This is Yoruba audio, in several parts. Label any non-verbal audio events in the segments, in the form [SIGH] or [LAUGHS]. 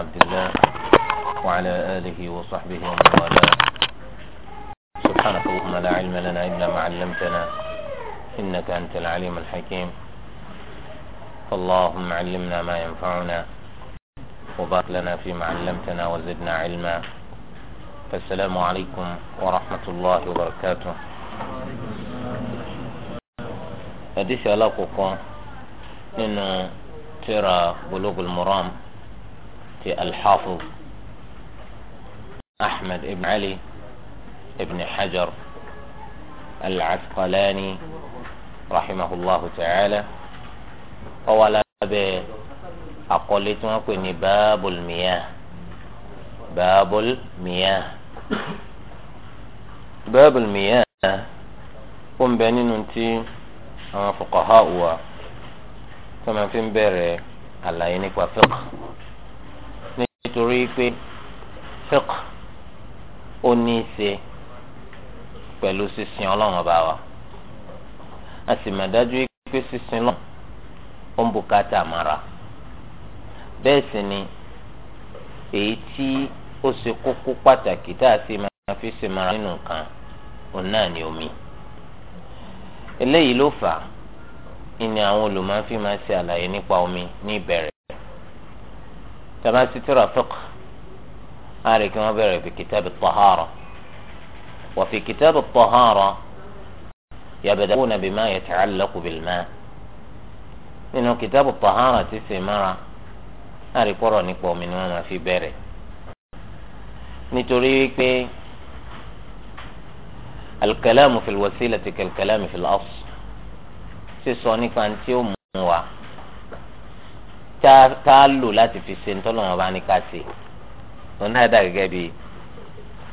عبد الله وعلى آله وصحبه ومن والاه سبحانك اللهم لا علم لنا إلا ما علمتنا إنك أنت العليم الحكيم فاللهم علمنا ما ينفعنا وبارك لنا فيما علمتنا وزدنا علما فالسلام عليكم ورحمة الله وبركاته هذه علاقة إنه ترى بلوغ المرام ti alḥafiz ahmed ibn ali ibn hajar alcasqalani rahimahullahu ta'ala ó wà lábẹ́ àkọlé tí wọ́n pè ní baabul miyah baabul miyah baabul miyah ó ń bẹ nínú tí àwọn fuqaha wa tó máa fi ń bẹ̀rẹ̀ àlàyé nípa fiqh. nítorí pé fiqh ó ní í ṣe pẹ̀lú sísin ọlọ́run a sì mọ̀ dájú pé sísin lọ́n ó ń bùkátà mara bẹ́ẹ̀ sì ni èyí tí ó ṣe kókó pàtàkì tá a sì fi ṣe mara nínú nǹkan òun náà ni omi eléyìí ló fà á ìní àwọn olùmọ̀ fi máa ṣe àlàyé nípa omi ní ìbẹ̀rẹ̀. كما سترى فقه أري ما بيري في كتاب الطهارة وفي كتاب الطهارة يبدأون بما يتعلق بالماء إنه كتاب الطهارة تسي مرة أري قرى نقوى من هنا في بيري نتريك الكلام في الوسيلة كالكلام في الأصل سيسوني فانتيوم tá a lò láti fi ṣe ntọ́lọ́wọ́n bá ní ká ṣe òun náà dà gẹ́gẹ́ bí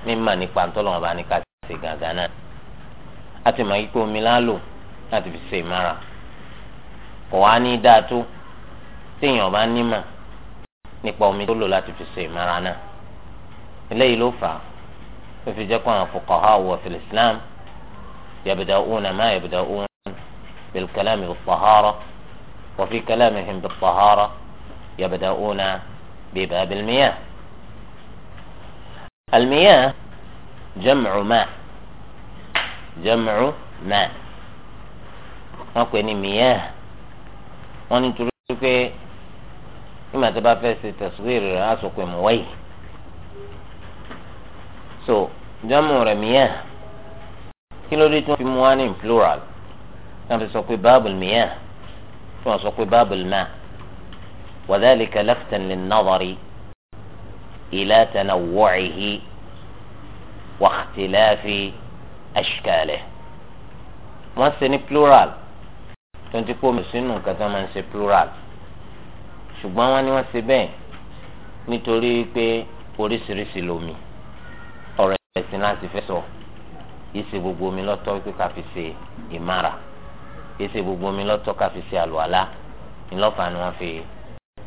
mímọ̀ nípa ntọ́lọ́wọ́n bá ní ká ṣe gàgà náà a ti mọ̀ kíkó omi lálò láti fi ṣe ìmára kò wá ní dáa tó téèyàn bá nímọ̀ nípa omi tó lò láti fi ṣe ìmára náà eléyìí ló fà ó fi jẹ́ kó àwọn fuqaha wa fil islam yabda'una ma yabda'una bil kalami bit tahara wa fi kalamihim bit tahara. يبدأون بباب المياه المياه جمع ماء جمع ماء wọ́n pè ní miyah wọ́n ní torí pé nígbà tí a bá fẹ́ ṣe tẹ̀síwìrì rẹ̀ á sọ pé mo wáyé so jọ́mù rẹ̀ miyah kí ló dé tí wọ́n fi mú wá ní plural tí wọ́n fi sọ pé báàbùl miyah tí wọ́n sọ pé báàbùl máa وذلك لفتا للنظر إلى تنوعه واختلاف أشكاله wọ́n ṣe ní plural tó ń ti kó sínú nǹkan tó máa ń ṣe plural ṣùgbọ́n wọ́n ní wọ́n ṣe bẹ́ẹ̀ nítorí pé oríṣiríṣi lomi ọ̀rọ̀ ẹ̀sìn láti fẹ́ sọ yìí ṣe gbogbo omi lọ́tọ̀ pé ká fi ṣe ìmára yìí ṣe gbogbo omi lọ́tọ̀ ká fi ṣe àlùwàlá ńlọ́fà ni wọ́n fi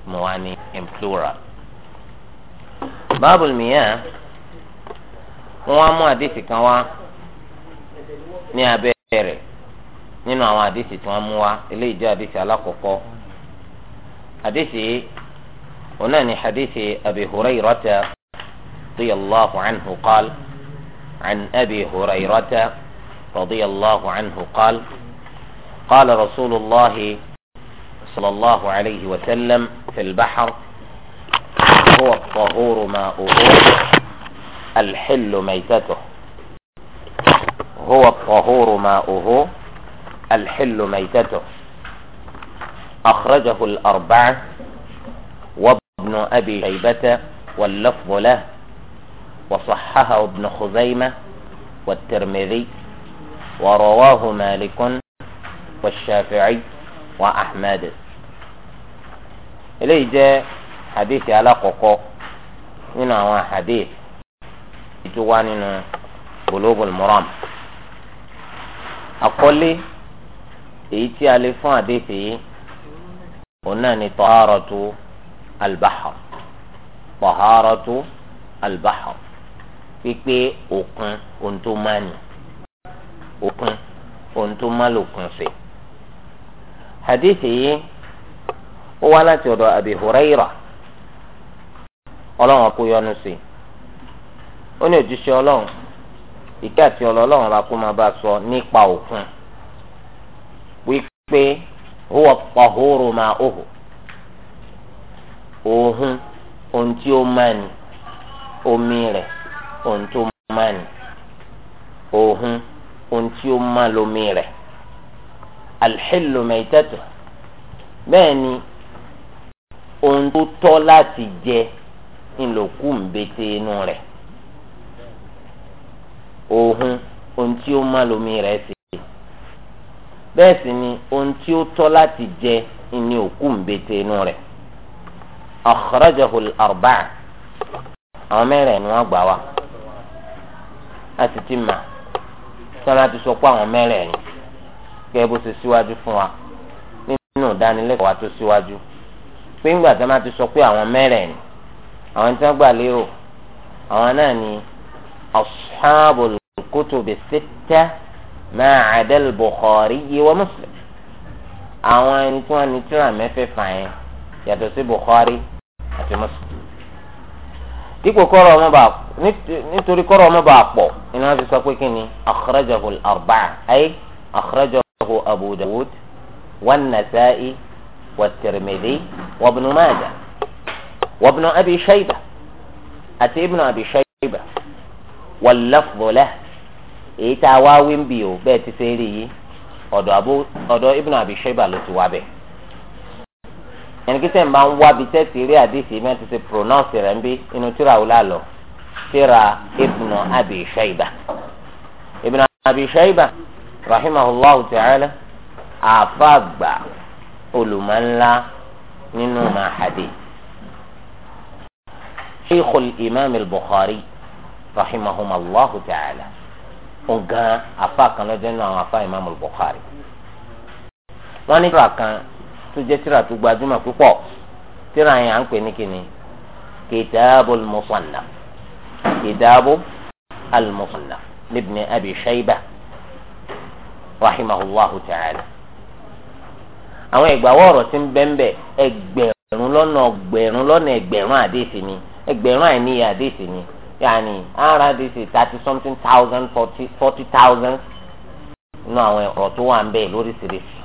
mo wá in plural. báàbùl mìíràn wọ́n á mú àdìsí kan wá ní abẹ́ rẹ̀ nínú àwọn àdìsí tí wọ́n mú wá eléyìí jẹ́ àdìsí alákọ̀ọ́kọ́ àdìsí òun náà ní رضي الله عنه قال anhu qal an Abi Hurayrata radiyallahu anhu qal qala rasulillah. صلى الله عليه وسلم في البحر هو الطهور ماؤه الحل ميتته هو الطهور ماؤه الحل ميتته أخرجه الأربعة وابن أبي شيبة واللفظ له وصححه ابن خزيمة والترمذي ورواه مالك والشافعي wa ahmed eléyìí jẹ́ hadithi alákọ̀ọ́kọ́ nínú àwọn hadith ètò wa nínú bulugul maram àkọlé èyí tí a lè fún hadithi yìí òun náà ni taharatu albaḥar taharatu albaḥar pípé òkun ohun tó má ni òkun ohun tó má lòkun sí hadithi yìí ó wá láti ọ̀dọ̀ Abi Huraira ọlọrun ọkọ yọ́nú sí ó ní òjíṣẹ́ ọlọ́run ìkẹ́ àti ọlọ́run bá kó máa bá sọ nípa òkun wípé huwa tahuru ma'uhu òhun ohun tí ó máa ní omi rẹ̀ ohun tó máa ní òhun ohun tí ó máa alḥìlù mẹtẹtù bẹ́ẹ̀ ni ohun tó tọ́ láti jẹ ńlọkù ń bete inú rẹ̀ òhun ohun tí ó má lomi rẹ̀ sí bẹ́ẹ̀ sì ni ohun tí ó tọ́ láti jẹ ní òkú ń inú rẹ̀ akhrajahu al àwọn mẹ́rẹ̀ẹ̀rin wọ́n gbà wá a ti mà sọ́nà ti sọ pé àwọn mẹ́rẹ̀ẹ̀rin kẹ́ bó ṣe síwájú fún wa nínú ìdánilẹ́kọ̀ọ́ wa tó síwájú pé ńgbà tí wọ́n bá ti sọ pé àwọn mẹ́rẹ̀ẹ̀rin àwọn tí wọ́n gbà lérò àwọn náà ni ashabul kutubi sitta ma'adal bukhari wa muslim àwọn ẹni tí wọ́n ní tíra mẹ́fẹ̀ẹ̀fà yẹn yàtọ̀ sí bukhari àti muslim dípò kọ́rọ̀ ọmọ bá nítorí kọ́rọ̀ ọmọ bá pọ̀ iná fi sọ pé kí ni akhrajahu رواه أبو داود والنسائي والترمذي وابن ماجه وابن أبي شيبة أتي ابن أبي شيبة واللفظ له إيتا واوين بيو بيت سيري ọ̀dọ̀ abu ọ̀dọ̀ ibnu abi sheba ló ti wá bẹ ẹnikẹ́sẹ̀ máa ń wábi tẹ́sí rí àdìsí bí wọ́n ti ṣe pronounce rẹ̀ ń bí inú tíra wò lálọ́ tíra ibnu abi sheba ibnu abi sheba rahimahullahu ta'ala àfàgbà olùmọ̀ńlá nínú màhàdì sheikhul imam al-bukhari rahimahumallahu ta'ala ogan afa kan lọ́jọ́ nínú àwọn afa imam al-bukhari wọ́n ní tírà kan tó jẹ́ tírà tó gbajúmọ̀ púpọ̀ tírà yẹn à ń pè ní kíni kitabul musannaf kitabu al-musannaf libni abi shayba rahimahullahu ta'ala àwọn ìgbàwọ́ ọ̀rọ̀ tí ń bẹ́ńbẹ́ ẹgbẹ̀rún egberun ẹgbẹ̀rún lọ́nà ẹgbẹ̀rún àdéhìí ni ẹgbẹ̀rún àìníye ni ara àdéhìí thirty something thousand forty thousand nínú àwọn ọrọ tó wà ń bẹ́ẹ̀ lóríṣiríṣi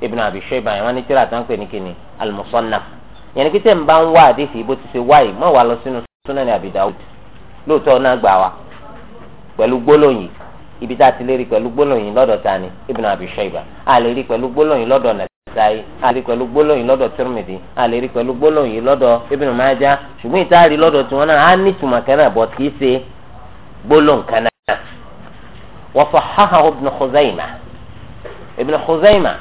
Ibn Abi Shayba yẹn ní tíra tán pè ní kíni al yẹn ń ti ṣe wáyé lọ sínú Sunan Dawud lóòótọ́ náà gbà wá pẹ̀lú gbólóyìn ibi tá a ti lè rí pẹ̀lú gbólóyìn lọ́dọ̀ ta ni Ibn Abi Shayba a lè rí pẹ̀lú gbólóyìn lọ́dọ̀ Nasa'i a lè rí pẹ̀lú gbólóyìn lọ́dọ̀ Tirmidhi a lè rí pẹ̀lú gbólóyìn lọ́dọ̀ Ibn Majah ṣùgbọ́n ìta rí lọ́dọ̀ tiwọn náà á ní ìtumọ̀ kan bọ̀ kì í ṣe gbólóhìn kan náà. wa sahhahahu Ibn Khuzaymah Ibn Khuzaymah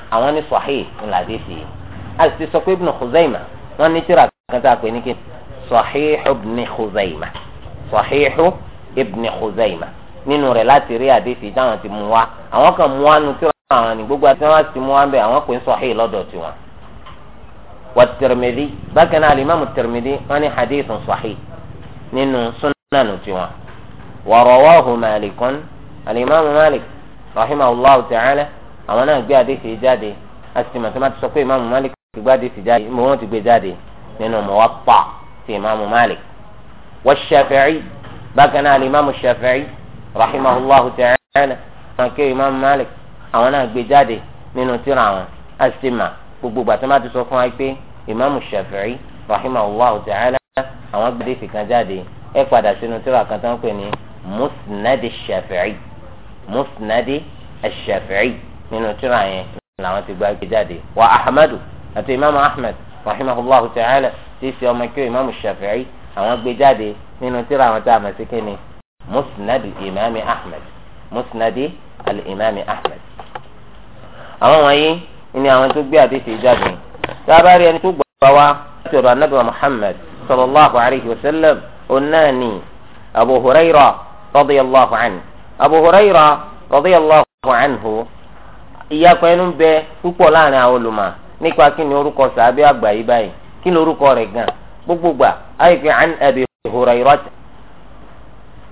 àwọn ní nínú rẹ̀ láti rí àdéhìí táwọn ti mú wa àwọn kan mú wa nu tí àwọn ní gbogbo àti wọn ti mú wa ń bẹ àwọn pè ń sahih lọ́dọ̀ tiwọn. wà Tirmidhi bákan náà alimami Tirmidhi wọn ní hadithun sahih nínú sunanu tiwọn. wa rawahu Malikun alimami Malik rahimahullahu ta'ala àwọn náà gbé àdéhìí jáde asitima tó má ti sọ pé imaamu Malik ti gbé àdéhìí jáde mo wọn ti gbé jáde nínú Muwatta ti imaamu Malik. wa Shafi'i rahimahullahu ta'ala wọn kí imam malik àwọn náà gbé jáde nínú tírà wọn a sì mà gbogbo gbàtí wọn ti sọ fún wa pé imam shafi'i rahimahullahu ta'ala àwọn gbé hadith kan jáde ẹ padà sínú tírà kan tó ń pè ní musnadi shafi'i musnadi shafi'i nínú tírà yẹn làwọn ti gbàgbé jáde wa ahmadu àti imam ahmed rahimahullahu ta'ala tí ì sọ ọmọ imam shafi'i àwọn gbé jáde nínú tírà wọn tá a mọ̀ sí musnad imami ahmed musnadi al-imami ahmed. àwọn wọ̀nyí ni àwọn tó gbé àdéhìí jáde sábàárì ẹni tó gbà wá láti ọ̀dọ̀ anabi muhammad sallallahu alayhi wa sallam onáni abu huraira radiyallahu anhu abu huraira radiyallahu anhu ìyàpọ̀ ẹnu bẹ púpọ̀ láàrin àwọn olùmọ̀ nípa kí ni orúkọ sàábẹ́ àgbà yìí báyìí kí ni orúkọ rẹ̀ gan gbogbogbà àyè fi an abi hurairata.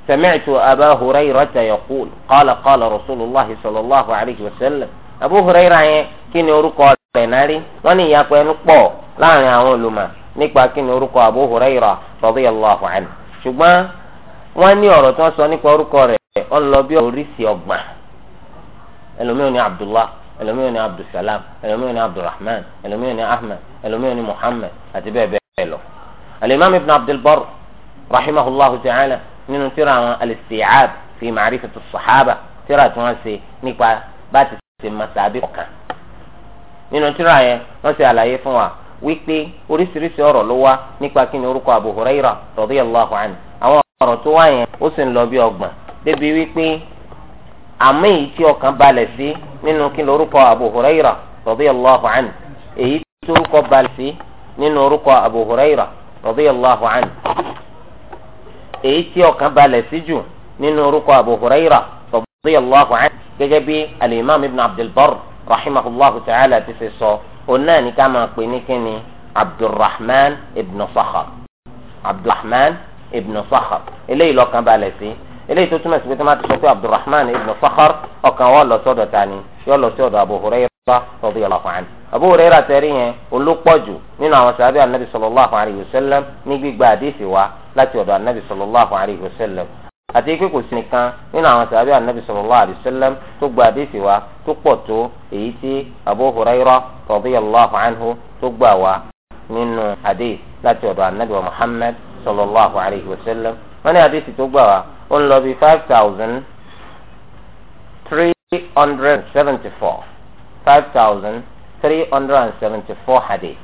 سمعت أبا هريرة يقول قال قال رسول الله صلى الله عليه وسلم أبو هريرة كني أرقى بناري وني يقوى نقبو لا نعون ما نقبى كن أرقى أبو هريرة رضي الله عنه شبا واني أرطى سوني أرقى الله بيو ريسي أبما ألوميوني عبد الله ألوميوني عبد السلام ألوميوني عبد الرحمن ألوميوني أحمد ألوميوني محمد أتبع بيلو الإمام ابن عبد البر رحمه الله تعالى nínú tíra àwọn al-isti'ab fi ma'rifati as-sahaba tíra tí wọ́n ṣe nípa bá ti ṣe masabi kọ̀ọ̀kan nínú tíra yẹn wọ́n ṣe àlàyé fún wa wípé oríṣiríṣi ọ̀rọ̀ ló wá nípa kí ni orúkọ Abu Hurairah radiyallahu anhu àwọn ọ̀rọ̀ tó wá yẹn ó sì ń lọ bí ọgbọ̀n débi wípé àmì èyí tí ọkàn balẹ̀ sí nínú kí ni orúkọ Abu Hurairah radiyallahu anhu èyí tí orúkọ balẹ̀ sí nínú orúkọ Abu Hurairah radiyallahu anhu èyí tí ọkàn balẹ̀ sí jù nínú orúkọ Abu Hurairah radiyallahu anhu gẹ́gẹ́ bí alimami ibn abdulbar rahimahullahu ta'ala ti ṣe sọ òun náà ní ká máa pè ní kíni abdulrahman ibn sakhar abdulrahman ibn sakhar eléyìí lọ́kàn balẹ̀ sí eléyìí tó túmọ̀ sí pé tó máa ti sọ pé abdulrahman ibn sakhar ọkàn wọn lọ sọ́dọ̀ ta ni yóò lọ sọ́dọ̀ Abu Hurairah bá tọ́bi ọlọ́kùn àná Abu Hurairah tẹ́rí yẹn olùpọ̀jù nínú àwọn sàbẹ̀ anabi sallallahu alayhi wa sallam ní gbígba àdéhìí wa láti ọ̀dọ̀ anabi sallallahu alayhi wa sallam àti ikú kò sí nìkan nínú àwọn sàbẹ̀ anabi sallallahu alayhi wa sallam tó gba àdéhìí wa tó pọ̀ tó èyí tí Abu Hurairah radiyallahu anhu tó gbà wá nínú àdéhìí láti ọ̀dọ̀ anabi wa Muhammad àdéhìí tó gbà wá five thousand three hundred seventy four five thousand three hundred and seventy four hadith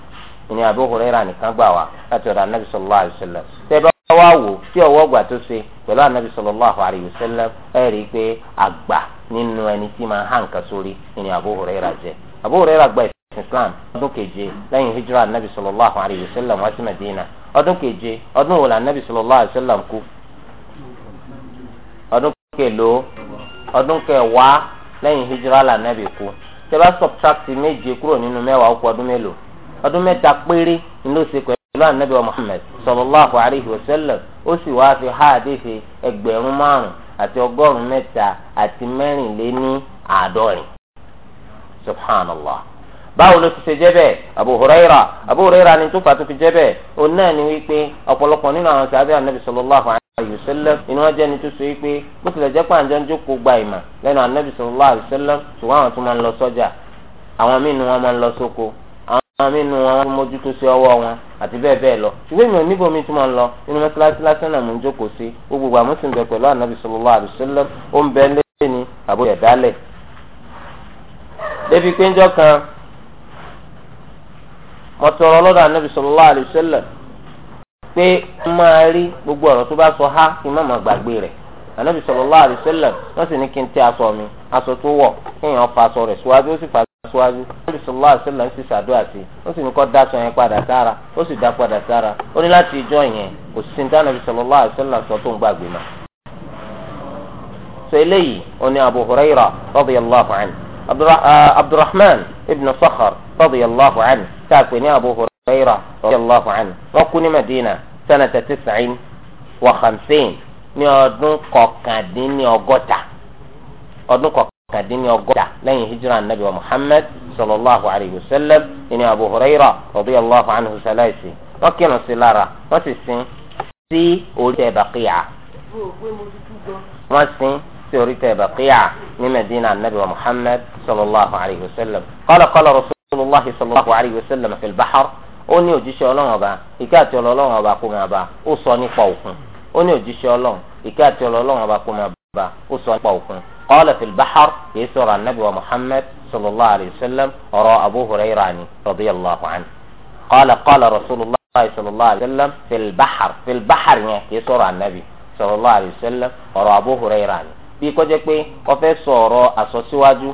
ìní Abu Hurairah nìkan gbà wá láti ọ̀dọ̀ anabi sallallahu alayhi wa sallam tẹ́bá wá wò tí ọwọ́ gbà tó ṣe pẹ̀lú anabi sallallahu alayhi wa sallam ẹ̀ rí i pé àgbà nínú ẹni tí máa hàn kan sórí ìní Abu Hurairah jẹ́ Abu Hurairah gba ìsìn Islam ọdún keje lẹ́yìn hijra anabi sallallahu alayhi wa sallam wá sí Medina ọdún keje ọdún wo anabi sallallahu alayhi wa sallam kú ọdún kelo ọdún kẹwàá lẹ́yìn hijra la kú tẹ́lá subtract méje kúrò nínú mẹ́wàá ó kù ọdún mélòó ọdún mẹ́ta péré ni ló ṣe pẹ̀lú anabi muhammed sallallahu alayhi wa sallam ó sì wáá fi ha àdéhìí ẹgbẹ̀rún márùn àti ọgọ́rùn mẹ́ta àti mẹ́rìnléní àádọ́rin subhanallah báwo ló ti ṣe jẹ́ bẹ́ẹ̀ abu ni tó fà tó fi jẹ́ bẹ́ẹ̀ náà ni wípé ọ̀pọ̀lọpọ̀ nínú àwọn sábẹ́ anabi sallallahu alayhi wa sallam àyùsẹ́lẹ̀ inú ọjọ́ ni tó so yìí pé bó tilẹ̀ jẹ́ pé àjọ ń jókòó gba ìmọ̀ lẹ́nu anabi sallallahu alaihi wasallam ṣùgbọ́n àwọn tó máa ń lọ sọ́jà àwọn míì nu wọn máa ń lọ sóko àwọn míì nu wọn mójútó sí ọwọ́ wọn àti bẹ́ẹ̀ bẹ́ẹ̀ lọ ṣùgbọ́n mi ò níbo mi tó máa ń lọ inú mọ́tíláṣí lásán náà mò ń jókòó sí gbogbo àmú wasallam ó ń bẹ lé ní àbó ẹ̀dálẹ̀ débi péjọ kan mọ̀tọ́rọ̀ lọ́dọ̀ anabi sallallahu alaihi wasallam pé n máa rí gbogbo ọ̀rọ̀ tó bá sọ há kí n má má gbàgbé rẹ̀ ànábì sallallahu alaihi wasallam wọ́n sì ní kí n tẹ́ aṣọ mi aṣọ tó wọ̀ kéèyàn fa aṣọ rẹ̀ síwájú ó sì fa síwájú ànábì sallallahu alaihi wasallam sì ṣàdúrà sí i ó sì ní kó dáṣọ yẹn padà sára ó sì dá padà sára ó ní láti ìjọ yẹn kò sí ní ànábì sallallahu alaihi sọ tó ń gbàgbé náà. sọ eléyìí ó ní Abu Hurairah radiyallahu anhu Abdurrahman ibn Sakhar Hurairah radiyallahu anhu wọ́n kú ní Madina sanata tis'in wa khamsin ní ọdún kọkàndínlọ́gọ́ta ọdún kọkàndínlọ́gọ́ta lẹ́yìn hijira anabi wa Muhammad sallallahu alayhi wa sallam ní Abu Hurairah radiyallahu anhu sàlàyé wọ́n kírun sí lára wọ́n sì sin sí orí tẹ Baqi'a wọ́n sin sí orí tẹ Baqi'a ní Madina anabi wa Muhammad sallallahu alayhi wa sallam qala qala rasulillah sallallahu alayhi wa sallam fi al-bahr ó ní òjíṣẹ́ ọlọ́run ọba ìkẹ́ àti ọlọ́run ọba kó máa bá ó sọ nípa òkun ó ní òjíṣẹ́ ọlọ́run ìkẹ́ àti ọlọ́run ọba kó máa bá ó sọ nípa òkun qala fil bahr kìí sọ̀rọ̀ anabi wa muhammad sallallahu alayhi wa sallam ọ̀rọ̀ abu hurayra ni radiyallahu anhu qala qala rasulillah sallallahu alayhi wa sallam fil bahr fil bahr yẹn kìí sọ̀rọ̀ anabi sallallahu alayhi wa sallam ọ̀rọ̀ abu hurayra ni bí kọjá pé kọfẹ́ sọ̀rọ̀ àsọsíwájú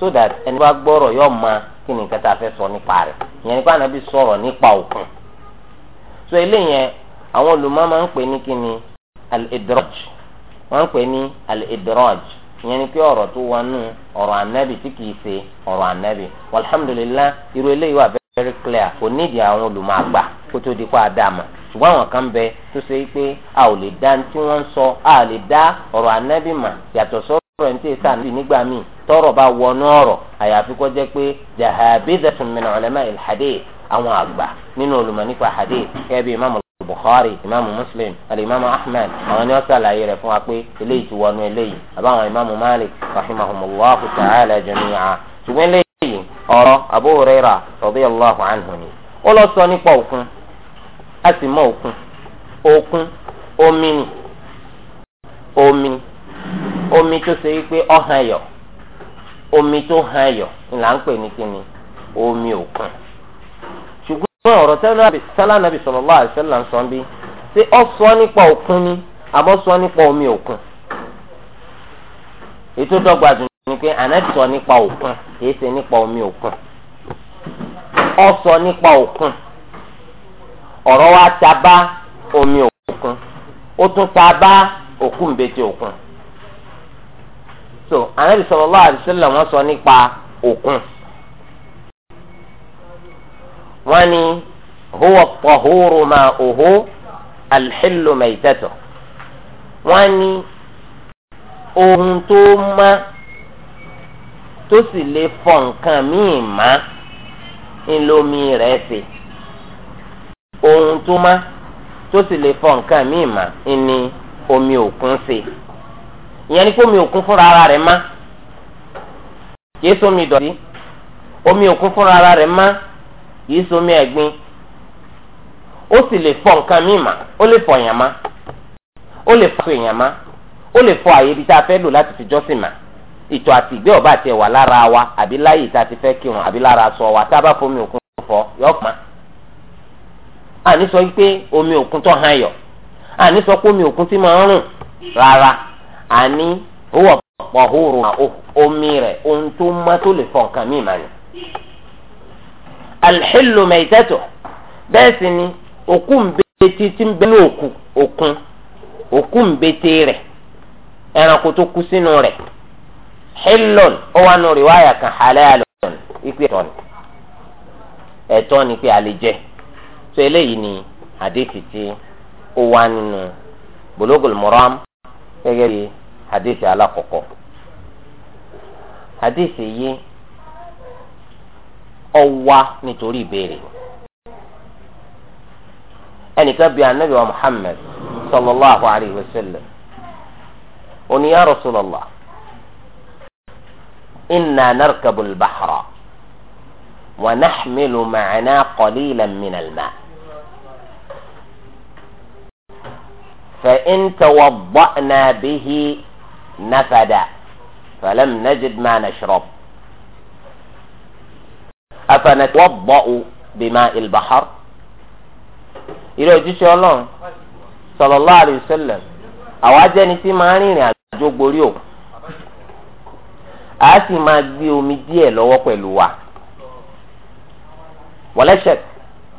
so that ẹni bá gbọ́rọ̀ yóò máa kí ni nǹkan a fẹ́ sọ nípa rẹ̀ ìyẹn nípa ànábì sọ̀rọ̀ nípa òkun so eléyẹn àwọn olùmọ̀ máa ń pè ní kí ni al-idraj wọ́n ń pè ní al-idraj ìyẹn ni pé ọ̀rọ̀ tó wọnú ọ̀rọ̀ ànábì tí kìí ṣe ọ̀rọ̀ ànábì alhamdulilah irú eléyìí wà very clear kò nídìí àwọn olùmọ̀ àgbà kó tó di kó a dá a mọ̀ ṣùgbọ́n àwọn kan bẹ tó ṣe pé a ò lè dá tí wọ́n ń sọ a lè dá ọ̀rọ̀ ànábì mà yàtọ̀ sọ ọ̀rọ̀ ní tí èsì ànábì nígbà míì tọ́rọ̀ bá wọnú ọ̀rọ̀ àyàfi kó jẹ́ pé jahabidatun min ulama al-hadith àwọn àgbà nínú olùmọ̀ nípa hadith kẹbi imaamu bukhari imaamu muslim alimami ahmed àwọn ni wọ́n ṣàlàyé rẹ̀ fún wa pé eléyìí ti wọnú eléyìí àbáwọn imaamu malik rahimahumullahu ta'ala jami'a ṣùgbọ́n eléyìí ọ̀rọ̀ abu huraira radiyallahu anhu ni ó lọ sọ nípa òkun a sì mọ òkun òkun omi ni omi omi tó ṣe wípé ọ̀hán omi tó hàn là ń pè ní kíni omi òkun ṣùgbọ́n ọ̀rọ̀ sálá nàbì sallallahu alaihi ń sọ bí ṣé ọ sọ nípa òkun ni àbọ̀ sọ nípa omi òkun ètò dọ́gba jù ni pé ànábì sọ nípa òkun omi òkun ọ sọ nípa òkun ọ̀rọ̀ wa ta bá omi òkun ó tún ta bá òkun. so anabi sallallahu alaihi wasallam wọ́n sọ nípa òkun wọ́n ní huwa at-tahuru ma'uhu al-hillu maytatuhu wọ́n ní ohun tó mọ́ tó sì lè fọ nǹkan míì mọ́ ńlọmi rẹ̀ ṣe ohun tó mọ́ tó sì lè fọ nǹkan míì mọ́ ní omi òkun ṣe ìyẹn ni pé omi òkun fúnra ara rẹ̀ má kìí sómi dọ̀tí omi òkun fúnra ara rẹ̀ má kìí sómi ẹ̀gbin ó sì lè fọ nǹkan míì má ó lè fọ èèyàn má ó lè fọ èèyàn má ó lè fọ àyè ibi tá a fẹ́ lò láti fi jọ́sìn má ìtọ̀ àti ìgbẹ́ ọ̀bá àti ẹ̀wà lára wa àbí láyè tá a ti fẹ́ kírun àbí lára aṣọ wa tá a bá fomi òkun fọ yọ pa àní sọ pé omi òkun tó hàn yọ àní sọ pé omi òkun ti máa ń rùn rárá ani owó ọ̀pọ̀ òhùrù omi rẹ̀ ohun tó má tó lè fọ ni òkú ńbẹ́tẹ́ tí ń ní òkú òkun òkú ẹranko tó kú sínú rẹ̀ hilon ó wà nù rìwáyà kan ni ni pé a tó eléyìí ni ó wà nínú hadisi alakoko hadith yìí ọwa nítorí ìbéèrè ẹnìkan bi anabi wa muhammed sallallahu alayhi wa sallam oníyà rasulallah inna narkabu al-bahra wa naxmilu macna qaliilan min almaa. فإن توضأنا به نفد فلم نجد ما نشرب أفنتوضأ بماء البحر ilé ojúṣe ọlọ́run sallallahu alaihi wasallam àwa jẹni tí máa rìnrìn àjò gborí òkun a sì máa gbé omi díẹ̀ lọ́wọ́ pẹ̀lú wa wọlẹsẹ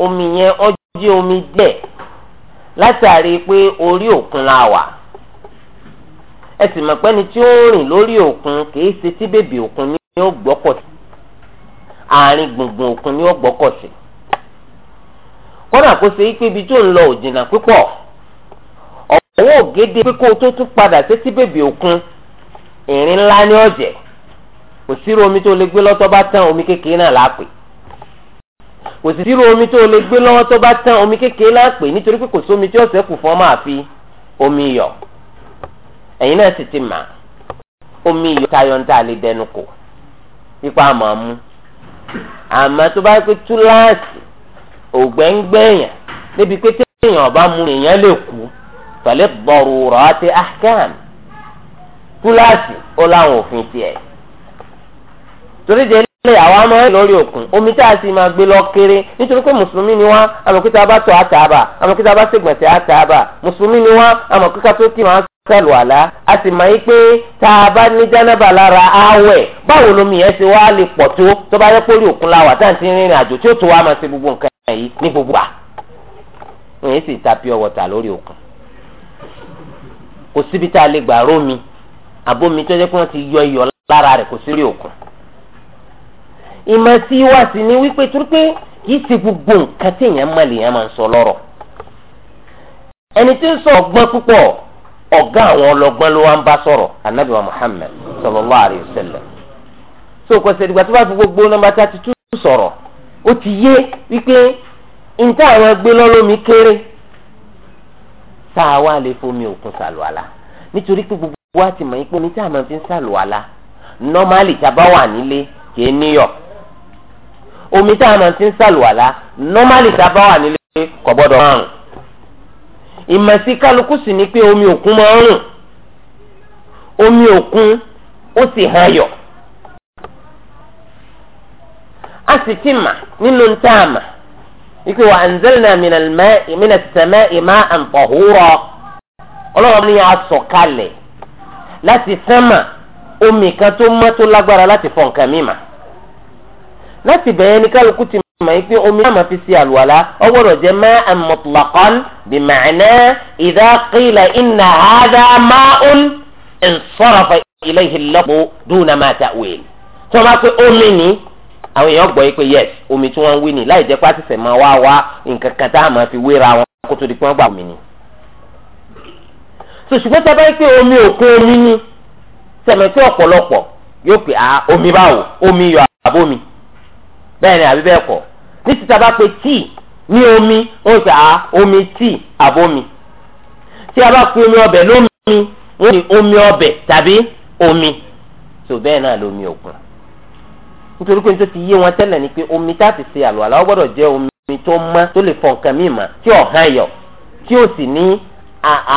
omi yẹn ó jẹ́ omi díẹ̀ látàrí pé orí òkun la wà. ẹ sì mọ̀ pé ni tí ó ń rìn lórí òkun kìí ṣe tí bèbè òkun ni ó gbọ́kọ̀ sí àárín gbùngbùn òkun ni ó gbọ́kọ̀ sí kódà kó ṣe pé ibi tó ń lọ ò púpọ̀ ọ̀wọ́ ògede pé kó o tó tún padà ṣe tí bèbè òkun ìrìn ńlá omi tó lè gbé lọ́tọ́ bá omi kékeré náà lápè kò sì omi tó lè gbé lọ́wọ́ bá tán omi kékeré lápè nítorí pé ẹ̀yin náà sì ti mà omi iyọ̀ tayọ ń tà lè dẹnu kò ipa àmọ́ mú àmọ́ tó bá pé túláàsì ògbẹ́ngbẹ́yàn níbi pé téèyàn ọba mú èèyàn lè kú pẹ̀lú bọ̀rùrọ̀ àti ahkam túláàsì ó láwọn òfin tiẹ̀ torí de lè àwa máa ń lórí òkun omi taa a sì máa gbé lọ kéré nítorí pé mùsùlùmí ni wá àmọ̀kíta bá tọ̀ àtàbà àmọ̀kíta bá ṣègbọ̀nsẹ̀ àtàbà mùsùlùmí ni wá àmọ̀kíta tó kì máa sọ̀lù àlá a sì máa ń pé tá a bá ní jánábà lára àwẹ̀ báwo lomi yẹn ṣe wá lè pọ̀ tó tó ti rìnrìn àjò tí ó tó wá máa ṣe gbogbo nǹkan yìí ní gbogbo à wọ́n sì ta pure water lórí òkun kò síbi tá a lè gbà rómi ti yọ ìmọ̀ sí wa sì ni wípé torí kìí kì ṣe gbogbo nǹkan tí èèyàn mọ̀ lèèyàn máa ń sọ lọ́rọ̀ ẹni tí ń sọ ọgbọ́n púpọ̀ ọ̀gá àwọn ọlọ́gbọ́n ló wá ń bá sọ̀rọ̀ wa Muhammad sallallahu alayhi wa so gbogbo sọ̀rọ̀ ti yé wípé nta àwọn ẹgbẹ́ lọ́lọ́mi kéré tá a wá lè fomi òkun nítorí pé gbogbo wa ti mọ̀ yín pé omi a máa fi ń nọ́málì omi tá a máa ti ń sàlùwàlá nọ́málì tá a bá wà nílé kò gbọ́dọ̀ márùn. ìmọ̀sí kálukú sì ni pé omi òkun máa ń rùn omi òkun ó sì hàn yọ̀. a sì ti mà nínú tá a mà wípé wa anzalna mina as-sama'i ma'an tahura ọlọ́run ni a sọ̀ kalẹ̀ láti sánmà omi kan tó mọ́ tó lágbára láti fọ mímà láti bẹ̀yẹn ní kálukú ti mọ̀ yín pé omi náà máa fi ṣe àlùwàlá ó gbọ́dọ̀ jẹ́ ma'an mutlaqan bi ma'na idha qila inna hadha ma'un insarafa ilayhi al-lafzu duna ma ta'wil tí wọ́n bá pé omi ni àwọn èèyàn gbọ́ yìí pé yes omi tí wọ́n ń wí ni láì jẹ́ pàṣẹsẹ̀ máa wá wá nǹkan kan tá a máa fi wéra wọn kó tó di pé wọ́n gbà omi ni. sòṣùgbọ́n tá a bá bẹ́ẹ̀ ni àbí bẹ́ẹ̀ kọ́ ní títa bá pe tíì ní omi ó sà á omi tíì àbómi tí a bá pe omi ọbẹ̀ lómi wọ́n ní omi ọbẹ̀ tàbí omi tó bẹ́ẹ̀ náà lómi òkun nítorí pé nítorí yé wọn tẹ́lẹ̀ ni pé omi tá a ṣe àlùwàlá ó gbọ́dọ̀ jẹ́ omi tó mọ́ tó lè fọ nǹkan míì mọ́ tí ọ̀hán yọ tí ó sì ní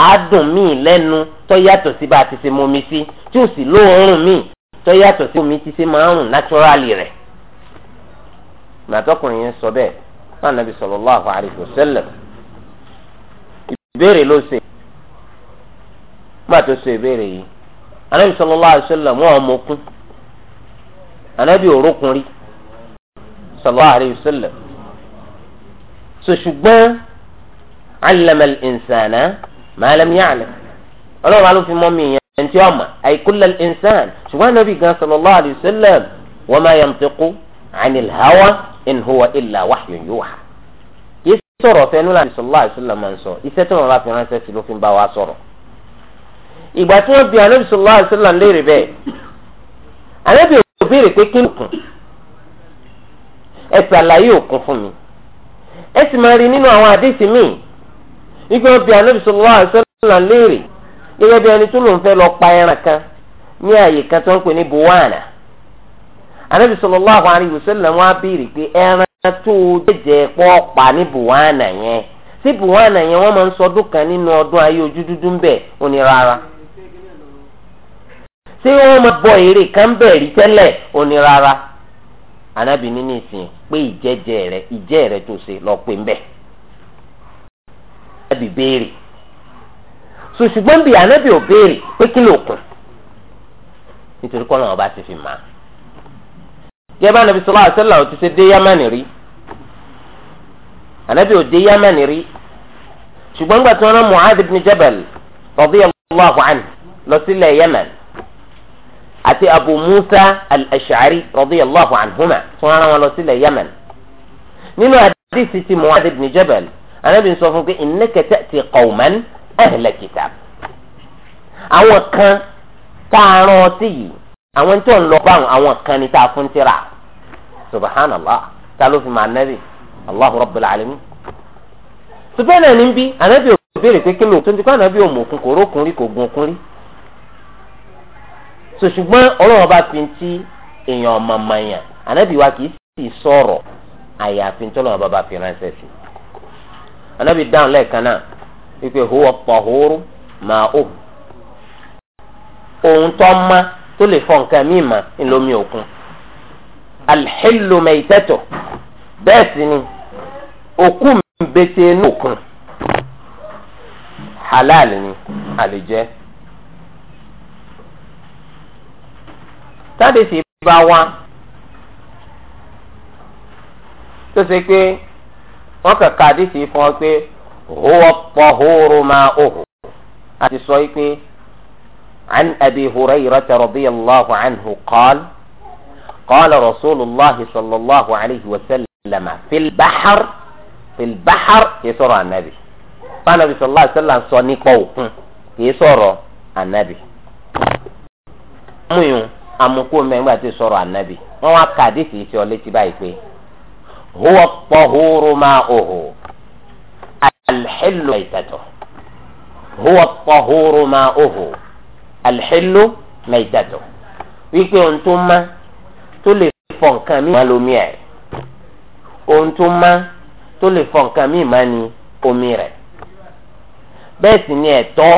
àádùn míì lẹ́nu tó yàtọ̀ sí bá a ti ṣe mọ omi sí tí ó sì lóòórùn míì tó yàtọ̀ sí omi ti ṣe máa ń rùn náturali rẹ̀ gbàtọkùnrin yẹn sọ bẹ́ẹ̀ fún anabi sallallahu alaihi wasallam ìbéèrè ló ṣe nígbà tó ṣe ìbéèrè yìí anabi sallallahu alaihi wasallam wọn ọmọkún anabi òrókun rí sallallahu alaihi wasallam so ṣùgbọ́n allama al-insana ma lam ya'lam ọlọ́run aló fi mọ́ mi yẹn ẹni tí ó mọ̀ ay kulla al-insan ṣùgbọ́n anabi gan sallallahu alaihi wasallam wa ma yantiqu anil hawa in huwa illa wahyun yuha kìí sọ̀rọ̀ fẹ́nu láti sọ̀lá àìsílẹ̀ máa ń sọ iṣẹ́ tó ń bá fi ránṣẹ́ sí ló fi ń bá wa sọ̀rọ̀ ìgbà tí wọ́n bi anabi sọ̀lá àìsílẹ̀ ń léèrè bẹ́ẹ̀ anabi ò béèrè pé kí ni òkun ẹ ṣàlàyé òkun fún mi ẹ sì máa rí nínú àwọn àdéhìí míì ìgbà wọ́n bi anabi sọ̀lá léèrè gẹ́gẹ́ bí ẹni tó lòun fẹ́ lọ pa ẹran kan ní àyè kan tó ń pè ní buwana anabi sallallahu alayhi wa sallam wá béèrè pé ẹran tó jẹjẹ pọ pa ní buwana yẹn tí buwana yẹn wọ́n máa ń sọdún kan nínú ọdún ayé ojú dúdú ń bẹ ó ní rárá tí ere máa bọ èrè kan bẹ rí tẹ́lẹ̀ ó ní rárá anabi nínú ìsìn pé ìjẹjẹ rẹ ìjẹ rẹ tó ṣe lọ pé ń bẹ anabi béèrè so ṣùgbọ́n bí anabi ò béèrè pé kí ló kùn nítorí kọ́ ti fi máa. gẹ́gẹ́ anabi sallallahu alaihi wasallam ti ṣe dé yamani rí anabi ò dé yamani rí ṣùgbọ́n gbà tí wọ́n rán mu'adh ibn jabal radiyallahu anhu lọ sílẹ̀ yemen àti abu musa al-ash'ari radiyallahu anhuma tí wọ́n rán wọn lọ sílẹ̀ yemen nínú àdìsí ti mu'adh ibn jabal anabi sọ fún pé innaka ta'ti qawman ahla kitab àwọn kan tá a yìí àwọn tó ń lọ báwọn àwọn kan ní tá a fún tírà subhanallah ta ló fi máa nẹ́bì allahu rabbil alamin. sùpẹ́nà ní bí ànábì ò béèrè pé kí ló tó ń dikọ́ ànábì ò mọ̀kún kò rókùnrin kò gunkunrin. sò ṣùgbọ́n ọlọ́run bá fi ti èèyàn mọ̀mọ̀yàn ànábì wa kì í sì sọ̀rọ̀ àyàfi tọ́lọ́run bá bá fi ránṣẹ́ sí. ànábì dáhùn lẹ́ẹ̀kan náà wípé huwa tahuru ma'u ohun tó máa tó lè fọ nǹkan míì mà ńlọmi òkun alḥilu maitẹ́tọ̀ bẹ́ẹ̀ sì ni òkú mbẹ́tẹ́ inú òkun halal ni àlejẹ́ táde sì bá wa tó ṣe pé wọ́n kàn ká àdìsí fún ọ pé ó wọ́pọ̀ hóró máa hò àti sọ pé. عن أبي هريرة رضي الله عنه قال قال رسول الله صلى الله عليه وسلم في البحر في البحر يسرى النبي فالنبي صلى الله عليه وسلم صنيقو يسرى النبي ميو amukú mẹ́gbà tí sọ̀rọ̀ ànábì wọ́n wá ka àdìsí iṣẹ́ ọ létí báyìí pé huwa tahuru ma'uhu alḥílò mẹjàdọ wípé ohun tó má tó lè fọ nǹkan mi má lomi ẹ ohun tó má tó lè fọ nǹkan mi má ni omi rẹ bẹ́ẹ̀ sì ni ẹ̀tọ́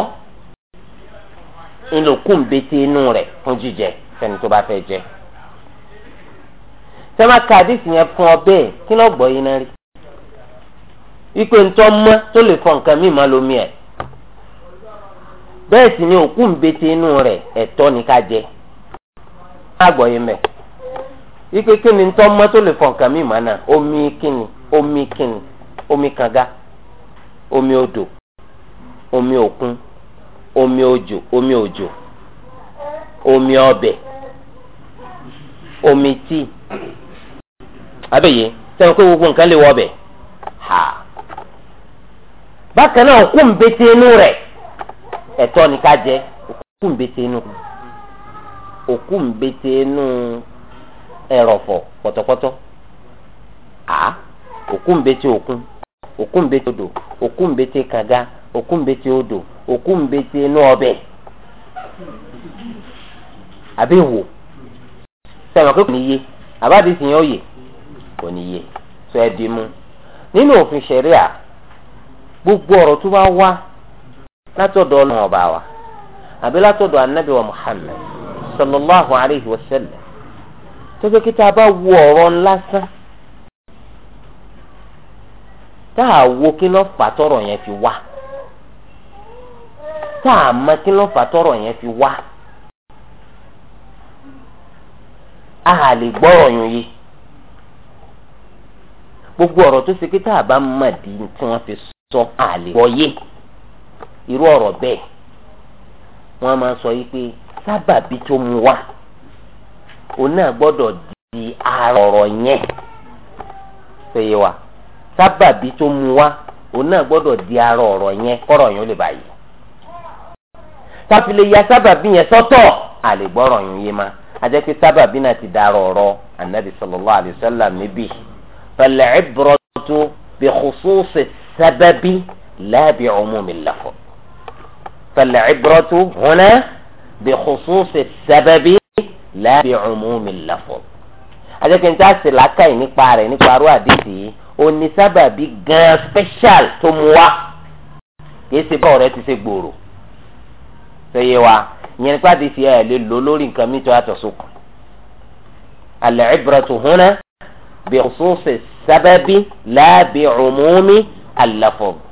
ńlọkùnbété inú rẹ fún jíjẹ fẹ́ni tó bá fẹ́ jẹ sẹ́wọ́n ka yẹn fún ọ bẹ́ẹ̀ kí lọ́gbọ̀ọ́ yín náà rí wípé ohun tó má tó lè fọ nǹkan mi má lomi ẹ̀. bẹ́ẹ̀ sì ni òkú ńbete inú rẹ̀ ẹ̀tọ́ ni ká jẹ. àgbọ̀ yìí mẹ́ ike kíni ń tọ́ mọ́ tó lè fọ̀ nǹkan mi mọ́ náà omi kíni omi kíni omi kànga omi odò omi òkun omi òjò omi òjò omi omi abẹ́yẹ sẹ́wọ́n pé ha bákan náà òkú inú rẹ̀. ẹ̀tọ́ ni ká jẹ òkú ńbete inú òkú ńbete inú ẹ̀rọ̀fọ̀ pọ̀tọ̀pọ̀tọ̀ à òkú ńbete òkun òkú ńbete odò òkú ńbete kànga òkú ńbete odò òkú ńbete inú ọbẹ̀ àbí wò sẹ́wọ̀n pé kò ní yé àbáde sì yẹn ó kò ní yé sọ ẹ di mú nínú òfin ṣẹ̀ríà gbogbo ọ̀rọ̀ tó bá wá. látọ̀dọ̀ ọlọ́run ọba wa àbí látọ̀dọ̀ anabi wa muhammed sallallahu alayhi wa sallam tó jẹ́ kí tá a bá wo ọ̀rọ̀ lásán tá a wo kí ló fà tọ̀rọ̀ yẹn fi wá tá a mọ kí ló fà tọ̀rọ̀ yẹn fi wá a lè gbọ́rọ̀ yun yìí gbogbo ọ̀rọ̀ tó ṣe kí tá a bá mọ̀ di tí wọ́n fi sọ a lè gbọ́ yìí. irú ọ̀rọ̀ bẹ́ẹ̀ wọ́n máa sọ yìí pé sábàbí tó mu wá òun náà gbọ́dọ̀ di ara ọ̀rọ̀ yẹn ṣèyí wa sábàbí tó mu wá òun náà gbọ́dọ̀ di ara ọ̀rọ̀ yẹn kọ́rọ̀ yẹn ó lè báyìí táfìlẹ̀ ya sábàbí yẹn sọ́tọ̀ àlè yẹn yé ma ajẹ́ pé sábàbí náà ti dara ọ̀rọ̀ anabi sallallahu alayhi wa sallam níbí fal ibratu bi khususi sábàbí la bi umumil lafz. فالعبرة هنا بخصوص السبب لا بعموم اللفظ àjẹkẹ́ níta sì làákàyè nípa rẹ̀ nípa arú àdìsí yìí òní sábàbí gan-an special tó mu wá kìí ṣe báwo rẹ ti ṣe gbòòrò ṣe yé wa ìyẹn nípa àdìsí ẹ̀ lè lò lórí nǹkan mìíràn tó yàtọ̀ sókun. al-ibratu huna bi khususi sababi la bi umumi al-lafz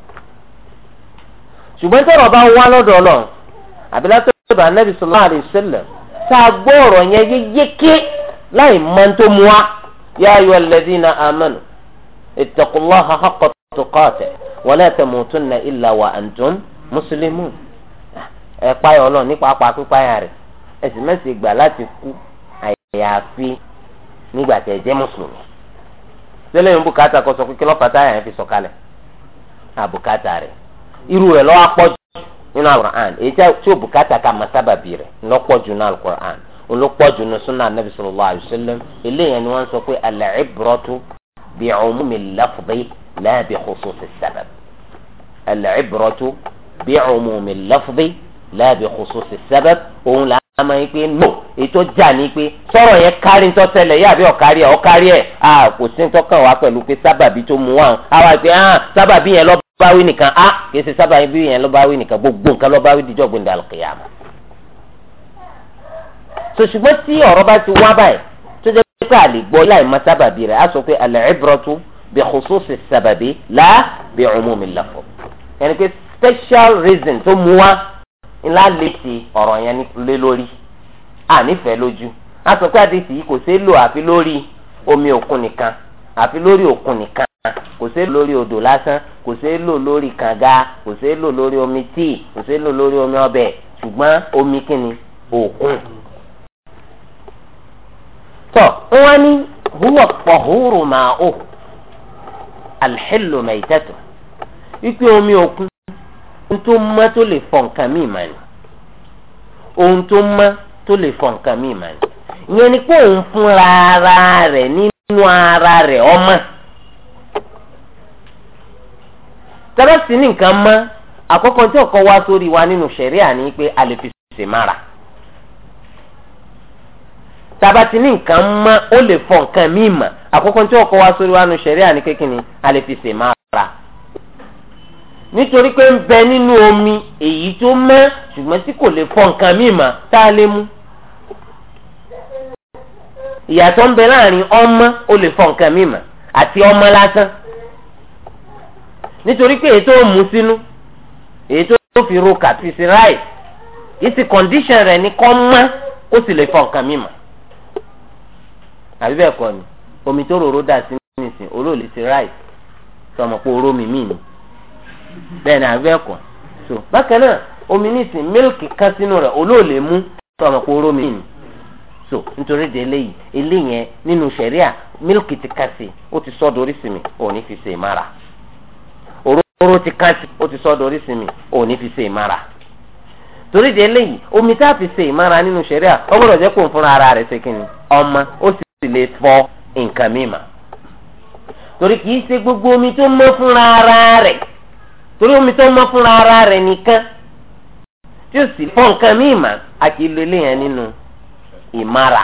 ṣùgbọ́n tọ̀rọ̀ bá wá lọ́dọ̀ Ọlọ́run àbí látọ̀dọ̀ anabi sallallahu alaihi wasallam tá a gbọ́ ọ̀rọ̀ yẹn yékéyéké láì mọ tó mu wá ya ayyuha alladhina amanu ittaqullaha haqqa tuqatih wa la tamutunna illa wa antum muslimun ẹ páyà Ọlọ́run nípa apá pípáyà rẹ̀ ẹ sì mẹ́sì gbà láti kú àyàfi nígbà tẹ̀ jẹ́ mùsùlùmí tẹ́lẹ̀ ń bùkátà kọ́ sọ pé kí lọ́pàá táyà yẹn fi sọ̀kalẹ̀ àbùkátà rẹ̀ irú rẹ̀ lọ́wọ́ pọ̀jù nínú alukur'an èyí tí ó bùkátà ká masábàbí rẹ̀ lọ́pọ̀jù nínú alukur'an olùpọ̀jù nínú sunna anabi sallallahu alayhi wa sallam eléyàn ni wọ́n sọ pé al-ibratu bi'umumi al-lafzi la bi khususi as-sabab al-ibratu bi'umumi al-lafzi la bi khususi as-sabab òun là á máa ń pè no ètò jà ní pé sọ̀rọ̀ yẹn kárí ńtọ́ tẹ́lẹ̀ yá ọ̀kárí ẹ̀ ọ̀kárí ẹ̀ kò sí ńtọ́ kàn wá pẹ̀lú pé sábàbí tó mú wa àwọn àgbẹ̀ hàn ah, sábàbí yẹn lọ́ báwí nìkan a ah, kìí ṣe sábà yín bí yẹn lọ báwí nìkan gbogbo nǹkan lọ báwí dìjọ gbẹndà àlùkìyàmà. so ṣùgbọ́n tí ọ̀rọ̀ bá ti wá báyìí tó jẹ́ pé àlè gbọ́ láì má sábàbí rẹ̀ á sọ pé al-ibratu bi khususi sábàbí la bi umumi lafz. yẹnni pé special reason tó mú wá ńlá lè ti ọ̀rọ̀ yẹn lé lórí à nífẹ̀ẹ́ lójú á sọ pé àdéhìí kò ṣeé lò àfi lórí omi òkun nìkan kò sí lórí odò lásán kò sí lò lórí kànga kò sí lò lórí omi tíì kò sí lò lórí omi ọbẹ̀ ṣùgbọ́n omi kíni òkun. tọ́ wọ́n ní huwa pọ̀húrù máa ò alḥìlù mẹ́tẹ́tù wípé omi òkun ohun tó mọ́ tó lè fọ nǹkan míì mà ní ohun tó mọ́ tó lè fọ nǹkan míì mà ní ìyẹn ni pé òun fúnra ara rẹ̀ nínú ara rẹ̀ ọmọ. tẹ́lẹ̀ sí ní nǹkan mọ́ àkọ́kọ́ tí ọkọ wá sórí wa nínú ṣẹ̀ríà ni pé a lè fi ṣe mára tàbá ti ní nǹkan mọ́ ó lè fọ nǹkan míì mọ́ àkọ́kọ́ tí ọkọ wá sórí wa nínú ṣẹ̀ríà ni pé kí ni a lè fi ṣe mára nítorí pé ń bẹ nínú omi èyí tó mọ́ ṣùgbọ́n tí kò lè fọ nǹkan míì mọ́ tá a lè mú ìyàtọ̀ ń bẹ láàrin ọmọ ó lè fọ nǹkan míì mọ́ àti ọmọ lásán nítorí pé èyí tó mú sínú èyí tó fi ro kàtìsí ráì ìsì kọ̀ǹdíṣàn rẹ̀ ní kọ́ mọ́ kó sì lè fọ nǹkan mímọ́ àbí bẹ́ẹ̀ kọ́ ni omi tó rorò dà sí nìsín olóòlì sí ráì sọmọ pé oró mi míì ni bẹ́ẹ̀ ni àbí bẹ́ẹ̀ kọ́ so bákan náà omi nìsín mílìkì kan sínú rẹ̀ olóòlì mú sọmọ pé oró mi míì ni so nítorí de eléyìí eléyìí yẹn nínú sẹ̀ríà mílìkì ti kà ó ti sọ́dọ̀ orísìí òní fi ṣe ìmára. kóró ti kán sí ó ti sọ́dọ̀ orísun mi ò ní fi ṣe ìmára torí de eléyìí omi tá a fi ṣe ìmára nínú ṣẹ̀ríà ó gbọ́dọ̀ jẹ́ kó ń fúnra ara rẹ̀ ṣe kí ni ọmọ ó sì lè fọ nǹkan mímà torí kì í ṣe gbogbo omi tó mọ fúnra ara rẹ̀ torí omi tó mọ fúnra ara rẹ̀ nìkan tí ó sì fọ nǹkan ma a kì í lo eléyàn nínú ìmára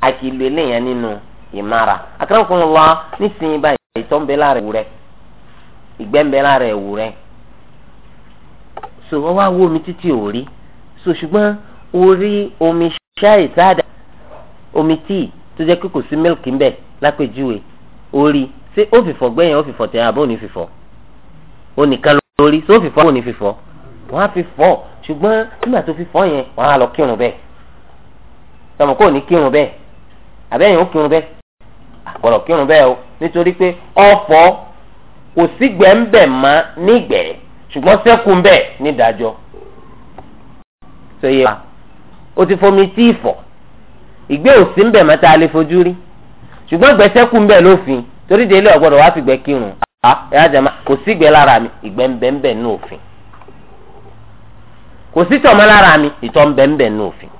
a kì í lo eléyàn nínú ìmára àkàrà òkun wa nísìnyí báyìí ìtọ́ ń bẹ láàrin rẹ̀ ìgbẹ́mbẹ́lá rẹ̀ wù rẹ̀ so wọ́n wá wó omi títí òrí so ṣùgbọ́n orí omi ṣáì sáàdà omi tíì tó jẹ́ pé kò sí mílìkì ń bẹ̀ lápèjúwe orí ṣé ó fìfọ̀ gbẹ̀yìn ó fìfọ̀ tẹ̀yìn àbọ̀ òní fìfọ̀ onìkan lórí ṣé ó fìfọ̀ òní fìfọ̀ wọ́n á fìfọ̀ ṣùgbọ́n nígbà tó fìfọ̀ yẹn wọ́n á lọ kírun bẹ́ẹ̀ tọmọ kò ní kírun bẹ́ẹ̀ àbẹ́yìn ó kírun bẹ́ẹ̀ àkọlọ̀ kírun bẹ́ẹ̀ o nítorí pé ọ̀fọ̀ kò sígbẹ́ ń bẹ̀ mọ́ nígbẹ́ ṣùgbọ́n sẹ́kù ń bẹ̀ nídàájọ́ sọyẹ́ wa o ti fomi tí ìfọ̀ ìgbẹ́ òsì ń bẹ̀ mọ́ tá a lè fojú rí ṣùgbọ́n ìgbẹ́ sẹ́kù ń bẹ̀ lófin torí délé ọ̀gbọ́dọ̀ wá fìgbẹ́ kírun àá ẹ̀yà jẹ̀ma kò sígbẹ́ lára mi ìgbẹ́ ń bẹ̀ ń bẹ̀ nù òfin kò sí tọ̀mọ́ lára mi ìtọ̀ ń bẹ̀ ń bẹ̀ nù òfin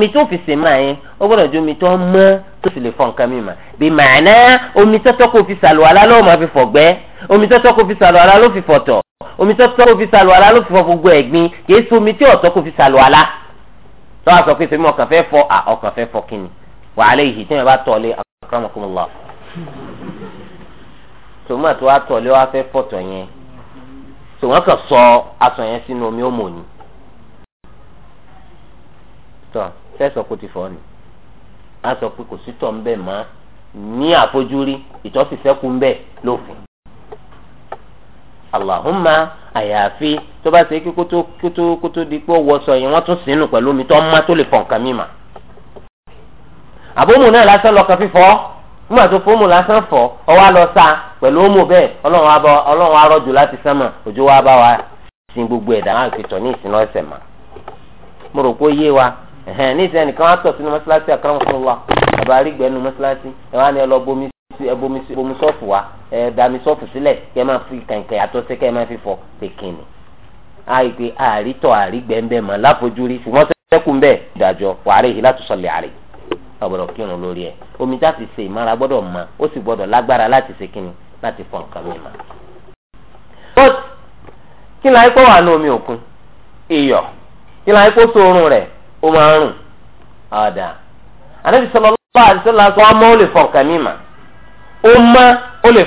omi tó fi sè máa yẹn ó gbọ́dọ̀ ju omi tó mọ́ tó sì lè fọ nǹkan mi mà bí màánà omi tọ́tọ́ kò fi sàlù àlá ló máa fi fọ̀gbẹ́ omi tọ́tọ́ kò fi sàlù àlá ló fi fọ̀tọ̀ omi tọ́tọ́ kò fi sàlù àlá ló fi fọ gbogbo ẹ̀gbin kìí sí omi tí ọ̀tọ́ kò fi sàlù àlá tó a sọ pé sèmi ọkàn fẹ́ fọ à ọkàn fẹ́ fọ kíni wà á lè yìí tí wọn bá tọ̀lé akramakumullah tòmá tó a tọ̀lé wa fẹ́ fọ̀tọ̀ yẹn tòmá kan sọ aṣọ yẹn sínú omi ó mọ̀ ni. sẹ́sọ̀ kò ti ni a sọ pé kò sí tọ̀ ń bẹ̀ mọ́ ní àfojúrí ìtọ́sísẹ́kù ń bẹ̀ lófin. àyàfi tó bá ṣe kí di pé yẹn wọ́n tún sínú pẹ̀lú omi tó ń má tó lè fọ̀ nǹkan mímà. àbómù náà lásán lọ́kàn fífọ́ nígbà lásán fọ́ pẹ̀lú bẹ́ẹ̀ ọlọ́run arọ́jù láti sánmà òjò bá gbogbo ẹ̀dá láti tọ̀ ní mà. mo rò wa ẹ̀hẹ́n ní ìsẹ́yìn nìkan wá tọ̀ sínú mọ́ṣáláṣí àkàràmọ́sọ́wá bàbá arígbẹ́nu mọ́ṣáláṣí ẹ̀ wa ẹ̀ dami sọ́ọ̀fù fi kẹ̀kẹ́ àtọ́sẹ́ kẹ́ máa fi fọ pékinì. àì pé omi a ti ṣe ìmọ̀ra gbọ́dọ̀ mọ si sì gbọ́dọ̀ lágbára láti ṣe kíni lati fọ nǹkan mi mọ́. kí ni wà omi òkun iyọ̀ kí ni sórun rẹ̀ ó máa ń rùn ọ̀dà ànábi sọlọ ọmọ ó lè fọ nǹkan mi ó lè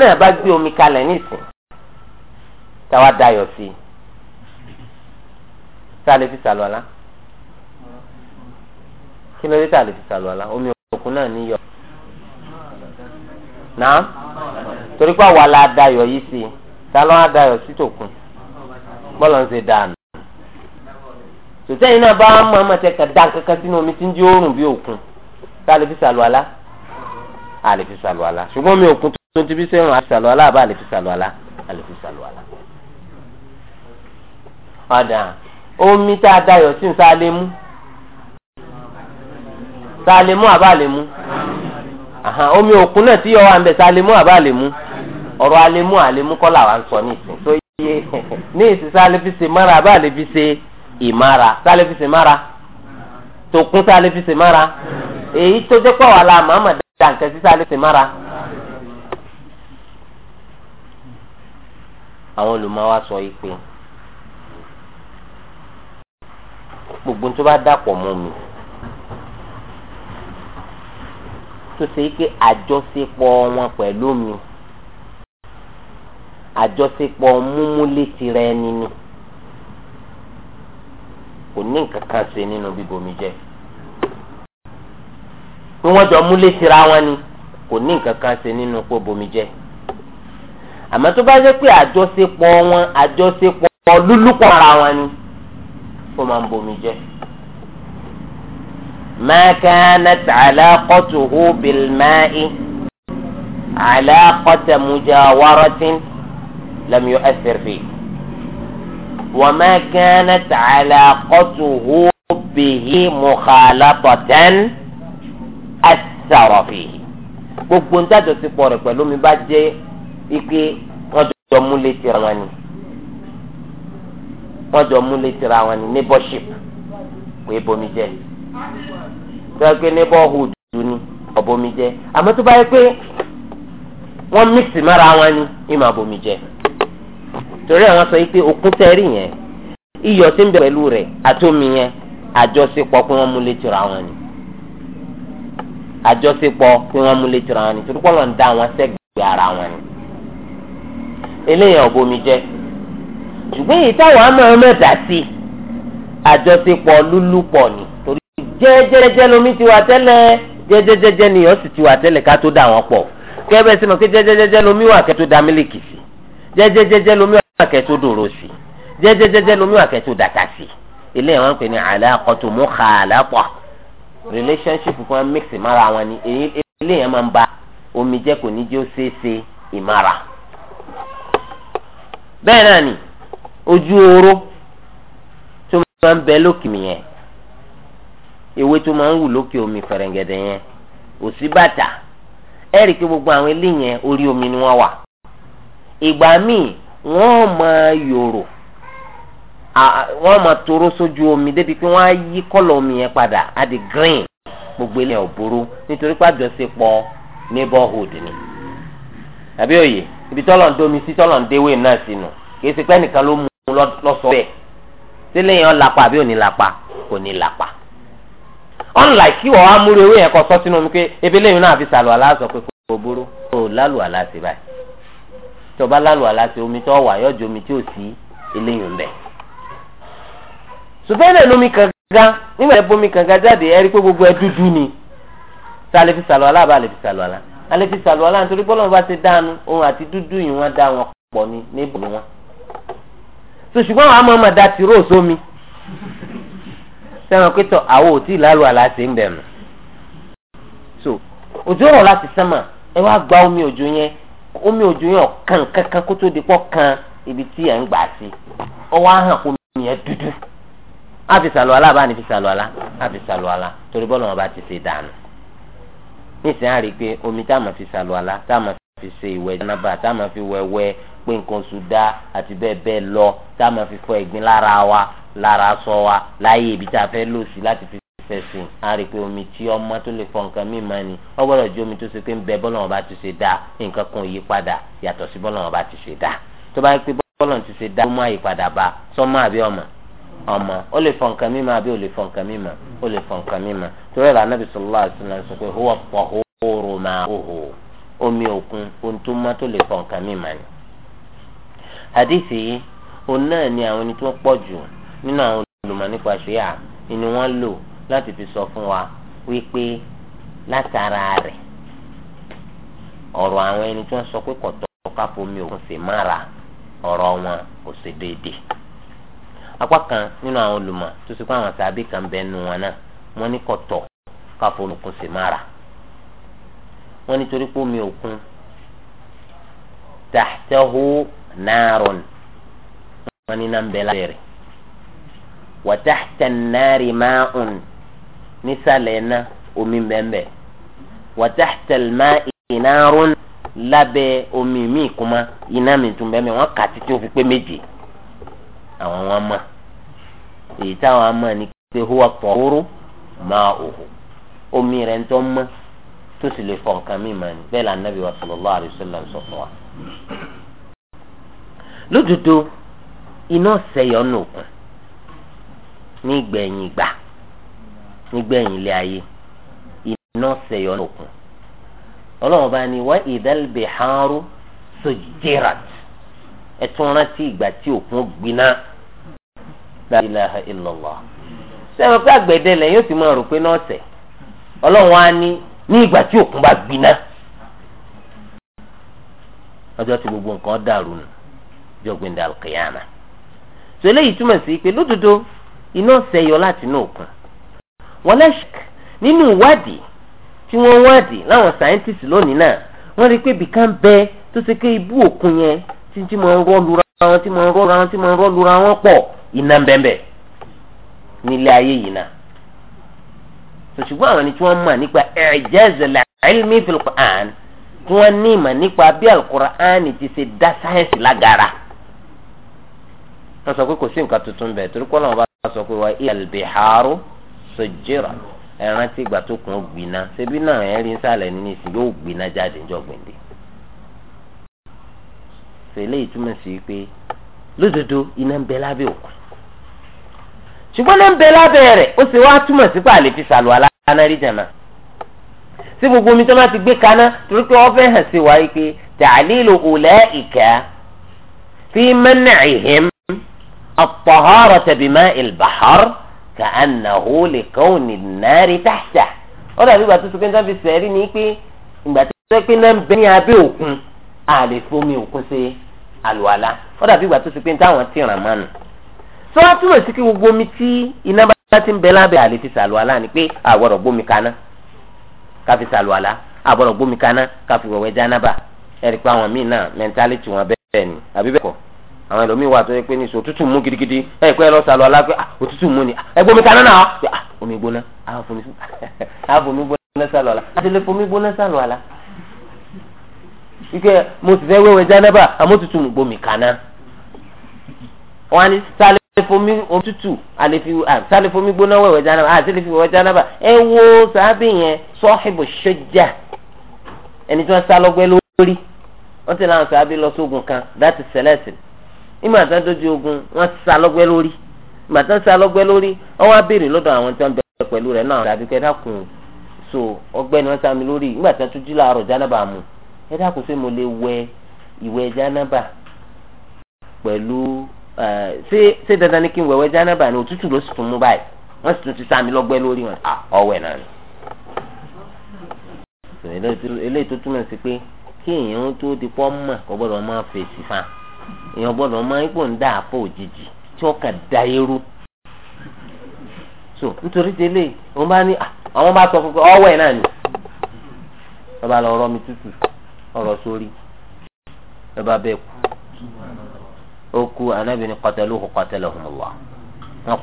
náà bá gbé omi kalẹ̀ nísìn táwa dayọ̀ sí tá a lè fi omi òkun náà níyọ̀ náà torí pé àwa la dayọ̀ yìí sí ta ló ń dayọ̀ sí bọ́lọ̀ ń ṣe dànù. sòtẹ́yìn náà bá mọ ọmọ tẹ ká dá kankan sínú omi tí ń di oòrùn bí òkun tá a lè fi sàlùwàlá a lè fi sàlùwàlá ṣùgbọ́n mi òkun tó ti bí sẹ́rùn a lè fi sàlùwàlá àbá a lè fi sàlùwàlá a lè fi sàlùwàlá. ọ̀dà omi tá a dayọ̀ sí ń sá lé mú sá lé mú àbá lé mú omi òkun náà tí yọ wa ń bẹ sá lé mú àbá lé mú ọ̀rọ̀ alẹ́mú alẹ́mú kọ́ làwọn sọ ní ìsìn yé ní ìsísá alẹ́fíṣe mára àbá alẹ́fíṣe ìmára sálẹ́fíṣe mára tòkun sálẹ́fíṣe Mara èyí tó jẹ́ pọ̀ wà la màmá dáadáa nǹkan sí sálẹ́fíṣe mára. àwọn olùmọ̀wá sọ yìí pé gbogbo tó bá dàpọ̀ mọ́ mi tó ṣe é pé àjọṣepọ̀ wọn pẹ̀lú mi àjọṣepọ̀ múmúlé tirẹ̀ ẹni ni kò ní nǹkan kan ṣe nínú bíbomi jẹ́ bí wọ́n jọ múlé tira wọn ni kò ní nǹkan kan ṣe nínú pé bomi jẹ́ àmọ́ tó bá jẹ́ pé àjọṣepọ̀ wọn àjọṣepọ̀ lúlúpọ̀ ara wọn ni ó máa ń bomi jẹ́. ما كانت علاقته بالماء علاقة مجاورة لم يؤثر فيه وما كانت علاقته به مخالطة أثر فيه gbogbo ń dájọ́ sí pọ̀ rẹ̀ pẹ̀lú mi bá jẹ́ ike wọ́n jọ mú létí ra wọn ni wọ́n jọ mú létí ra wọn ni neighborship pé bomi jẹ́ tó yẹ pé neighborhood ni ọ̀bomi jẹ́ àmọ́ tó bá yẹ pé wọ́n mix mọ́ra wọn ni ìmọ̀ bomi jẹ́. torí àwọn sọ pé òkú tẹ́rì yẹn iyọ̀ tí ń bẹ̀rẹ̀ pẹ̀lú rẹ̀ àtòmí yẹn àjọṣepọ̀ pé wọ́n mú wọn ni àjọṣepọ̀ pé wọ́n mú létí wọn ni torí pọ́lọ́ ń dá sẹ́gbẹ̀ẹ́ ara wọn ni eléyàn jẹ́ ṣùgbọ́n èyí táwọn mẹ́ta sí àjọṣepọ̀ ni torí jẹ́jẹ́jẹ́ lomi ti wà tẹ́lẹ̀ ni yọ̀ọ́ sì ti wà tẹ́lẹ̀ ká tó pọ̀ sínú pé lomi wà kẹ́ tó da mílíkì sí lomi wákẹ́ tó dòrò sí jẹ́jẹ́jẹ́jẹ́ lomi wákẹ́ tó dàtà sí ilé wọn pè ní alaqatu mukhalaqa relationship kan mix mara wọn ni ilé yẹn máa ń ba omi jẹ́ kò ní jẹ́ ó ṣeéṣe ìmara bẹ́ẹ̀ náà ni ojú oró tó máa ń bẹ lókè mi yẹn ewé tó máa ń wù lókè omi fẹ̀rẹ̀gẹ̀dẹ̀ yẹn òsì bàtà ẹ̀rì pé gbogbo àwọn ilé yẹn orí omi ni wọ́n wà ìgbà míì wọ́n máa yòrò wọ́n máa toró sójú omi débi pé wọ́n á yí kọ́lọ̀ omi yẹn padà á di green gbogbo ilẹ̀ òbúrú nítorí pé àjọṣepọ̀ neighborhood ni àbí òye ibi tọ́lọ̀ ń domi sí tọ́lọ̀ ń déwé náà sínú kìí ṣe pé nìkan ló mú un lọ́sọ̀ bẹ́ẹ̀ sílẹ̀ yẹn lápá àbí òní lápá kò ní lápá unlike kí wọ́n á múre owó yẹn kọ́ sọ́ sínú omi pé ebí lẹ́yìn náà fi sàlùwà láàsọ pé kò burú kò lálùwà láti báyìí tó bá lálù aláṣẹ omi tó wà yọjọ omi tí ò sí eléyìí ń bẹ. sùpẹ́ẹ́lẹ̀ lómi kànga nígbà tó bomi kànga jáde ẹ̀rí pé gbogbo ẹ dúdú ni tá a lè fi sàlọ́ aláàbá lè fi sàlọ́ alá a fi sàlọ́ alá nítorí bọ́lá wọn bá ti dánu òun àti dúdú yìí wọ́n dá wọn pọ̀ ní níbùdó wọn. sọ àwọn ọmọ ọmọ da ti rò sómi sẹ́wọ̀n pé tọ́ àwọ̀ ò tí ì lálù aláṣẹ ń bẹ̀rù. so òjò rọ̀ láti sánmà ẹ wá gba omi òjò yẹn omi òjò yẹn kàn kankan kó tó di pọ́ kan ibi tí ẹ̀ ń gbà sí ọwọ́ ahàn kó mi yẹn dúdú àfi sàlù alá bá ní fi sàlù alá àfi sàlù alá torí bọ́ọ̀lù wọn bá ti ṣe dànù nísìnyí àrí pé omi tá a máa fi fi ṣe ìwẹ̀ jẹ́nàbà tá fi wẹ̀wẹ̀ pé nǹkan oṣù dá àti bẹ́ẹ̀ bẹ́ẹ̀ lọ tá fi fọ ẹ̀gbin lára wa lára sọ wa láàyè ibi tá a fẹ́ lò sí láti fi fẹ́ a rí i pé omi tí ọmọ tó lè fọ nǹkan máa ni ọ gbọdọ jẹ́ omi tó ṣe pé ń bẹ bọ́lọ̀ ọba ti ṣe dá nǹkan kan yí padà yàtọ̀ sí bọ́lọ̀ ọba ti ṣe dá tó bá yẹ pé ti ṣe bá ọmọ ọmọ ó lè fọ nǹkan máa ó lè fọ nǹkan máa ó lè fọ nǹkan máa sọ pé huwa omi òkun ohun tó má tó lè fọ nǹkan máa ni. àdìsí àwọn ẹni tó nínú àwọn olùmọ̀ láti fi sọ fún wa wípé látara rẹ̀ ọ̀rọ̀ àwọn ẹni tí wọ́n sọ pé kọ̀tọ́ kápomi sì mára wọn sì déédéé. apá kan nínú àwọn olùmọ̀ tó sì kó àwọn kan bẹ nu wọn náà wọ́n ní kọ̀tọ́ kápomi òkun sì mára. nítorí pé omi òkun nísàlẹ̀ iná omi bẹ́ẹ̀nbẹ́ wa tahta al-ma'i narun lábẹ́ omi míì kuma iná mi tún bẹ́ẹ̀nbẹ́ wọ́n kà títí ó fi pé méje àwọn wọn mọ̀ èyí táwọn mọ̀ ní pé huwa tahuru ma'uhu omi rẹ̀ ń tọ́ mọ́ tó sì lè fọ nǹkan míì mọ́ ni bẹ́ẹ̀ l'Ànábì wa sallallahu alayhi wa sallam sọ fún wa. lódodo iná sẹyọ nù òkun ní ìgbẹ̀yìn ìgbà. N'igbe ilé ayé iná ṣẹ̀yọ lókun ọlọ́run bá ní wá ìdálẹ́bẹ̀ haaru sojirat ẹ rántí ìgbà tí òkun gbiná la ilaha illallah sẹ́wọ́n pé àgbẹ̀dẹ lẹ́yìn ti máa rò pé náà ṣẹ̀ ọlọ́run á ní ní ìgbà tí òkun bá gbiná ọjọ́ tí gbogbo nǹkan dàrú nù jọ́gbìn dàlùkìyàmà sọ eléyìí túmọ̀ sí pé lódodo iná láti wala shak nínú ìwádìí tí wọ́n wádìí láwọn scientist lónìí náà wọ́n rí pé ibìkan bẹ tó ṣe pé ibú òkun yẹn títí mo ń rọ́ lura wọn tí mo ń rọ́ lura wọn tí mo ń rọ́ lura wọn pọ̀ iná bẹ́ẹ̀ nílé ayé yìí náà ṣùgbọ́n àwọn ẹni tí wọ́n mọ̀ nípa ẹ̀jẹ̀zẹ̀lẹ̀ ilmi fil Qur'an tí wọ́n ní ìmọ̀ nípa bí al-Qur'an ti ṣe dá sáyẹ́nsì lágara wọ́n sọ pé kò sí nǹkan tuntun bẹ́ẹ̀ torí kọ́ làwọn bá sọ pé wà á ilẹ̀ albiharu sọjẹra ẹran tí ìgbà tó kún gbiná ṣebí náà ẹ rí nsàlẹ̀ nínú ìsìn yóò gbiná jáde ńjọ gbèǹde. sèlè ìtumọ̀ sí pé lódodo iná ń bẹ lábẹ́ òkun ṣùgbọ́n iná ń bẹ lábẹ́ rẹ̀ ó sì wá túmọ̀ sí pàlè fi sàlù aláàánà rí jàmá gbogbo omi tó má ti gbé kaná torí pé wọ́n fẹ́ hàn sí wa pé tàlílù òlẹ́ ìkà fi mẹ́nà ìhìn ọ̀pọ̀ ọ̀rọ̀ tẹ̀bí mẹ́ ìlbàhọ́rọ́ ka anahu le kàn ní nàárì tàṣà ó dàbí ìgbà tó sọ pé ní sábì sẹ́rí ni pé ìgbà tó sọ pé náà bẹ ní abẹ́ òkun a lè fomi òkun ṣe àlùwàlá ó dàbí ìgbà tó sọ pé ní táwọn ti ràn mánu. sọ wá túbọ̀ sí kí gbogbo omi tí iná bá ti ń bẹ lábẹ́ àlè fi ṣàlùwàlá ni pé àgbọ̀dọ̀ gbómi kaná ká fi ṣàlùwàlá àgbọ̀dọ̀ gbómi kaná ká fi wẹ̀wẹ̀ jánábà ẹ̀rí pé àwọn míì náà mẹ́ńtálítì wọn bẹ́ẹ̀ ni àbí bẹ́ẹ̀ kọ́ àwọn ẹlòmíì wà tó yẹ pé níṣẹ́ òtútù mú gidigidi ẹ pé lọ sàlọ alápẹ ah, òtútù mú ni ah, ẹgbẹ́ mi kaná náà ah, omi gbóná àfomi [LAUGHS] gbóná sàlọ àlá àti fomi gbóná sàlọ àlá ike mo sì fẹ́ wéwèé jánábà àmọ́ òtútù mú gbómi kaná wọn ni sálẹ fomi òtútù sálẹ fomi gbóná wéwèé jánábà àti fi wéwèé jánábà ẹ wo sàábì sọ́ọ̀hìbù ṣọ́jà ẹni tí wọ́n sá lọ́gbẹ́ lórí wọ́n ti láwọn sàábì lọ sógun kan láti sẹ́lẹ̀sì nígbà tó ń dojú ogun wọ́n sá lọ́gbẹ́ lórí nígbà tó ń sá lọ́gbẹ́ lórí wọ́n wá béèrè lọ́dọ̀ àwọn tó ń bẹ pẹ̀lú rẹ̀ náà tàbí kẹ́ dákun so ọgbẹ́ ni wọ́n sá mi lórí nígbà tó ń tún jí láàárọ̀ jánábà mu ẹ dákun ṣé mo lè wẹ ìwẹ̀ jánábà pẹ̀lú ṣé ṣé dandan ni kí n wẹ̀wẹ̀ jánábà ni òtútù ló sì tún mú báyìí wọ́n sì tún ti sá mi lọ́gbẹ́ lórí wọn ah, ọwẹ́ náà ni eléyìí tó túmọ̀ sí pé kí èèyàn gbọ́dọ̀ mọ ipò ń dá àpò òjijì tí ó ka da irú so nítorí délé òun bá ní àwọn bá sọ fún ni lọ rọ mi tútù ọrọ sórí ọ bẹ́ẹ̀ kú ó kú anábì ní qataluhu qatalahumullah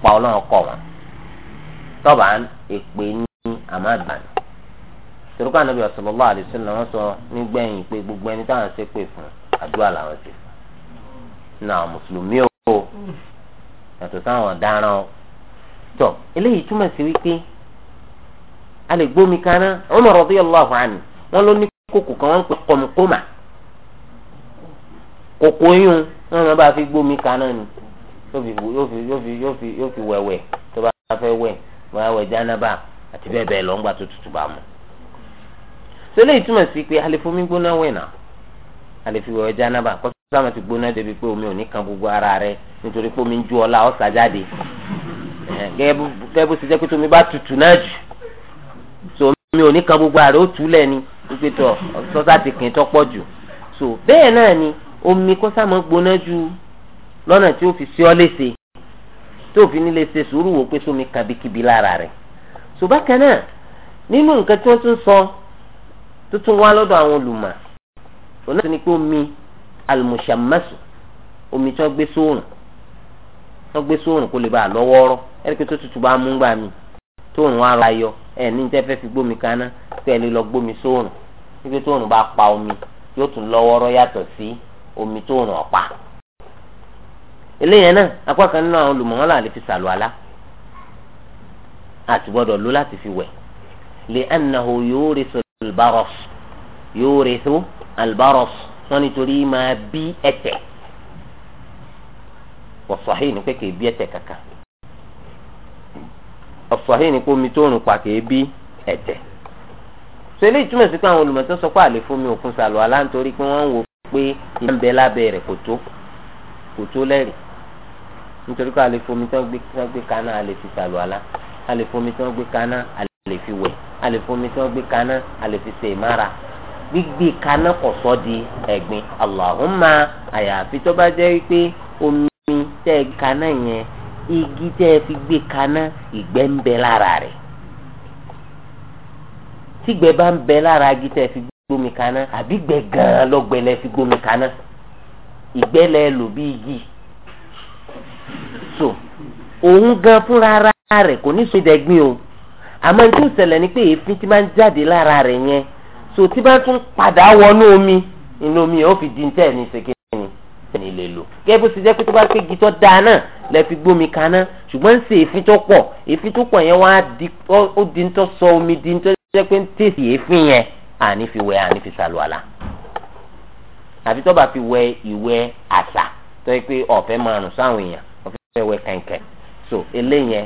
pa ọlọ́run kọ̀ wọn èpè ní àmàbàn sọ pé gbogbo ẹni táwọn ṣe pè na àwọn mùsùlùmí o yàtọ̀ sáwọn ọ̀daràn o tọ eléyìí túmọ̀ sí wípé a lè gbómi kaná Umar radiyallahu anhu wọn ló ní kókò kan wọn ń pè kọmukóma kókó yún wọn máa bá fi gbómi kaná ni yóò fi yóò fi yóò fi yóò fi yóò fi wẹ̀wẹ̀ tó bá fẹ́ wẹ̀ wọ́n wẹ̀ jánábà àti bẹ́ẹ̀ bẹ́ẹ̀ lọ tó tutù bá mu. sọ eléyìí túmọ̀ sí pé a lè fomi gbóná wẹ̀ náà àlefi wọ ẹja náà bá kó sáwọn ti gbóná débi pé omi ò ní kan gbogbo ara rẹ nítorí pé omi ń ju ọlá ọ̀sà jáde gẹ́gẹ́ bó ti jẹ́ pé tómi bá tutù náà jù so omi ò ní kan gbogbo ara ó tú lẹ̀ ni wípé tọ sọ́sà ti kìn tọ́pọ̀ jù so bẹ́ẹ̀ náà ni omi kó sáwọn gbóná ju lọ́nà tí ó fi sí ọ léṣe tó fi ní lè sùúrù wò pé sómi kàbíkìbí lára rẹ̀ so bákan náà nínú nǹkan tí wọ́n tún sọ tó tún wá lọ́dọ̀ àwọn olùmọ̀ onáà tó ní pé omi alimusamasu omi tí wọ́n gbé sóòrùn wọ́n gbé sóòrùn kó lè bá a lọ́wọ́ọ́rọ́ ẹni pé tó tutù bá mú gbà mí tóòrùn wa ra yọ ẹ ní tẹ́ fẹ́ fi gbómi kaná tẹ́ ẹ lè lọ gbómi sóòrùn wípé tóòrùn bá pa omi yóò tún lọ́wọ́ọ́rọ́ yàtọ̀ sí omi tóòrùn ọ̀pá. eléyẹn náà apá kan nínú àwọn olùmọ̀wọ́n là lè fi sàlù àlá àti gbọ́dọ̀ lò láti fi wẹ̀ lè ẹnna yóò rí sọ albaros wọn nítorí máa bí ẹ̀tẹ̀ ọ̀sọ̀hìn ni pé kì í bí ẹ̀tẹ̀ kankan ọ̀sọ̀hìn ni pé omi tó rùn pa kì í bí ẹ̀tẹ̀ so eléyìí túmọ̀ sí pé àwọn olùmọ̀tò sọ pé àlè fún mi òkun sàlọ̀ alá nítorí pé wọ́n ń wo pé iná ń bẹ lábẹ́ rẹ̀ kò tó kò tó lẹ́rìí nítorí pé àlè fún mi tí wọ́n gbé kaná àlè fi sàlọ̀ alá àlè fún mi tí wọ́n gbé kaná àlè fi wẹ̀ àlè fún mi tí wọ́n gbé kaná àlè fi ṣe ìmára gbígbé kaná kò sọ di ẹ̀gbin Allahumma àyàfi tó bá jẹ́ pé omi tẹ́ kaná yẹn igi tẹ́ fi gbé kaná ìgbẹ́ ń bẹ lára rẹ̀ tígbẹ́ bá ń bẹ lára igi tẹ́ fi gbómi kaná àbí gbẹ́ gan-an lọ́gbẹ́lẹ́ fi gbómi kaná so òun gan fúnra ara rẹ̀ kò ní sọ ìdẹ́gbin o àmọ́ ní tí ó ni pé èéfín ti so tí bá tún padà wọnú omi inú omi yẹn ó fi di ní tẹ́ẹ̀ ní sèké ní tẹ́ẹ̀ lè lò kí ẹ bó ṣe jẹ́ pé tó bá pé gitọ́ da náà lẹ fi gbómi kaná ṣùgbọ́n ṣe èéfín tó pọ̀ èéfín tó pọ̀ yẹn wá ó di ń tọ́ sọ omi di ń tọ́ jẹ́ pé ń tèsì èéfín yẹn àní fi wẹ̀ àní fi ṣàlùwàlà àfi tó bá fi wẹ̀ ìwẹ̀ àṣà tó yẹ pé ọ̀fẹ́ máa rùn sáwọn èèyàn ọ̀fẹ́ wẹ̀ kẹ̀kẹ́ so eléyẹn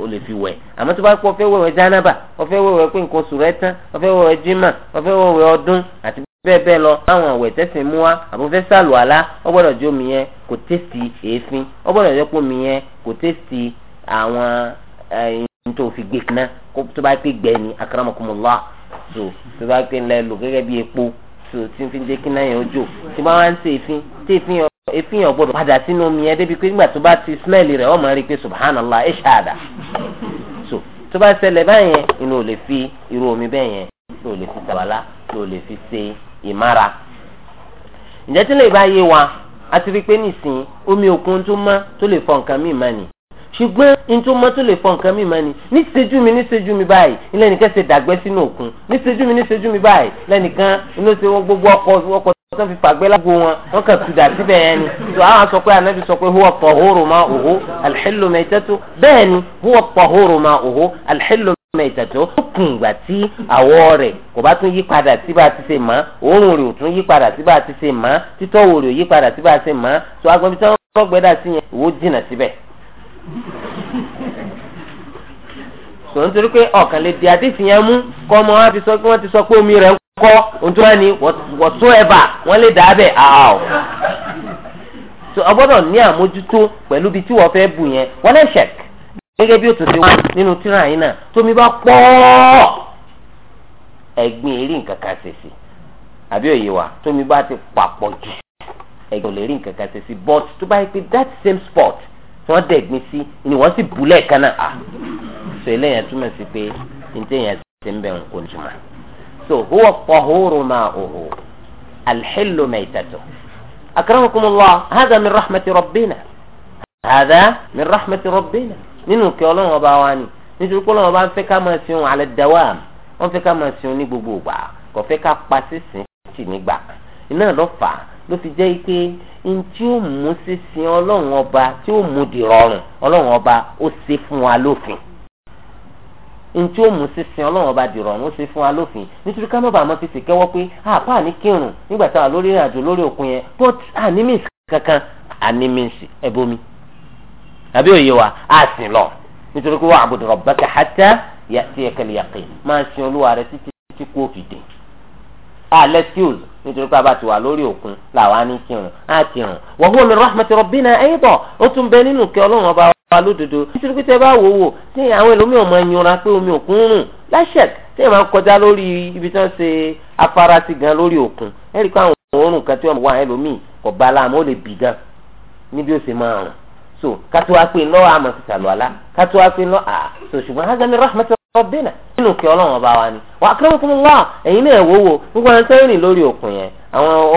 o lè fi wẹ̀ àmọ́ tó bá kó ọfẹ́ wẹ̀wẹ̀ jánábà ọfẹ́ wẹ̀wẹ̀ pé nǹkan oṣù rẹ tán ọfẹ́ wẹ̀wẹ̀ jimá ọfẹ́ wẹ̀wẹ̀ ọdún àti bẹ́ẹ̀ bẹ́ẹ̀ lọ àwọn ọ̀wẹ̀ tẹ́sìn mú wa àbúfẹ́ sàlù àlá ọgbọ́dọ̀ jó mi yẹn kò tẹ́sì èéfín ọgbọ́dọ̀ jẹ́ pé mi yẹn kò tẹ́sì àwọn ẹyin tó fi gbé kaná tó bá pé gbẹ ni akaramakumullah so tó bá pé ńlẹ lò gẹ́gẹ́ bí epo so tí n fi dé kaná yẹn ó jò tí wọ́n wá ń ṣe èéfín tí èéfín yẹn èéfín yẹn gbọ́dọ̀ padà sínú omi yẹn débi pé nígbà tó bá ti smell rẹ̀ ọmọ rí pé subhanallah ẹ ṣáàdà so tó bá ṣẹlẹ̀ báyẹn inú ò lè fi irú omi bẹ́ẹ̀ yẹn ló lè fi sàbàlá ló lè fi ṣe ìmára. ǹjẹ́ tí lè bá yé wa a ti rí pé nìsín omi òkun tó mọ́ tó lè fọ nǹkan míì mọ́ ni ṣùgbọ́n ntó mọ́ tó lè fọ nǹkan míì mọ́ ni níṣẹ́jú mi níṣẹ́jú mi báyìí ilé nìkan ṣe dàgbẹ́ sínú òkun níṣẹ́jú mi níṣẹ́jú mi báyìí lẹ́nìkan inú ṣe wọ́n gbogbo ọkọ̀ ọkọ̀ wọ́n fi pàgbé lágbo wọn wọ́n kàn tu dà síbẹ̀ yẹn ni tó àwọn sọ pé anabi sọ pé huwa tahuru ma'uhu al-hillu maytatuhu bẹ́ẹ̀ ni huwa tahuru ma'uhu al-hillu maytatuhu ó kùn ìgbà tí àwọ̀ rẹ̀ kò bá tún yí padà tí bá a ti ṣe mọ́ òórùn rẹ̀ ò tún yí padà tí bá a ti ṣe mọ́ títọ́wò rẹ̀ ò yí padà tí bá a ṣe mọ́ tó agbọ̀nbi tí wọ́n gbẹ́dà sí yẹn ìwọ jìnnà síbẹ̀ sọ nítorí pé ọ̀kan di àdéhìí yẹn mú kọ́ ọmọ wa ti sọ pé omi rẹ̀ ń kọ́ ntọ́ ni whatsoever wọ́n lè dàá bẹ́ẹ̀ àá o. so ọgbọ́dọ̀ ní àmójútó pẹ̀lú ibi tí wọ́n fẹ́ bù yẹn wọ́n lè ṣẹ̀k gẹ́gẹ́ bí òtún ti wá nínú tíra yìí náà tómi bá pọ̀ ẹ̀gbin èrí nǹkan kan ṣe sí àbí òye wa tómi bá ti papọ̀ jù ẹ̀gbin ò lè nǹkan kan ṣe but tó bá yẹ pé that same spot tí wọ́n dẹ̀gbin sí ni wọ́n sì bù lẹ́ẹ̀kan náà ah. so eléyàn túmọ̀ sí pé ní téèyàn ti ń bẹ̀rù so huwa tahuru ma'uhu alḥillu maitatu akramakumullah hadha min rahmati rabbina hadha min rahmati rabbina nínú kí ọlọ́run ọba wa ni nítorí pé ọlọ́run ọba ń fẹ́ ká máa sin ala dawam wọ́n fẹ́ ká máa sin ní gbogbo ìgbà kò fẹ́ ká pa sísìn tì nígbà iná lọ fà á ló fi jẹ́ pé n tí ó mú sísìn ọlọ́run ọba tí ó mú di rọrùn ọlọ́run ọba ó ṣe fún wa lófin ntí ó mú sísin ọlọ́run ọba dìrọ̀ ọ̀run ṣe fún wa lófin nítorí ká má bàa mọ́ fi ṣèkẹ́wọ́ pé àpá ní kírun nígbà táwa lórí ìrìn àjò lórí òkun yẹn tó ànímìs kankan ànímìs ẹ̀bómi àbí òye wa á sìn lọ nítorí pé wa'bud rabbaka hatta ya'tiyakal yaqin máa sin olúwa rẹ títí tí kò fi dé alẹ́ ah, tíùs nítorí pé a bá ti wà lórí òkun làwa ní tirun á tirun wa huwa min rahmati rabbina ayda ó tún bẹ nínú kẹ ọlọ́run ọba wa lódodo nítorí pé tẹ bá wò wò tí àwọn ẹlòmíràn ọmọ ẹyinra pé omi òkun rùn láṣẹk tí ẹ máa ń kọjá lórí ibi tí wọ́n ṣe afárá sí gan lórí òkun ẹ rí i pé àwọn òórùn kan tí wọ́n wà ẹlòmíì kò bá láàmú ó lè bì gan níbi ó ṣe máa rùn so kátó pé lọ́wọ́ àmọ̀ sísàlọ́ àlá kátó pé lọ́ à fọdínà nínú kí ọlọ́run ọba wa ni wà á kí lóun fún wa ẹ̀yin náà wò wò gbogbo àwọn sẹ́yìn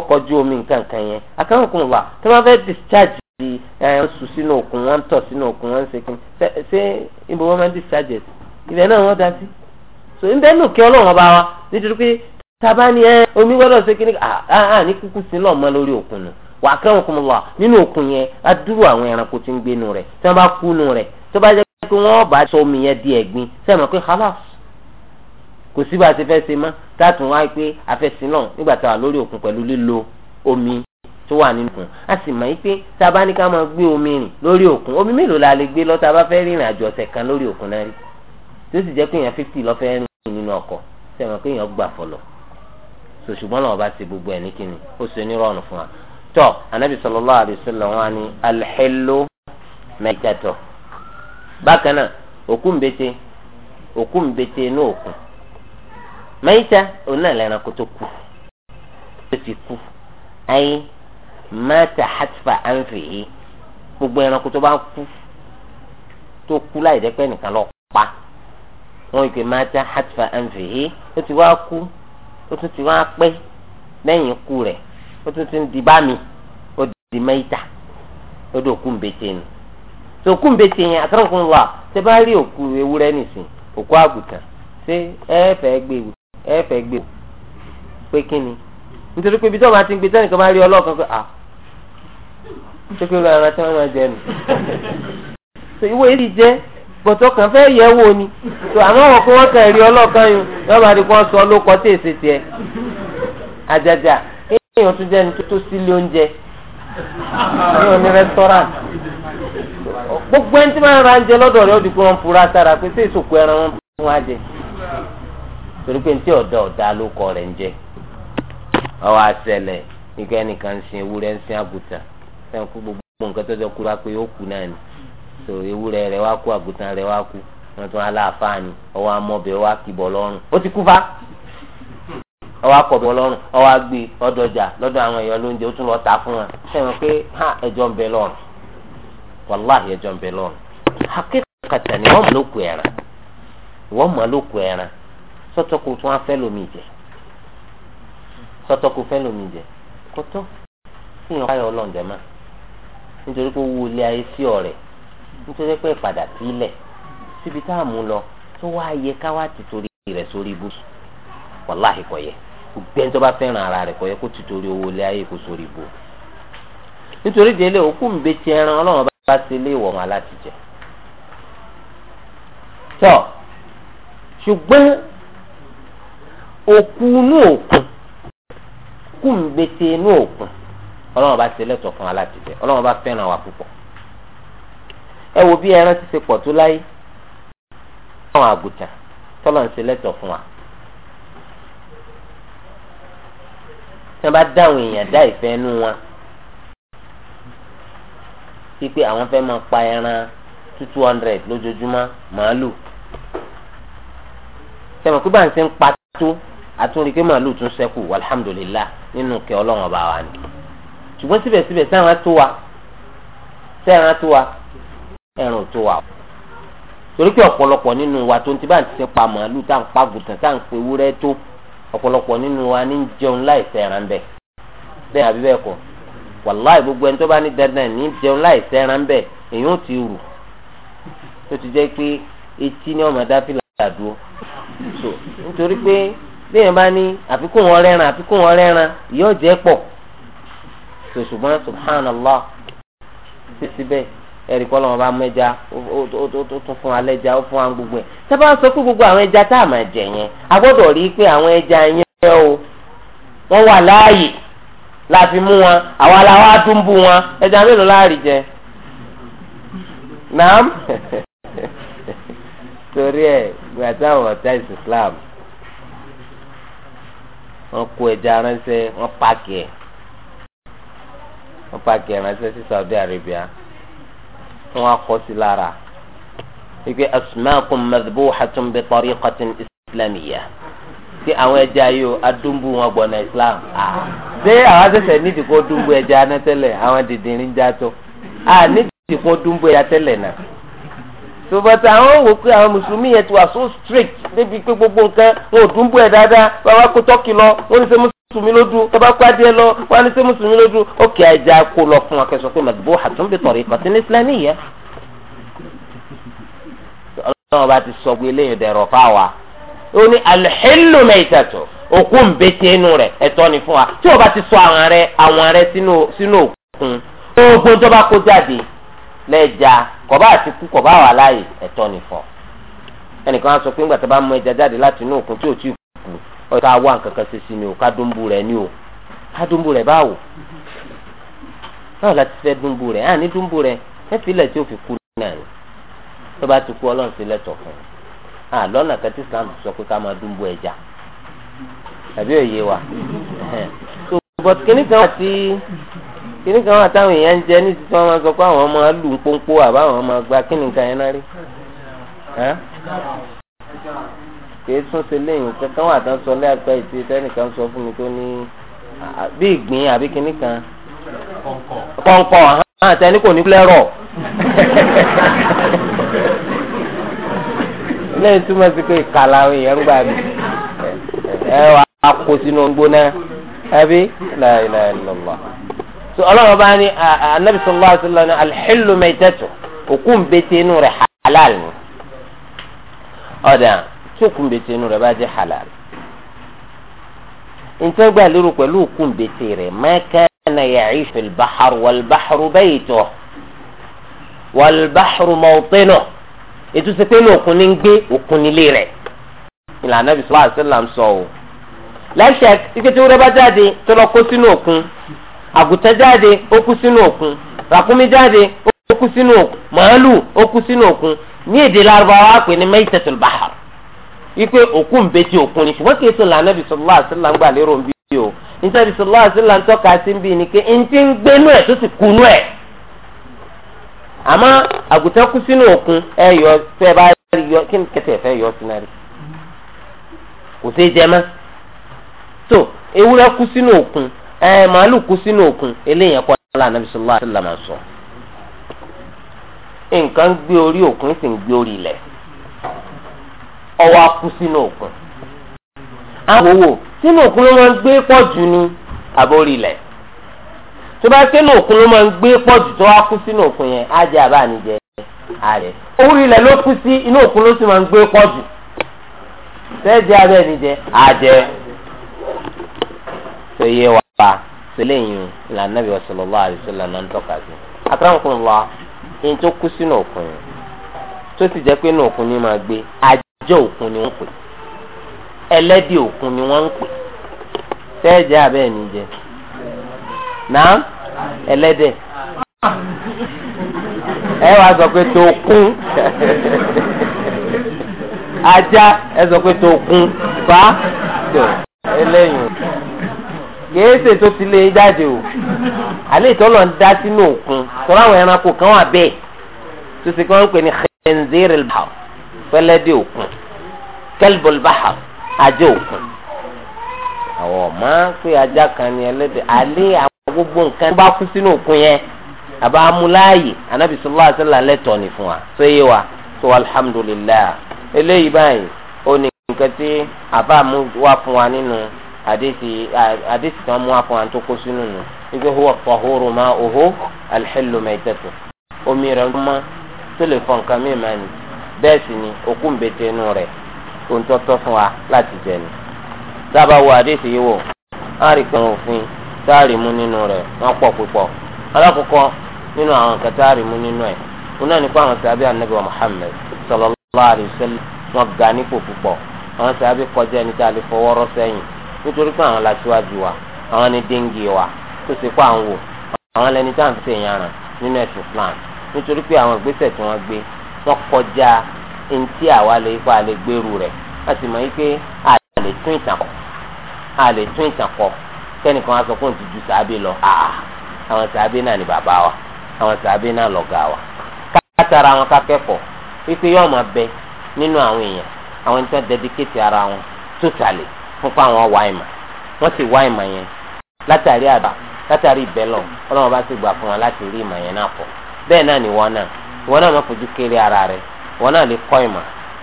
rìn omi nǹkan kan yẹn akẹ́wọ̀n kún wa tí wọ́n fẹ́ discharge di ẹ̀ sùn sínú òkun wọ́n ń tọ̀ sínú òkun wọ́n ń ṣe kí ibo wọ́n máa náà wọ́n da sí. so ń bẹ́ẹ̀ kí ọlọ́run ọba wa nítorí pé ni ẹ omi gbọ́dọ̀ ṣe kí pé wọ́n bá sọ yẹn di ẹ̀gbin sẹ́mi pé halas kò sí bá a ti fẹ́ ṣe mọ́ táàtù wá pé afẹ́sìn náà nígbà tá a lórí òkun pẹ̀lú lílo omi tó wà nínú òkun a sì mọ̀ pé tá a bá ní ká máa gbé omi rìn lórí òkun omi mélòó la lè gbé lọ tá a bá fẹ́ rìnrìn àjò ọ̀sẹ̀ kan lórí òkun náà rí tí ó sì jẹ́ pé èèyàn fifty lọ́ fẹ́ rìn nínú ọkọ̀ sẹ́mi pé èèyàn gbà fọlọ̀ so ṣùgbọ́n náà ọba ṣe gbogbo ẹ̀ ní kíni ó ṣe onírọ̀rùn fún wa tọ́ anabi sallallahu alaihi wasallam wá ní alḥẹ́lò mẹ́kẹ́tọ̀ bákan náà òkú ńbete òkú ńbete inú òkun mẹ́yìíta òun náà lẹ́ran kó ku kú ti ku ayé mẹ́ta hatfa anfihi gbogbo ẹranko tó bá ku tó ku láì dẹ́pẹ́ nìkan lọ pa wọn ìpè mẹ́ta hatfa anfihi ó ti wá ku ó tún ti wá pẹ́ lẹ́yìn ku rẹ̀ ó tún ti di bá mi ó di mẹ́yìíta ó dòkú ńbete nù. so òkú nbẹ̀tì yẹn àtàràkùn wà ṣe bá rí òkú ewúrẹ́ nìsín òkú àgùntàn ṣé ẹ e fẹ́ gbé wò ẹ e fẹ́ gbé wò pé kí ni nítorí pé ibi tí wọn bá ti ń gbé tẹ́nìkan bá rí ọlọ́ọ̀kan pé ah ṣé pé lọ́ọ́ ẹran tí wọ́n máa jẹ nù. so ìwé yìí jẹ́ bọ̀tọ̀ kan fẹ́ yẹ wò ni so àmọ́ wọn kó wọ́n kàn rí ọlọ́ọ̀kan yìí wọ́n bá di kó wọ́n sọ ló kọ́ tèèṣe ní òní restaurant gbogbo ẹni tí wọ́n ra ń jẹ lọ́dọ̀ rẹ̀ ó di pé wọ́n fura sára pé sí ìsòkò ẹran wọn fún wa jẹ torí pé ntí ọ̀dà ọ̀dà ló kọ rẹ̀ ń jẹ ọwọ́ àṣẹlẹ̀ nígbà ẹnìkan ń sin ewúrẹ́ ń sin àgùtàn fẹ́ẹ́ kú gbogbo nǹkan tó jọ kúra pé ó kú náà ni so ewúrẹ́ rẹ̀ wá kú àgùtàn rẹ̀ wá kú wọ́n tún aláàfáà ni ọwọ́ amọ̀bẹ̀ wá kìbọ̀ lọ́rùn ó ti kú fa ọwọ́ akọ̀bọ̀ lọ́rùn ọwọ́ agbè ọdọjà lọ́dọ̀ àwọn èèyàn lóúnjẹ ó tún lọ tà fún pé ha ẹjọ́ ń bẹ lọ́rùn wàláhì ẹjọ́ ń bẹ ni wọ́n mọ ló ẹran ẹ̀ràn wọ́n mọ̀ tún jẹ sọ́tọ́kù fẹ́ jẹ kótó fihàn nítorí pé owó ilé ayé sí nítorí pé ìpadà síbi tá a mú lọ tó wá yẹ ká wá gbogbo ẹni tó bá fẹ́ràn ara rẹ̀ kò yẹ kó tìtorí owó ilé ayé kó sórí ibò nítorí délé òkú ń bẹ ti ẹran ọlọ́run bá ti lé ìwọ̀ wọn láti jẹ tọ́ ṣùgbọ́n òkú inú òkun òkú ń bẹ ti inú òkun ọlọ́run bá ti lẹ́tọ̀ọ́ fún wa láti jẹ ọlọ́run bá fẹ́ràn wa púpọ̀ ẹ wo bí ẹran ti ṣe pọ̀ tó láyé àwọn àgùntàn tọ́lọ̀ ń ṣe lẹ́tọ̀ọ́ fún wa. tí wọ́n bá dáhùn èèyàn dá ìfẹ́ nú wọn pípé àwọn fẹ́ máa pa ẹran two two hundred lójoojúmọ́ màálù sẹ́wọ̀n pé bá ń ṣe ń pa tó àtúnrí pé màálù tún ṣẹ́kù alhamdulillah nínú kẹ́ ọlọ́run ọba wa ni ṣùgbọ́n síbẹ̀síbẹ̀ sẹ́wọ̀n tó wa sẹ́wọ̀n tó wa ẹran tó wa torí pé ọ̀pọ̀lọpọ̀ nínú wa tó ń ti bá ń ṣe pa màálù tá à ń pa gùtàn tá à ń pe ewúrẹ́ tó Ọpọlọpọ nínú wa ní jẹun láì sẹran bẹ bẹ́ẹ̀ àbí bẹ́ẹ̀ gbogbo ẹni tó bá ní dandan ní jẹun láì sẹran bẹ èyàn ti rù tó ti jẹ pé etí ni ọmọ dáfílà dúró so nítorí pé bẹ́ẹ̀ bá ní àfikún pọ̀ so ṣùgbọ́n subhanallah síbẹ̀. ẹ̀rí kọ́ lọ́wọ́ bá mẹ́ja ó tún fún alẹ́ ja ó fún wa gbogbo ẹ̀ sábà sọ pé gbogbo àwọn ẹja tá a máa jẹ yẹn a gbọ́dọ̀ rí i pé àwọn ẹja yẹn o wọ́n wà láàyè la fi mú wọn àwa la wá tún bú wọn ẹja mélòó láàrí jẹ naam [LAUGHS] torí ẹ gbàtà àwọn ọ̀tá Islam wọ́n kó ẹja ránṣẹ́ wọ́n pààkì ẹ̀ wọ́n pààkì ẹ̀ ránṣẹ́ sí Saudi Arabia wọn akọ sí lára wípé asmaakum madbuhatun bi tariqatin islamiyya tí àwọn ẹja yìí o adúmbù wọn gbọ̀nà islam ṣé àwọn asẹsẹ nídìí kó dúmbù ẹja aná tẹ́lẹ̀ àwọn dìndínrín já tó a nídìí kó dúmbù ẹja tẹ́lẹ̀ náà sọfọtà àwọn wò pé àwọn mùsùlùmí yẹn ti wà so strict débi pé gbogbo nǹkan wọn ò dúmbù ẹ dáadáa bàbá kó lọ wọn ní sẹ́mu mùsùlùmí lójú tọba kó adìẹ lọ wọn ní sẹ mùsùlùmí lójú ó kì í ajá kó lọ fún akẹsọ pé màdìbò hàtún bí tọrí pàtí ní islámì yẹ. ọlọ́run bá ti sọ pé eléyìí dẹ̀rọ̀ fáwa ó ní alḥílù mẹ́tàtọ̀ òkú ń bẹ tí inú rẹ̀ ẹ̀tọ́ ni fún wa tí o bá ti sọ àwọn rẹ àwọn rẹ sínú òkun oògùn tó kó jáde lẹ́ẹ̀já kọ̀bá àti kú kọ̀bá wà láàyè ẹ̀tọ́ ni fún ẹnìkan á sọ pé ńgbà tí ọ̀tá wà nkankan sisi ni o ká dúnbù rẹ̀ ni o ká dúnbù rẹ̀ báwo báwo la ti fẹ́ dúnbù rẹ̀ àní dúnbù rẹ̀ ẹ̀fílẹ̀ tí o fi kú náà ni tó bá ti kú ọlọ́run sí lẹ́tọ̀ fún un à lọ́nà kẹtí Islam sọ pé ká máa dúnbù ẹja tàbí òye wa so but kíní kan wà tí kíní kan wà táwọn èèyàn ń jẹ ní títí wọn máa sọ pé àwọn máa lù ń pọ́npọ́ àbáwọn máa gba kíní kan yẹn náà rí kìí tún ṣe léyìn kankan wà tán sọ lẹ́ẹ̀pẹ́ ìtì tẹ́nìkan sọ fún mi tó ní bí ìgbín àbí kinní kan kọ̀ǹkọ̀ hàn tẹ́ni kò ní lẹ́rọ̀ lẹ́yìn túmọ̀ sí pé ìkàlàwé yẹn ń gbà mí ẹ wà á kó sínú gbóná ẹbí láìláìlọ́lá so ọlọ́run bá ní anabi sallallahu alaihi wasallam ní alḥílù òkú ń bẹ́tẹ́ inú rẹ̀ halal ni ọ̀dà tí òkúńbètè inú rẹ̀ bá jẹ́ halal ntẹ́gbà lérò pẹ̀lú òkúńbètè rẹ̀ mẹ́kànnà yàrá fil-bahr wal-bahru baytuh wal-bahru mawtinuh ètò sèpé ní òkun ní ń gbé òkun nílé rẹ̀ ìlànà Ànábì sallallahu alaihi wasallam sọ o lẹ́sẹ̀ ike tí wúrẹ́ bá jáde tó lọ kó sínú òkun àgùtàn jáde ó kú sínú òkun ràkúnmí jáde ó kú sínú òkun màálù ó kú sínú òkun ní èdè Lárúbáwá pè ní maytatul ipe òkú mbeti òkun ni ṣùgbọ́n kìí sọ̀rọ̀ anábì sọ̀rọ̀ àṣìlá ń gbà lérò ń bí o nítorí sọ̀rọ̀ àṣìlá ń tọ́ka sí bí ni pé n ti ń gbénú ẹ̀ tó sì kunú ẹ̀ àmọ́ àgùntàn kú sínú òkun ẹ yọ fẹ́ yọ kí fẹ́ yọ sínú kò sí mọ́ tó ewúrẹ́ kú sínú òkun ẹ màálù kú sínú òkun kọ́ anábì sọ nǹkan gbé orí òkun sì ọwọ́ akú sínú òkun. àwọn sínú òkun ló máa ń gbé pọ̀ jù ní àbórí ilẹ̀ tó bá sínú òkun ló máa ń gbé pọ̀ jù tó wá kú sínú òkun yẹn á jẹ àbá ààrẹ orí ilẹ̀ ló kú sí inú òkun ló sì máa ń gbé pọ̀ jù pa ń tọ́ka sí jẹ́ òkun ni wọ́n pè ẹlẹ́dẹ̀ òkun ni wọ́n ń pè sẹ́ẹ̀jẹ́ abẹ́ẹ̀ ní jẹ náà ẹlẹ́dẹ̀ ẹ wàá sọ pé tó ajá ẹ sọ pé tó bá tó ẹlẹ́yìn gèésè tó ti lé jáde o àlẹ́ ìtọ́lọ̀ ń dá sínú òkun tọ́lá àwọn ẹranko kan wà bẹ́ẹ̀ tó ṣe kí wọ́n ń pè ní xẹ́ńzẹ́rẹ́lbàá pẹlẹdẹ òkun kẹlbọl báhà ajá òkun àwọn ọmọ pé ajá kan ni ẹlẹ́dẹ̀ alẹ́ àwọn gbogbo nǹkan tó bá kú sínú òkun yẹn àbá amúláàyè anabi sọlá àṣẹlá lẹtọ ni fún wa tó yé wa tó alhamdulilayi eléyìí báyìí ó ní nǹkan tí àbá mú wá fún wa nínú àdéhìí tó mú wá fún wa tó kó sínú nù ibi huwa fahoro ma oho alḥilu maitatu omi rẹ̀ ń mọ́ tó lè fọ ni. bẹ́ẹ̀ sì ni okun bete rẹ̀ fún wa láti jẹ ni. wo àdéhìí yìí wò á rí pé òfin tá mú nínú rẹ̀ wọ́n pọ̀ púpọ̀ alákọ̀ọ́kọ́ nínú àwọn nǹkan a mú nínú ẹ̀ òun náà àwọn sọlọ ga nípò púpọ̀ kọjá ẹni tá a lè fọwọ́ rọ́ sẹ́yìn nítorí pé àwọn wa wa tó ṣe kó àwọn wò àwọn lẹni tá à ń ṣèyàn nínú ẹ̀sìn nítorí sọkọjá ntí àwa lè kó a lè gbèrú rẹ̀ a sì mọ̀ wípé a lè tún ìtàn kọ a lè tún ìtàn kọ kẹ́nìkan á sọ fún ti ju sàábì lọ àwọn sàábì náà ni bàbá wa àwọn sàábì náà lọ̀gá wa látara àwọn kakẹ́kọ̀ọ́ wípé yóò máa bẹ nínú àwọn èèyàn àwọn tí wọ́n dẹ́díkéètì ara wọn tótàlì fún pa àwọn wá ìmọ̀ wọ́n sì wá ìmọ̀ yẹn látàrí àbá látàrí ìbẹ́lọ̀ ọlọ́run bá sì gbà fún wọn láti rí ìmọ̀ yẹn náà pọ̀ bẹ́ẹ̀ náà ni wọ́n náà wọn náà má fojú kéré ara rẹ wọn náà lè kọ́ ìmọ̀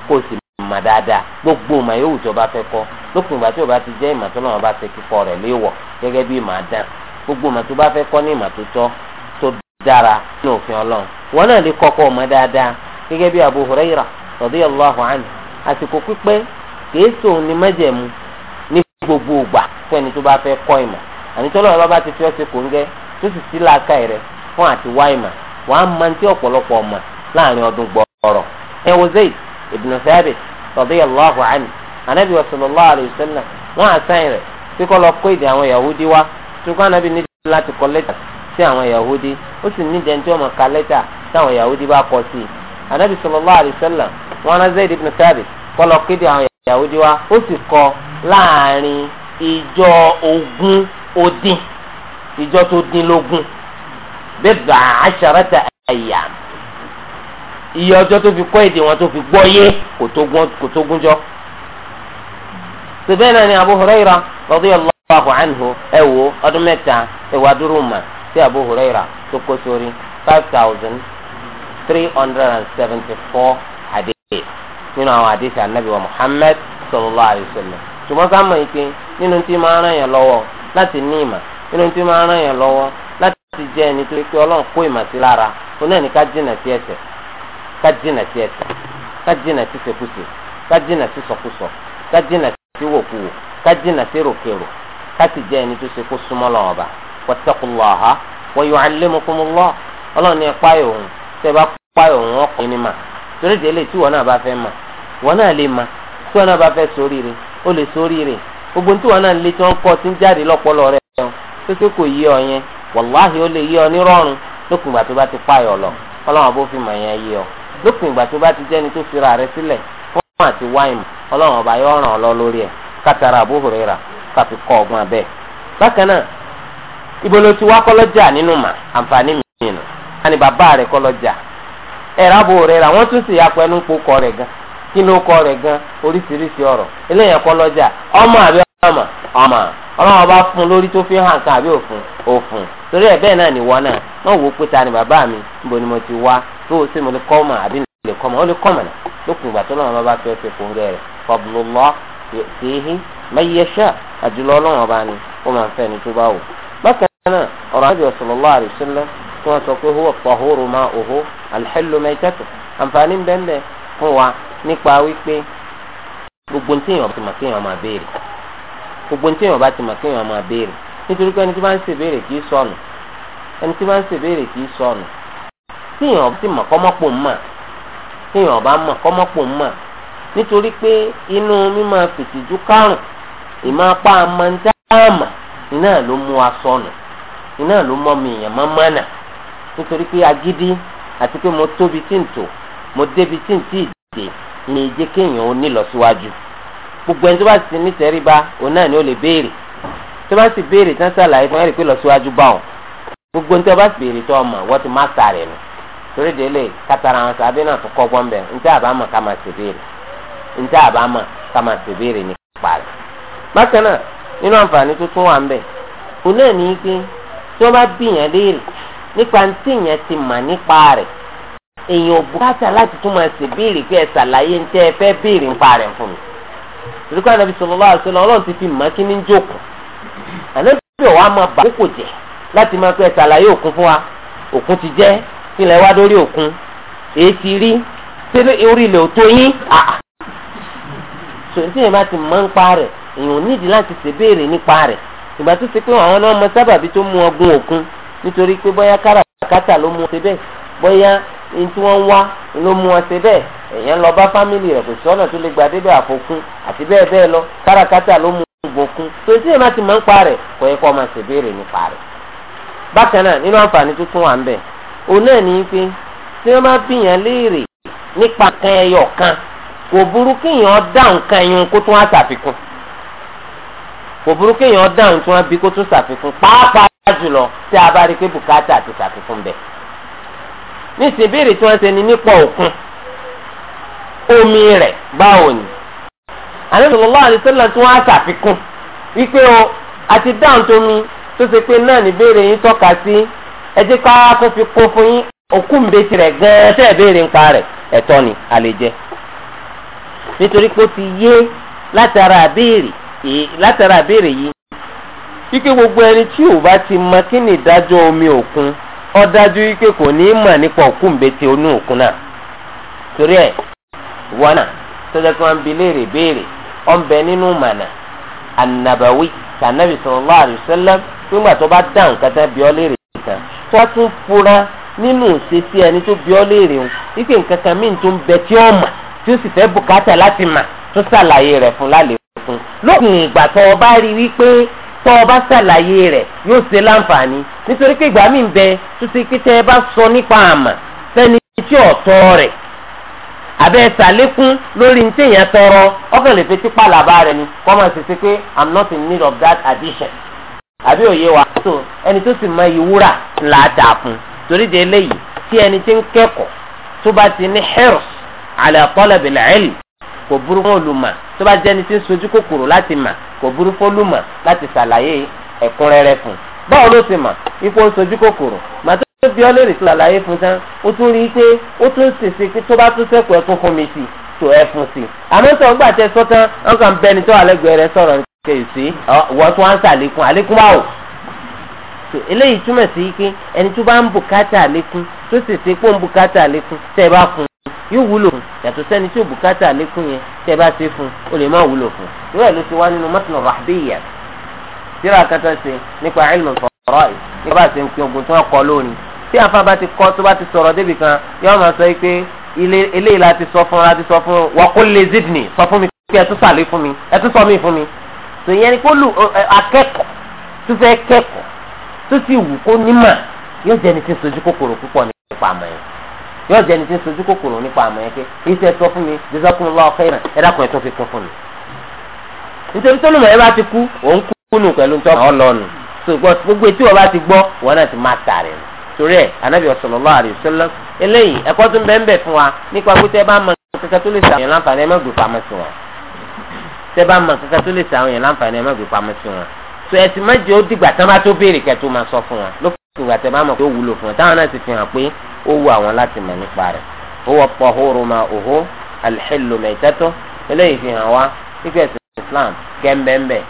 kó o sì mà dáadáa gbogbo ìmọ̀ yóò tó bá fẹ́ kọ́ lópin ìgbà tí o bá ti jẹ́ ìmọ̀ tó lọ́wọ́ bá ṣe kíkọ́ rẹ̀ léèwọ̀ gẹ́gẹ́ bí ìmọ̀ àdán gbogbo ìmọ̀ tó bá fẹ́ kọ́ ní ìmọ̀ tó tọ́ tó dára nínú òfin ọlọ́run wọn náà lè kọ́kọ́ ọmọ dáadáa gẹ́gẹ́ bí Abu Huraira radiyallahu àsìkò ni ní wàá máa ń tí ọ̀pọ̀lọpọ̀ ọ̀mà láàrin ọdún gbọ́ọ̀rọ̀ ẹ wo zayd ibn thabit radiyallahu anhu anabi wa sallallahu alayhi wa sallam wọn àtàyìn rẹ̀ kíkọ́ lọ kó èdè àwọn yahudi wá ṣùgbọ́n anabi ní láti kọ lẹ́tà sí àwọn yahudi ó sì ní dẹ́ntí ọmọ ka lẹ́tà táwọn yahudi bá kọ sí i anabi sallallahu alayhi wa sallam wọn á zayd ibn thabit kọ́ lọ kéde àwọn yahudi wá ó sì kọ láàrin ìjọ ogún ó ìjọ tó dín lógún bẹ́ẹ̀ àṣàrẹ́tà ẹ̀yà iye ọjọ́ tó fi kọ́ èdè wọn tó fi gbọ́ yé kò tó gúnjọ́. sèbẹ́ẹ̀ náà ni Abu Huraira radiyallahu anhu ẹ̀ wò ọdún mẹ́ta ẹ̀wà dúró mà sí Abu Huraira tó kó sórí five thousand three hundred and seventy four hadith nínú àwọn hadith anabi wa Muhammad sallallahu alayhi ṣùgbọ́n ká mọ̀ ike nínú tí máa ń ràn yẹn lọ́wọ́ láti ní ìmọ̀ nínú tí máa ń ràn yẹn lọ́wọ́ ti jẹ́ ẹni tó pé ọlọ́run kó ìmọ̀ sí lára ó náà ní ká jìnà sí ẹ̀ṣẹ̀ ká jìnà sí ẹ̀ṣẹ̀ ká jìnà sí ṣekúṣe ká jìnà sí sọkúsọ ká jìnà sí wòkúwò ká jìnà sí ròkèrò ká sì jẹ́ ẹni tó ṣe kó súnmọ́ lọ́wọ́ bá wattaqullaha wa yu'allimukumullah ọlọ́run ní ẹ páyọ̀ òun tẹ́ bá páyọ̀ òun ọkùnrin ni mà torí délé tí wọn náà bá fẹ́ mà wọn náà lè mà tí wọn náà bá fẹ́ ṣoríire ó lè ṣoríire gbogbo tí wọn náà lè tí wọn kọ́ ti ń jáde lọ́pọlọ rẹ̀ tó ṣe kò yí ọ yẹn wàláhì ó lè yí ọ nírọ̀rùn lópin ìgbà tó bá ti pààyàn lọ ọlọ́run àbó fi mọ̀nyẹn yí ọ lópin ìgbà tó bá ti jẹ́ni tó fira rẹ sílẹ̀ fún àti wáìmù ọlọ́run ọba yóò ràn ọ lọ lórí ẹ̀ kátàrà Abu Hurairah káfi kọ́ ọgbọ́n abẹ́ bákan náà ibo ló ti wá kọ́lọ́jà nínú mà àǹfààní mi nù àní bàbá rẹ̀ kọ́lọ́jà ẹ̀rọ Abu Hurairah wọ́n tún sì yà pẹ́ẹ́nu kó kọ́ rẹ̀ gan kí ló kọ́ rẹ̀ gan ọma, ọma, ọlọ́wọ́ bá fún un lórí tó fi hàn kan àbí òfun torí ẹ̀ bẹ́ẹ̀ náà ni wọ́n náà wò ó pé mi níbo mo ti wá tó o sì mo lè kọ́ àbí lè kọ́ ó lè kọ́ náà lókun ìgbà tó lọ́wọ́ bá fẹ́ fẹ́ fún rẹ̀ fọbùlùlọ́ àjùlọ ọlọ́wọ́ bá ó máa ń fẹ́ ni tó bá wò. bákan náà ọ̀rọ̀ gbogbo ní téèyàn bá ti mọ̀ kéèyàn máa béèrè nítorí pé ẹni tí bá ń ṣèbéèrè kì í sọnù ẹni tí bá ń ṣèbéèrè kì í sọnù téèyàn ti mọ̀ kọ́mọ́pò ń mà téèyàn bá mọ̀ kọ́mọ́pò ń mà nítorí pé inú mímọ fìtìjú kárùn ìmọ̀ apá amandáàmà iná ló mú wa sọnù iná ló mọ́ mi èèyàn máa mánà nítorí pé agídí àti pé mo tóbi tí ń tò mo débi tí ń tì í dé ìyẹn ìjẹ́ kéèyàn ó nílọsíwájú gbogbo ẹni tó bá sì ní tẹríba òun náà ni ó lè béèrè tó bá sì béèrè tán sàlàyé fún ẹ̀rí pé lọ síwájú bá wọn gbogbo ẹni tó bá sì béèrè tó ọmọ wọ́n ti má sa rẹ̀ nù torí délé kátàrà àwọn sàbẹ̀ náà tó kọ́ gbọ́n bẹ̀ ntẹ́ àbámọ̀ ká máa ṣe béèrè ntẹ́ àbámọ̀ ká máa ṣe béèrè ní parí. bákan náà nínú àǹfààní tó wà ń bẹ̀ òun náà ní pé tí wọ́n bá bí èèyàn ò bùkátà láti tún máa béèrè pé ẹ sàlàyé ntẹ́ ẹ fẹ́ béèrè nípa rẹ̀ fún mi ìdúkọ́ ànábi sallallahu alaihi wasallam ọlọ́run ti fi màá kí ní jókòó ànábi ọ̀wá máa bà kókò jẹ́ láti máa fẹ́ ṣàlàyé òkun fún wa òkun ti jẹ́ kílẹ̀ wá dórí òkun èyí ti rí ṣé orí ilẹ̀ ò tó yín àà sòtí ẹ̀ bá ti mọ̀ ń pa rẹ̀ èèyàn nídìí láti ṣèbéèrè nípa rẹ̀ ìgbà tó ti pé àwọn náà mọ sábàbí tó mú ọgùn òkun nítorí pé bóyá káràkátà ló mú ọ ṣe bẹ́ẹ̀ bóyá ní tí wọ́n wá ló mú ọ ṣe bẹ́ẹ̀ èèyàn lọ bá fámìlì rẹ̀ kò sí ọ̀nà tó lè gba débẹ̀ àfokún àti bẹ́ẹ̀ bẹ́ẹ̀ lọ káràkátà ló mú gbòkun tó tí èèyàn ti máa ń pa rẹ̀ kò yẹ kó máa ṣèbéèrè nípa rẹ̀. bákan náà nínú àǹfààní tuntun wà ń bẹ̀ òun náà ní pé tí wọ́n bá bìyàn léèrè nípa kan ẹyọ kan kò burú kéèyàn dá nǹkan ẹyun kó tún wá ṣàfikún kò burú kéèyàn dá nǹkan tí wọ́n bí kó tún ṣàfikún pàápàá jùlọ tí a bá rí pé bùkátà ti ṣàfikún bẹ̀. ní ìsìnbéèrè tí wọ́n ṣe ni nípa òkun omi rẹ̀ báwo ni. àlejò sallallahu alaihi wasallam tí wọ́n á ṣàfikún wípé o àti dáhùn tó mi tó ṣe pé náà níbèrè yín tọ́ka sí ẹ jẹ́ ká kó fi kó fún yín òkú ńbẹ́tì rẹ gan-an tẹ́ ẹ̀ béèrè ńpa rẹ̀ ẹ̀tọ́ ni àlejẹ́ nítorí pé ó ti yé látara àbéèrè látara àbéèrè yìí wípé gbogbo ẹni tí ò bá ti mọ kí ni ìdájọ́ omi òkun ó dájú wípé kò ní í mọ̀ nípa òkú ńbẹ́tì onú òkun náà torí ẹ̀ wọnà tọjá kí wọn bi léèrè béèrè ọ̀nbẹ nínú mànà ànàbàwí tànàbì sallallahu alaihi wasallam nígbà tó bá dá nǹkan tán bí ọ léèrè kan tó tún fura nínú ìṣesí ẹni tó bí ọ léèrè ń ipe nǹkan kan míì tó ń bẹ tí ó mà tí ó sì fẹ́ bùkátà láti mà tó ṣàlàyé rẹ̀ fún lálẹ́kùn lókùn ìgbà tó o bá rí wípé tó o bá ṣàlàyé rẹ̀ yóò ṣe láǹfààní nítorí pé ìgbà míì bẹ tó ṣe pé ẹ bá sọ nípa àmà fẹ́ni tí ọ̀tọ̀ rẹ̀ abẹ́ ṣàlékún lórí ní téèyàn tọrọ ọkàn lè fi tipa làbá rẹ ni kọ́ máa ṣe ṣe pé i'm not in need of that addition àbí òye wa so ẹni tó sì mọ ìwúrà là á dà fún torí de eléyìí tí ẹni tí ń kẹ́kọ̀ọ́ tó bá ti ní hirs ala talabil ilm kò burú fún olùmọ̀ tó bá jẹ́ ẹni tí ń sojú kòkòrò láti mà kò burú fún olùmọ̀ láti ṣàlàyé ẹ̀kúnrẹ́rẹ́ fún un báwo ti mà ipò sojú kòkòrò bí ọlẹ́rì tó làlàyé fún tán ó tún rí i pé ó tún ṣèṣe pé tó bá tún sẹ́kù ẹ̀ tún fún mi sí tó ẹ fún sí àmọ́ tó ń gbà tẹ sọ tán wọn kàn bẹni tó àlẹ́gbẹ̀ẹ́ rẹ sọ̀rọ̀ nìkẹ́ sí wọ́n tún wá ń sàlékún àlékún wà o. eléyìí túmọ̀ sí pé ẹni tó bá ń bùkátà àlékún tó ṣèṣe pé ń bùkátà àlékún tẹ́ ẹ bá fún yóò wúlò fún yàtọ̀ sẹ́ni tí ò bùkátà àlékún yẹn tẹ́ ẹ bá ṣe fún o lè má wúlò fún irú ẹ̀ ló ti wá nínú mọ́tò rahbiyya síra kata ṣe nípa ilmu fọ́rọ́ yìí nípa ṣe ń pin ogun tí wọ́n kọ lónìí tí àfa bá ti kọ́ tó bá ti sọ̀rọ̀ débi kan yóò máa sọ pé eléyìí la ti sọ fún la ti sọ fún wa qul li zidni sọ fún mi kí ẹ tún sàlẹ̀ fún mi ẹ tún sọ mí fún mi tó yẹn ni kó lu akẹ́kọ̀ọ́ tó fẹ́ kẹ́kọ̀ọ́ tó sì wù kó nímà yóò jẹ́ ni tí ń sojú kòkòrò púpọ̀ nípa àmọ́ yẹn yóò jẹ́ ni tí ń sojú kòkòrò nípa àmọ́ yẹn pé iṣẹ́ sọ fún mi jazakumullahu khairan ẹ dákun ẹ tún fi kún fún mi. nítorí tó lùmọ̀ ẹ bá ti kú òun kú nù pẹ̀lú tọ́ ọlọ́nu gbogbo etí wọn bá ti gbọ́ wọn náà ti má tà nù torí ẹ̀ anabi sallallahu alaihi wasallam eléyìí ẹ̀kọ́ tún bẹ́ẹ̀ bẹ́ẹ̀ fún wa nípa pé tẹ́ bá mọ kankan tó lè ṣe àwọn yẹn láǹfààní ẹ má gbé pamọ́ sí wọn tẹ́ bá mọ kankan tó lè ṣe àwọn yẹn láǹfààní ẹ má gbé pamọ́ sí wọn tó ẹ̀sìn má jẹ́ ó dìgbà tán bá tó béèrè kẹ́ tó máa sọ fún wọn lókùnkùn ìgbà tẹ́ bá mọ̀ pé ó wúlò fún wọn táwọn náà sì fi hàn pé ó wù àwọn láti mọ̀ nípa rẹ̀ ó wọ pọ̀hóró ma òhó alḥèlò mẹ́tẹ́tọ́ eléyìí fi hàn wá nípa ẹ̀sìn Islam kẹ́ńbẹ́ńbẹ́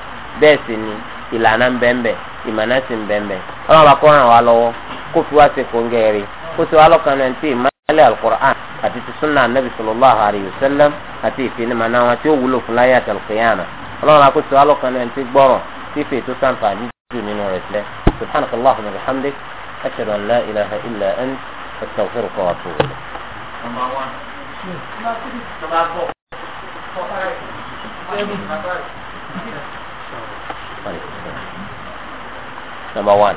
bẹ́ẹ̀ sì ni ìlànà ń bẹ́ńbẹ́ ìmọ̀nà sì ń bẹ́ńbẹ́ ọlọ́run bá kọ́ lọ́wọ́ kó fi wá ṣe kóńgẹ́ rẹ̀ kó ṣe wá lọ́kàn náà ti ìmọ̀lẹ́ alukur'an àti ti sunna anabi sallallahu alayhi wa sallam àti ìfinimọ̀nà wọn tí ó wúlò fún láyé àti alukiyama ọlọ́run akó ṣe wá lọ́kàn náà ti gbọ́rọ̀ tí ìfẹ́ tó sànfàní jù nínú rẹ̀ sílẹ̀ subhanaka allahumma wa bihamdik ashhadu an la ilaha illa ant astaghfiruka wa atubu Number one.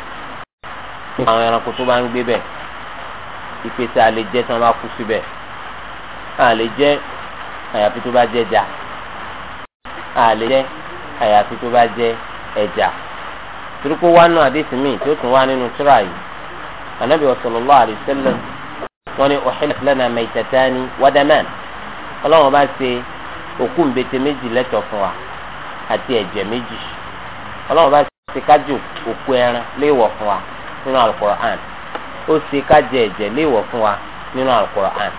àwọn ẹranko tó bá ń gbé bẹ̀ ìpèsè àlè jẹ́ tí wọ́n bá kú síbẹ̀ àlè jẹ́ àyàfi tó bá jẹ́ ẹja àlè jẹ́ àyàfi tó bá jẹ́ ẹja turuku wa nù àdéhùn mi tó tún wá nínú tura yìí anabi sallallahu alaihi wasallam wọn ni uhillat lana maytatani wa daman ọlọ́run bá ṣe òkú nbẹ̀tẹ̀ méjì lẹ́tọ̀ fún wa àti ẹ̀jẹ̀ méjì ọlọ́run bá ṣe kájú òkú ẹran léèwọ̀ fún wa. nínú alukur'an ó o ká jẹ ẹ̀jẹ̀ léèwọ̀ fún wa nínú alukur'an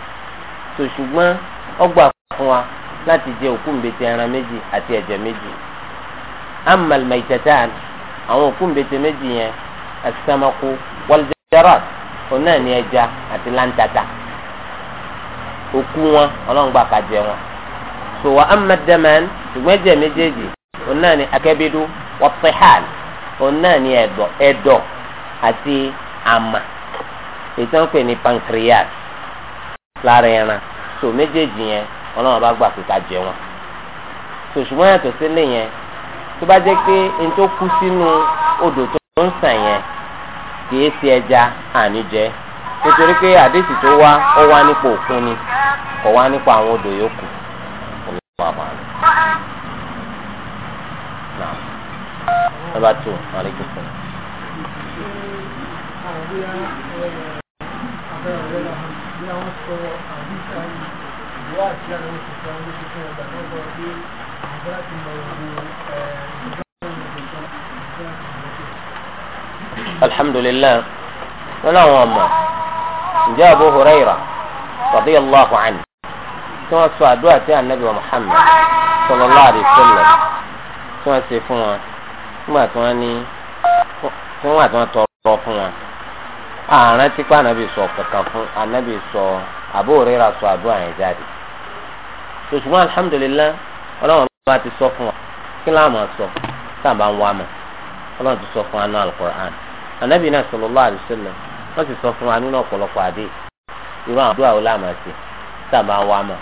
tó ṣùgbọ́n ó fún wa láti jẹ òkú ńbete ẹran méjì àti méjì amal maitatan àwọn òkú ńbete méjì yẹn asamaku waljarat onáà ní ẹja àti láńtata òkú wọn ọlọ́ngbà ká jẹ wọn so wa amadaman ṣùgbọ́n ẹ̀jẹ̀ méjèèjì onáà ní akẹ́bídú wọ́pẹ́hàn onáà ní ẹ̀dọ̀ ẹ̀dọ̀ àti àmà ètò ń pè ní pancreas lára ẹran tó méjèèjì yẹn ọlọ́run bá gbà pé ká jẹ wọn tó yàtọ̀ sílé yẹn tó bá jẹ́ pé n tó kú sínú odò tó ń sàn yẹn kìí ṣe ẹja àní jẹ nítorí pé àdéhùn tó wá ó wá ni kò wá àwọn odò yòókù alhamdulilayi wọn náà wọn mọ ǹjẹ́ abu huraira radiyallahu anhu tí wọ́n sọ àdúrà tí anabi wa muhammed sallallahu alaihi wasallam tí wọ́n ṣe fún wọn nígbà tí wọ́n ní. tí wa àti wọn tọrọ fún wọn àárín tipa sọ kankan fún sọ Abu Huraira sọ àdúrà yẹn jáde ṣùgbọ́n alhamdulilayi ọlọ́run bá ti sọ fún wa kí sọ sábà ń ti sọ fún wa nínú alukur'an ànábì náà ti sọ fún wa nínú ọ̀pọ̀lọpọ̀ àdé irú àwọn àdúrà wọlé àmọ̀ sí sábà ń wá nínú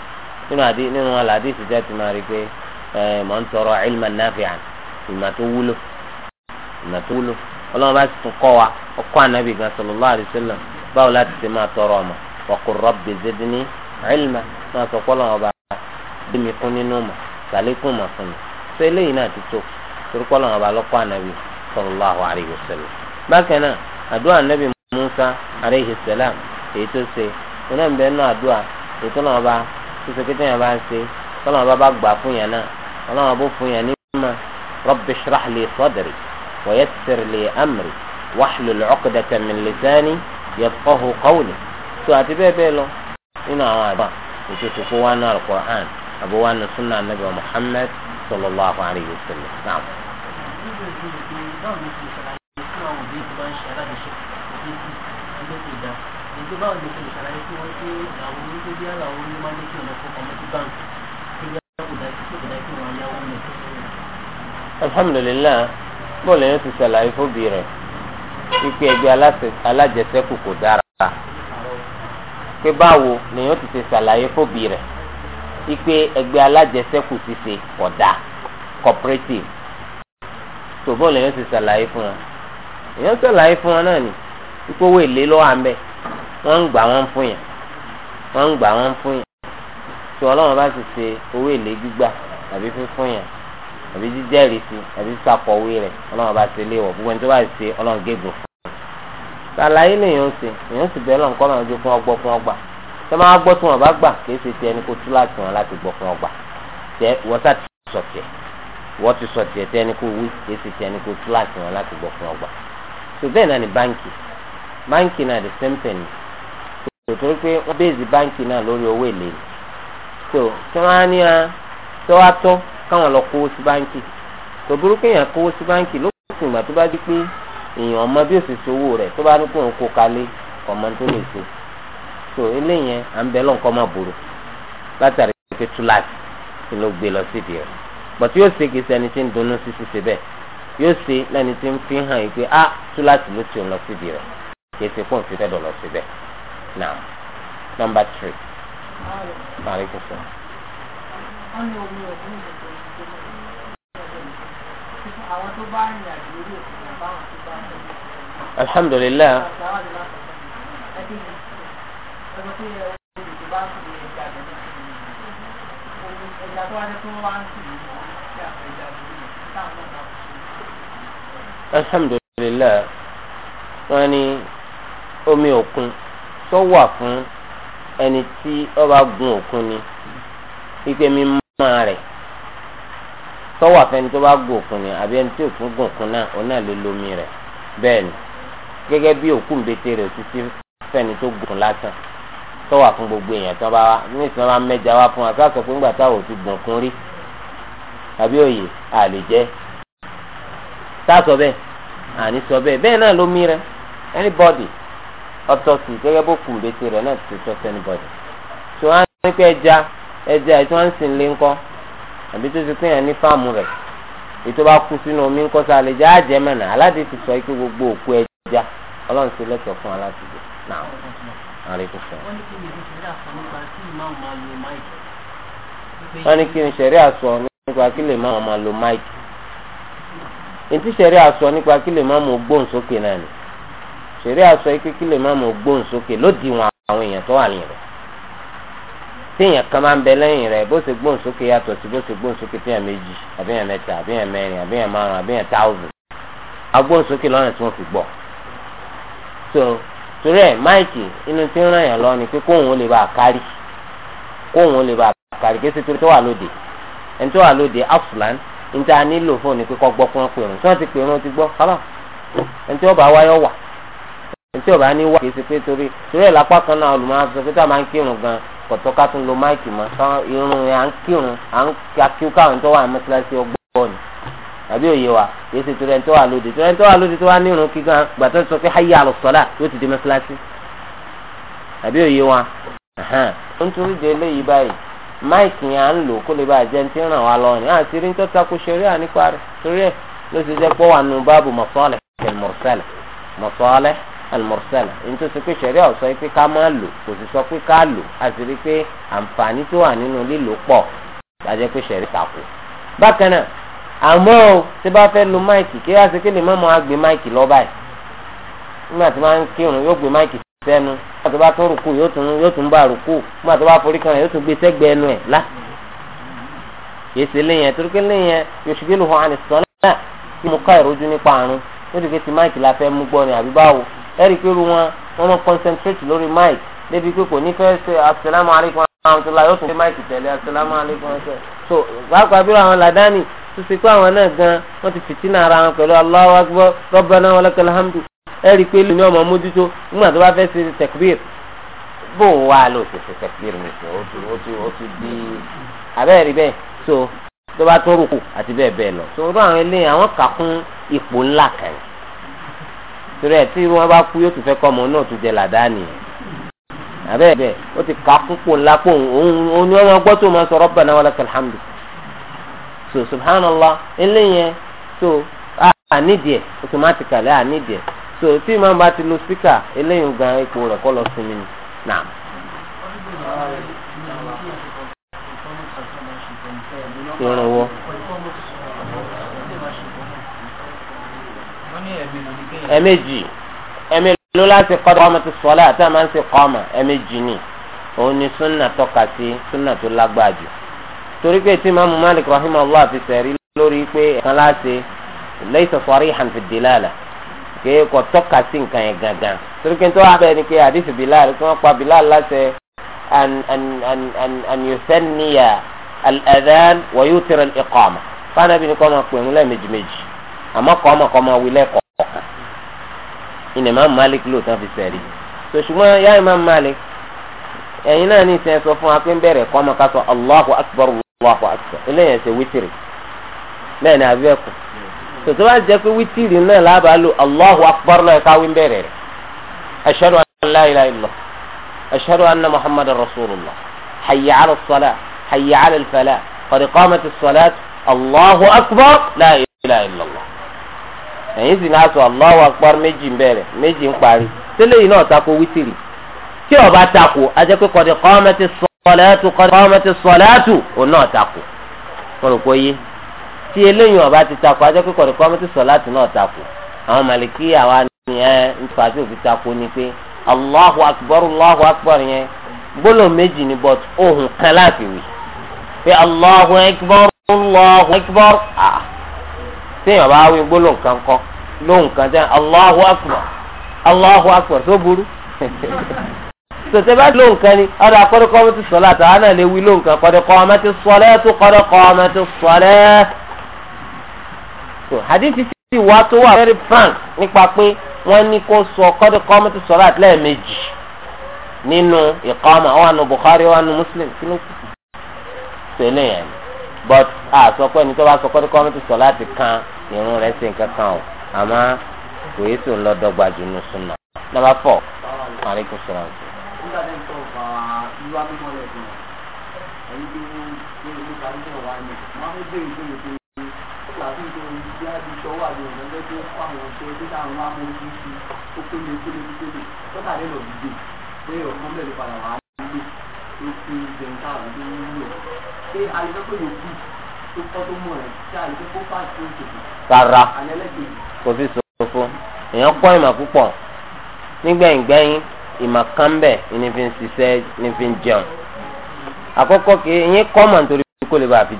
nínú ti máa rí pé eh, ń tọrọ ọlọ́run bá sì tún kọ́ wa ọkọ́ ànábì gan sallallahu alaihi wasallam báwo láti ṣe máa tọrọ ọmọ wa qur rabbi zidni ilma máa sọ pé ọlọ́run ọba bí mi kún nínú mọ̀ sàlékún mọ̀ fún mi ṣé eléyìí náà ti tó torí pé ọlọ́run ọba lọ́kọ́ ànábì sallallahu alaihi wasallam bákan náà àdúrà ànábì Musa alaihi salam èyí tó ṣe iná ń bẹ náà àdúrà ويسر لي أمري واحلل عقدة من لساني يفقه قولي سوى تبيبيلو إنا عبا وتتفوانا القرآن أبوانا سنة النبي محمد صلى الله عليه وسلم نعم الحمد لله bọ́ọ̀lù yẹn ti ṣàlàyé fóbi rẹ̀ wípé ẹgbẹ́ alájẹsẹ́kù kò dára pé báwo lèyàn ti ṣe ṣàlàyé fóbi rẹ̀ wípé ẹgbẹ́ alájẹsẹ́kù ti ṣe kódà cooperative tó bọ́ọ̀lù yẹn ti ṣàlàyé fún wọn èyàn ṣàlàyé fún wọn náà ni wípé owó èlé lọ́wọ́ à ń bẹ̀ wọ́n ń gbà wọ́n fún yẹn wọ́n ń gbà wọ́n fún yẹn tí ọlọ́run bá sì ṣe owó èlé gbígbà tàbí fífún yẹn àbí jíjẹ́rìí sí àbí sàkọ̀wé rẹ̀ ọlọ́run bá ṣe léwọ̀ gbogbo ẹni tó bá ṣe ọlọ́run gégùn fún un. sàlàyé lèèyàn ń ṣe èèyàn sì bẹ́ẹ̀ lọ́nkọ́ náà jó fún ọgbọ́ fún ọgbà tẹ́ máa gbọ́ tí wọ́n bá gbà kì í ṣe ti ẹni kó tú láti wọn láti gbọ́ fún ọgbà tẹ wọ́n sá ti sọ wọ́n ti sọ tiẹ̀ tẹ́ni kó wí kì í ṣe ti ẹni kó tú láti wọn láti gbọ́ fún ọgbà. so bẹ́ẹ̀ náà ni báńkì báńkì náà the same thing kò tó pé wọ́n bẹ́ẹ̀sì báńkì náà lórí owó èlé so tí wọ́n á ní tó wá tọ́ káwọn lọ kówó sí báńkì tó burú kéèyàn kówó sí báńkì lókùnkùn ìgbà tó bá di pé èèyàn ọmọ bí òṣèṣe owó rẹ̀ tó bá ní kó òun kó kalẹ̀ ọmọ tó lè ṣe so eléyẹn à ń bẹ lọ́nkọ́ má burú látàrí pé túláàsì ti ló gbé lọ síbi rẹ̀ bọ̀tí yóò ṣe kìí sẹ́ni tí ń dunnú sí ṣíṣe bẹ́ẹ̀ yóò ṣe lẹ́ni tí ń fi hàn yìí pé ah túláàsì ló ti ń lọ síbi rẹ̀ kìí ṣe fóun fi fẹ́ dọ̀ lọ síbẹ̀ now number three. Alaikum salaam wọ́n ní omi òkun ìdìbò ìdìbò náà àwọn tó bá rìn àjò orí òkun náà báwọn tó bá rìn. alhamdulilayi. alhamdulilayi wọ́n ní omi tó wà fún ẹni tí ó gun òkun ni wípé mímọ́. pọ́n rẹ tọ́wọ́ àfẹni tó bá gùn òkun ni àbí ẹni tí òkun gùn òkun náà òun náà lè lomi rẹ bẹ́ẹ̀ ni gẹ́gẹ́ bí òkú ńbẹ́tẹ́ rẹ̀ títí fẹni tó gùn lásán tọ́wọ́ fún gbogbo èèyàn tó bá wá ní ìsìn máa ń wá fún wa ká sọ pé ńgbà táwọn ti gùn òkun rí àbí òye àlè tá a sọ àní sọ náà lomi rẹ̀ anybody ọtọ sí gẹ́gẹ́ bó kù ńbẹ́tẹ́ rẹ̀ náà ti ní ẹja ètò à ń sìn lé ńkọ́ àbí tó ti pín yàn ní fáàmù rẹ̀ ètò bá kú sínú omi ńkọ́ sá lè jẹ́ àjẹ́ mẹ́nà aládé ti sọ pé gbogbo òkú ẹja ọlọ́run ti lẹ́tọ̀ọ́ fún náà wọ́n ní kí ni sẹ̀rí àsọ nípa kí lè máa lo máìkì sẹ̀rí àsọ nípa kí lè lo sẹ̀rí àsọ kí lè gbóhùn sókè téèyàn kan máa ń bẹ lẹ́yìn rẹ̀ bó ṣe gbóhùn sókè yàtọ̀ sí bó ṣe gbóhùn sókè téèyàn méjì àbíyàn mẹ́ta àbíyàn mẹ́rin àbíyàn márùn àbíyàn táwùsùn agbóhùn sókè lọ́nà tí wọ́n fi gbọ́. so torí ẹ̀ máìkì inú tí ń ràn yàn lọ ni pé kóhùn ó lè bá a kárí kóhùn ó lè bá a kárí kí ṣe torí tó wà lóde ẹni tó wà lóde afsulan níta nílò fóònù pé kọ́ gbọ́ fún ọ pèrún tí wọ́n ti pèrún ti gbọ́ ntí ọba ní wá kìí ṣe pé torí torí ẹ̀ lápá kan náà olùmọ̀ àti sọ a máa ń kírun gan ká lo máìkì mọ́ irun à ń kírun à ń káwọn tó wà mẹ́tíláṣí ọgbọ́n ni tàbí òye wa kìí ṣe torí ẹni tó wà lóde torí ẹni tó wà lóde tó wà ní irun kí gan sọ pé háyà ti di mẹ́tíláṣí òye wa. ó ń torí de eléyìí báyìí máìkì yẹn à ń al-mursal nítorí pé sẹ̀ríà ò sọ pé ká má lò kò sì sọ pé ká lò a sì rí i pé àǹfààní tó wà nínú lílò pọ̀ gbàjẹ́ pé sẹ̀rí takò. bákan náà àmọ́ o tí bá fẹ́ lo máìkì kí á sì kí lè má máa gbé máìkì lọ báyìí nígbà tí wọ́n á ń kírun yóò gbé máìkì sẹ́nu nígbà tó bá tún rùkù yóò tún bá rùkù nígbà tó bá forí kan yóò tún gbé sẹ́gbẹ̀ẹ́ ẹnu ẹ̀ lá. kìí léyìn ẹ̀ torí pé léyìn ẹ̀ yòṣùgbé ló hàn án sọ́nà kí mo ká ìrojú nípa àrùn nítorí pé ti máìkì la fẹ́ mú gbọ́ ni àbí báwo ẹ̀rí pé irú wọn wọ́n mọ̀ concentrate lórí mic débi pé kò ní fẹ́ ṣe asalaamu alaykum ahmatulah yóò tún ṣe mic tẹ̀lé asalaamu alaykum ṣe so pàápàá bí àwọn làdáni tó ṣe pé àwọn náà gan wọ́n ti fìtínà ara wọn pẹ̀lú Allahu akbar rabbana wa lakal hamdu ẹ̀rí pé lónìí ọmọ mójútó nígbà tó bá fẹ́ ṣe tẹ̀kbír bó o wá lò ṣe ṣe tẹ̀kbír mi ṣe o ti di abẹ́rẹ́ bẹ́ẹ̀ so tó bá tó rúkù àti bẹ́ẹ̀ bẹ́ẹ̀ lọ so irú àwọn eléyìí àwọn kà fún ipò ńlá kan yìí torí ẹ̀ tí wọ́n bá kú yóò tún fẹ́ kọ́ ọmọ náà tún jẹ làdáni àbẹ́ bẹ́ ó ti kà kún kó òun ni wọ́n gbọ́ tó máa sọ rabbana so subhanallah eléyẹn so ànídìẹ automatically so tí màá bá ti lo speaker eléyìí gan ipò rẹ̀ kọ́ lọ ẹ̀mẹ́jì ẹ̀mẹ́ló láti kọ́ ọmọ ti sọ́lá àti àmà ń ṣe kọ́ ọmọ ẹ̀mẹ́jì ni òun ni súnà tọ́ka sí súnà tó lágbára jù torí pé tí Imam Malik rahimahullah fi sẹ̀rí lórí pé ẹ̀kan láti laysa sarihan fi dilala kéé kọ tọ́ka sí nǹkan yẹn gangan torí pé tó wà bẹ́ẹ̀ ni pé àdìsí Bilal tí wọ́n pa Bilal láṣẹ an an an an an yusanniya al-adhan wa yutira al ni kọ́ máa ìnà máa Malik ló tán fi sẹ̀rí so ṣùgbọ́n yá Imam Malik ẹ̀yin náà ní ìsìn sọ fún wa pé ń bẹ̀rẹ̀ kọ́ ọmọ ká sọ Allahu akbar Allahu akbar eléyìí ẹ̀sẹ̀ wítìrì bẹ́ẹ̀ ni àbí ẹ̀kọ́ tòtò bá jẹ́ pé wítìrì náà lábàá lò Allahu akbar náà káwé ń bẹ̀rẹ̀ rẹ̀ ashhadu an la ilaha illallah ashhadu anna muhammadar rasulullah hayya ala salah hayya ala akbar la ilaha ẹ̀yin sì náà sọ Allahu Akbar méjì ń bẹ̀rẹ̀ méjì ń parí tẹ́lẹ̀ yìí náà tako wítìrì tí tako ajẹ́ pé kọ́ni kọ́mẹ́tì sọ̀lẹ́tù kọ́mẹ́tì sọ̀lẹ́tù òun náà tako kọ́ni kò yé ti tako ajẹ́ pé kọ́ni kọ́mẹ́tì sọ̀lẹ́tù náà tako àwọn màlìkí àwa ni ẹ tako ni pé yẹn téèyàn bá wí gbólóhùn kan kọ lóhùn kan tẹ́ Allahu akbar Allahu akbar tó burú tòtẹ́ [LAUGHS] bá lóhùn kan ni ọ̀dọ̀ àkọ́dọ̀ kọ́mẹ́tì sọ̀lá àtàwọn náà lè wí lóhùn kan kọ́dọ̀ kọ́mẹ́tì sọ̀lẹ́ tó kọ́dọ̀ kọ́mẹ́tì sọ̀lẹ́. hadithi ti wá tó wà very frank nípa pé wọ́n ní kó sọ kọ́dọ̀ kọ́mẹ́tì sọ̀lá àtìlẹ́yìn méjì nínú ìkọ́mà wọn àna Bukhari Muslim kí ló kù but àsọpọ̀ ẹni tó bá sọpọ̀ kọ́ ní ti sọ láti kan irun rẹ̀ ṣe nǹkan kan o àmọ́ kò yé tó ń lọ dọ́gba jù nù súnà. number four aleykum salaam. nígbà tí ṣé àìsàn kò lè kú tó kọ́ tó mọ̀ rẹ̀ ṣé àìsàn kó fà sí òṣèlú. rárá kò sí sòfò èèyàn kọ́ ìmọ̀ púpọ̀ nígbẹ̀yìngbẹ̀yìn ìmọ̀ kan ń bẹ ní fi ń ṣiṣẹ́ fi a fi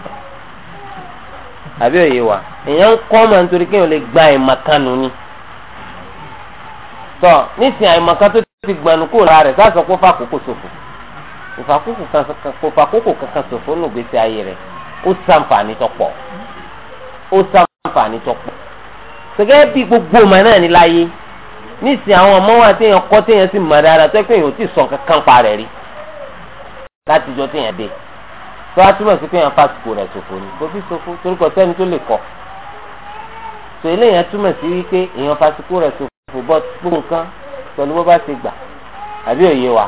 àbí òye wa èèyàn gba ìmọ̀ kan nù ni tọ́ nísìnyí àìmọ̀ kan tó ti gbanú kó lára rẹ̀ kò fàkókò kankan ṣòfò nù gbèsè ayé rẹ̀ ó sàǹfààní tó pọ̀ ó sàǹfààní tó pọ̀ gẹ́gẹ́ bí gbogbo ọmọ náà ní láyé níìsín àwọn ọmọ wa téèyàn kọ́ téèyàn sì mọ̀ dáadáa tó pé èèyàn ò tí ì sọ nǹkan kan pa rẹ̀ rí láti jọ téèyàn dé tó a túmọ̀ sí pé èèyàn fásitì rẹ̀ ṣòfò ni kò fi ṣòfò torí kò sẹ́ni tó lè kọ́ tó eléyàn túmọ̀ sí wípé èèyàn fásitì rẹ̀ ṣòfò bọ́ gbogbo nǹkan pẹ̀lú bó bá ṣe gbà àbí òye wa.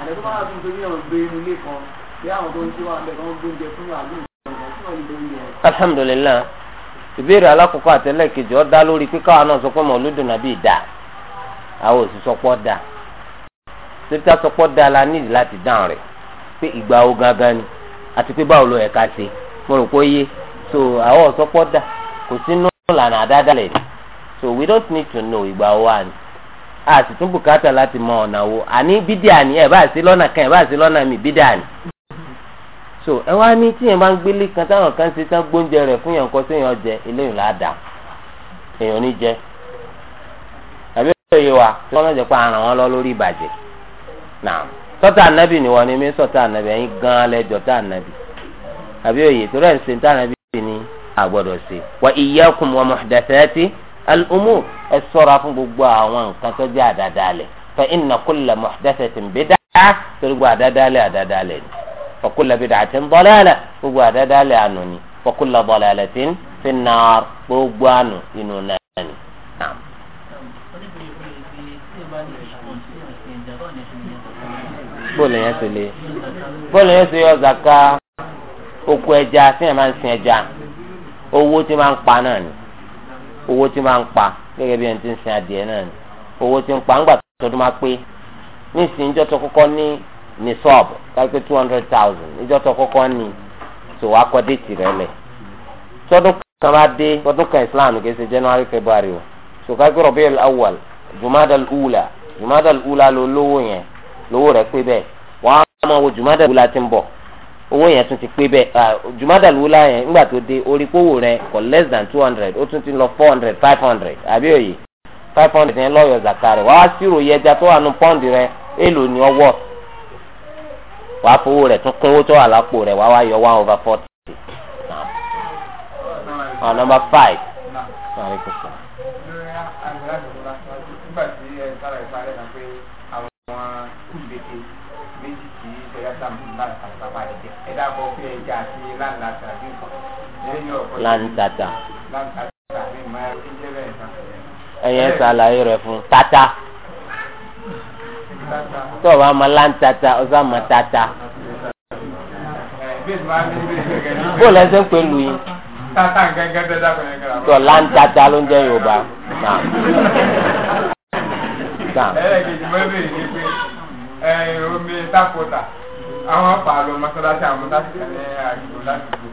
àlẹ́ tó bá wà fún mi pé bí wọ́n gbé inú ilé kan bí àwọn tó ń ṣe wà bẹ̀ wọ́n gbóúnjẹ fún àdúgbò alhamdulilayi ìbéèrè alákòókò àtẹlẹ́kejì ó dá lórí pé káwa náà sọ pé mọ̀lúdùn nàbí ìdá àwọn òsì sọpọ́ dà títà sọpọ́ dà la nídìí láti dáhùn rẹ̀ pé ìgbà wo gangan ni àti pé báwo ló yẹ ṣe mo rò pé ó yé so àwọn òsọpọ́ dà kò sínú ìlànà àdáadáa lẹ̀ ni so we don't need to know ìgbà wo wà ni a sì tún bùkátà láti mọ ọ̀nà wo àní bídíà ẹ̀ bá sí lọ́nà kan ẹ̀ bá sí lọ́nà mi bídíà so ẹ wá ní tíyẹn bá ń gbélé kan táwọn kan ṣe tán gbóúnjẹ rẹ̀ fún yàn kọ́ séèyàn jẹ eléyìí là èèyàn ní jẹ. àbí wa pé àràn wọn lọ lórí sọ́tà ànábì ni wọ́n ní mí sọ́tà ànábì ẹ̀yin gan-an lẹ́jọ́ ànábì àbí òye tó rẹ̀ ń ànábì al-umur ẹ ṣọ́ra fún gbogbo àwọn nǹkan tó jẹ́ àdádálẹ̀ fa inna kulla muhdathatin bid'ah torí gbogbo àdádálẹ̀ àdádálẹ̀ ni fa kulla bid'atin dalalah gbogbo àdádálẹ̀ ànú ni fa kulla dalalatin fin nar gbogbo ànú inú náà ni. bóòlù yẹn ti le bóòlù yẹn ti yọ zaka oko ẹja tí yẹn máa ń sin ẹja owó tí máa ń pa náà ni owó tí máa ń pa gẹ́gẹ́ bí ẹni tí ń sin adìẹ náà ni owó tí ń pa ńgbà tọdún máa pé nísìnyí ìjọ tó kọ́kọ́ ní ní sọ́ọ̀bù kápẹ́ two hundred thousand ìjọ tó kọ́kọ́ ní tó wá kọ́ déètì rẹ̀ lẹ̀ tọdún kan bá dé tọdún kan Islam kì í ṣe January February o tó kápẹ́ Rabiul Awwal Jumadal Ula Jumadal Ula ló lówó yẹn lówó rẹ̀ pé bẹ́ẹ̀ wọ́n á máa wo Jumadal Ula ti ń bọ̀ owó yẹn tún ti pé bẹ́ẹ̀ jùmọ́dàlúwúlá yẹn ńgbà tó dé orí kówó rẹ kò less than two hundred ó tún ti lọ four hundred five hundred àbí òye five hundred yẹn lọ́yọ̀ zaka rẹ̀ wàá sírò yẹ ẹja tó wà nù pọ́ǹdì rẹ èèlò ni ọwọ́ wàá fowó rẹ̀ tún kún tó wà lápò rẹ̀ wàá wá yọ one over forty. number five. dábọ̀ fún ẹja àti láńtàtà bí lẹ́yìn ọ̀pọ̀ láńtàtà láńtàtà mi máa ń jẹ́ bẹ́ẹ̀ náà. ẹyẹ ṣàlàyé rẹ fún tata tó o bá ma láńtàtà o sá ma tata bó lẹsẹ ń pè lu yín tó láńtàtà ló ń jẹ yorùbá náà. ẹ̀ẹ́dẹ̀gbẹ̀jì mọ́ bèrè ni pé omi tápọ̀tà àwọn apààlọ́ mọ́sálásí àwọn láti ẹ̀ àgbò láti gbò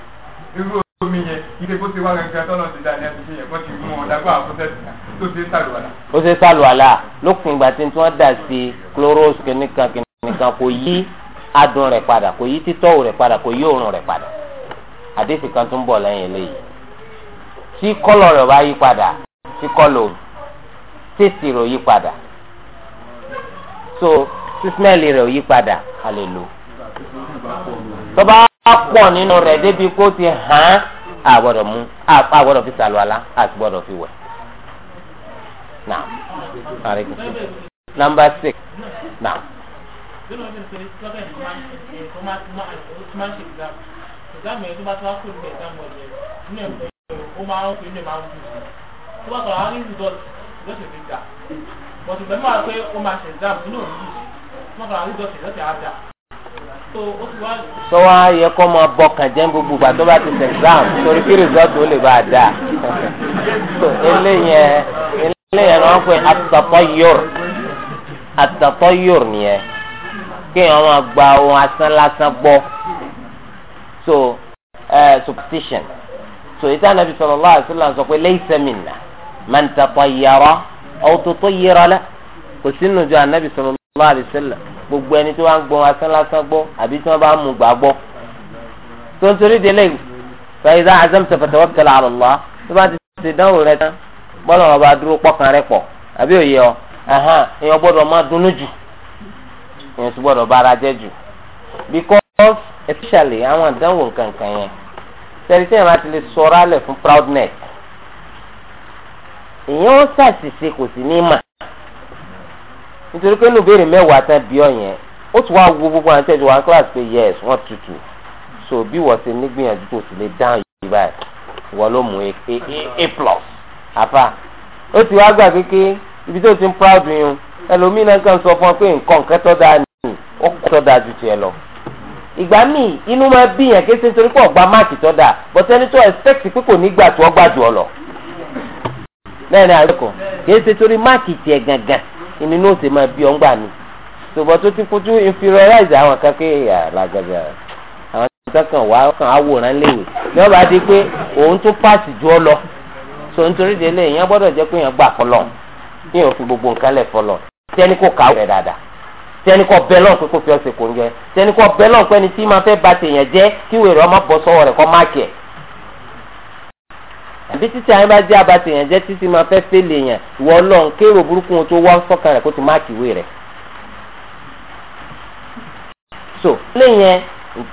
irú omi yẹn ilé bó ti wá gangan tọ́nà ti dá ní ẹ̀sìn yẹn wọ́n ti mú ọ dágbà àfọ́sẹ́sì tó ti sàlùwàlà. ó ṣe sàlùwàlà lópin ìgbà tí wọ́n dà sí chloros kìnìkan kìnìkan kò yí adùn rẹ̀ padà kò yí títọ́ rẹ̀ padà kò yí òórùn rẹ̀ padà àdéhùn kan tó ń bọ̀ lẹ́yìn eléyìí tí kọ́lọ̀ rẹ̀ bá yí padà tí kọ́lọ̀ tèsì rẹ̀ yí padà so sísmẹ́ẹ̀lì rẹ̀ yí padà a lè lò ó. tó bá pọ̀ nínú rẹ̀ débi kó ti hàn á àgbọ̀dọ̀ mú àgbọ̀dọ̀ gbọ́dọ̀ fi wẹ̀. Now, number six. Now. fi dà bọ̀tù pẹ̀lú àwọn pé sọ wá yẹ kó máa bọkàn jẹ́ gbogbo ìgbà tó bá ti ṣe exam torí kí result ó lè bá a dáa eléyẹn eléyẹn ni wọ́n pè atatọ́yọ̀r atatọ́yọ̀r nìyẹn kéèyàn máa gba ohun asán lásán gbọ́ so uh, superstition so ìtàn nàbì sallallahu alaihi wasallam sọ pé laysa minna man tatayyara aw tutayyara la kò sínú ju ànàbì sallallahu alaihi wasallam gbogbo ẹni tó wá ń gbọ́ asán lásán gbọ́ àbí tí wọ́n bá mú gbà gbọ́. tó ń torí délé fàyíṣà azam tẹfẹtẹwọ tẹlẹ àlọlá tó bá ti ṣe dánwò rẹ tán bọ́lá wọn bá dúró pọ́kàn rẹ pọ̀ àbí òye ọ èèyàn gbọ́dọ̀ máa dunnú jù èèyàn sì gbọ́dọ̀ bára jẹ́ jù because especially àwọn àdánwò nǹkankan yẹn sẹ́rìsẹ́ yẹn máa ti lè sọ̀rọ̀ alẹ̀ fún proudness èèyàn ó ṣàṣìṣe kò sí ní mà nítorí pé nínú béèrè mẹ́wàá tán bí ọ̀yẹn ó ti wá wo gbogbo àwọn tẹ̀síwá ní kíláàsì pé yes wọ́n tutù so bí wọ́n ṣe nígbìyànjú tó sì lè dáhùn yìí báyìí wọ́n ló mú a a plus àfa ó ti wá gbà kéke ibi tó ti ń proud yín ẹlòmíín náà kàn sọ fún ọ pé nǹkan nǹkan tó dáa nìyí ó kọ́ tó dáa ju tiẹ̀ lọ ìgbà míì inú máa bí yàn kí ṣe nítorí pé ọgbà máàkì tó dáa bọ́tẹ́ ẹni tó expect pé kò ní gbà tó ọgbà jù ọ lọ lẹ́yìn àríkò kì í ṣe torí máàkì tiẹ̀ gangan ìní ní òsè máa bí ọ̀ngbà ni ṣùgbọ́n tó ti kútú inferiorize àwọn kan pé làgàjà àwọn kan kan wà kan àwòrán léwe ní ọba di pé òun tó pàṣì jù ọ lọ so nítorí délé èèyàn gbọ́dọ̀ jẹ́ pé èèyàn gbà fọlọ́ ní òfin gbogbo nǹkan lẹ̀ fọlọ́ tẹ́ni kò kà rẹ̀ dáadáa tẹ́ni kò bẹ́ lọ́n pé kò fi ọ̀sẹ̀ kò ń jẹ tẹ́ni kò bẹ́ lọ́n pé ẹni tí máa fẹ́ ba tèèyàn jẹ́ kí wèrè ọmọ bọ́ sọ́wọ́ rẹ̀ kọ́ máàkì ẹ̀ àbí títí àyìn bá jẹ́ abatẹ̀ yẹn jẹ́ títí máa fẹ́ fẹ́lẹ̀ yẹn ìwọ ọlọ́run kérò burúkú tó wá sọ́kàn rẹ̀ kó tó máàkì ìwé rẹ̀. so lẹ́yìn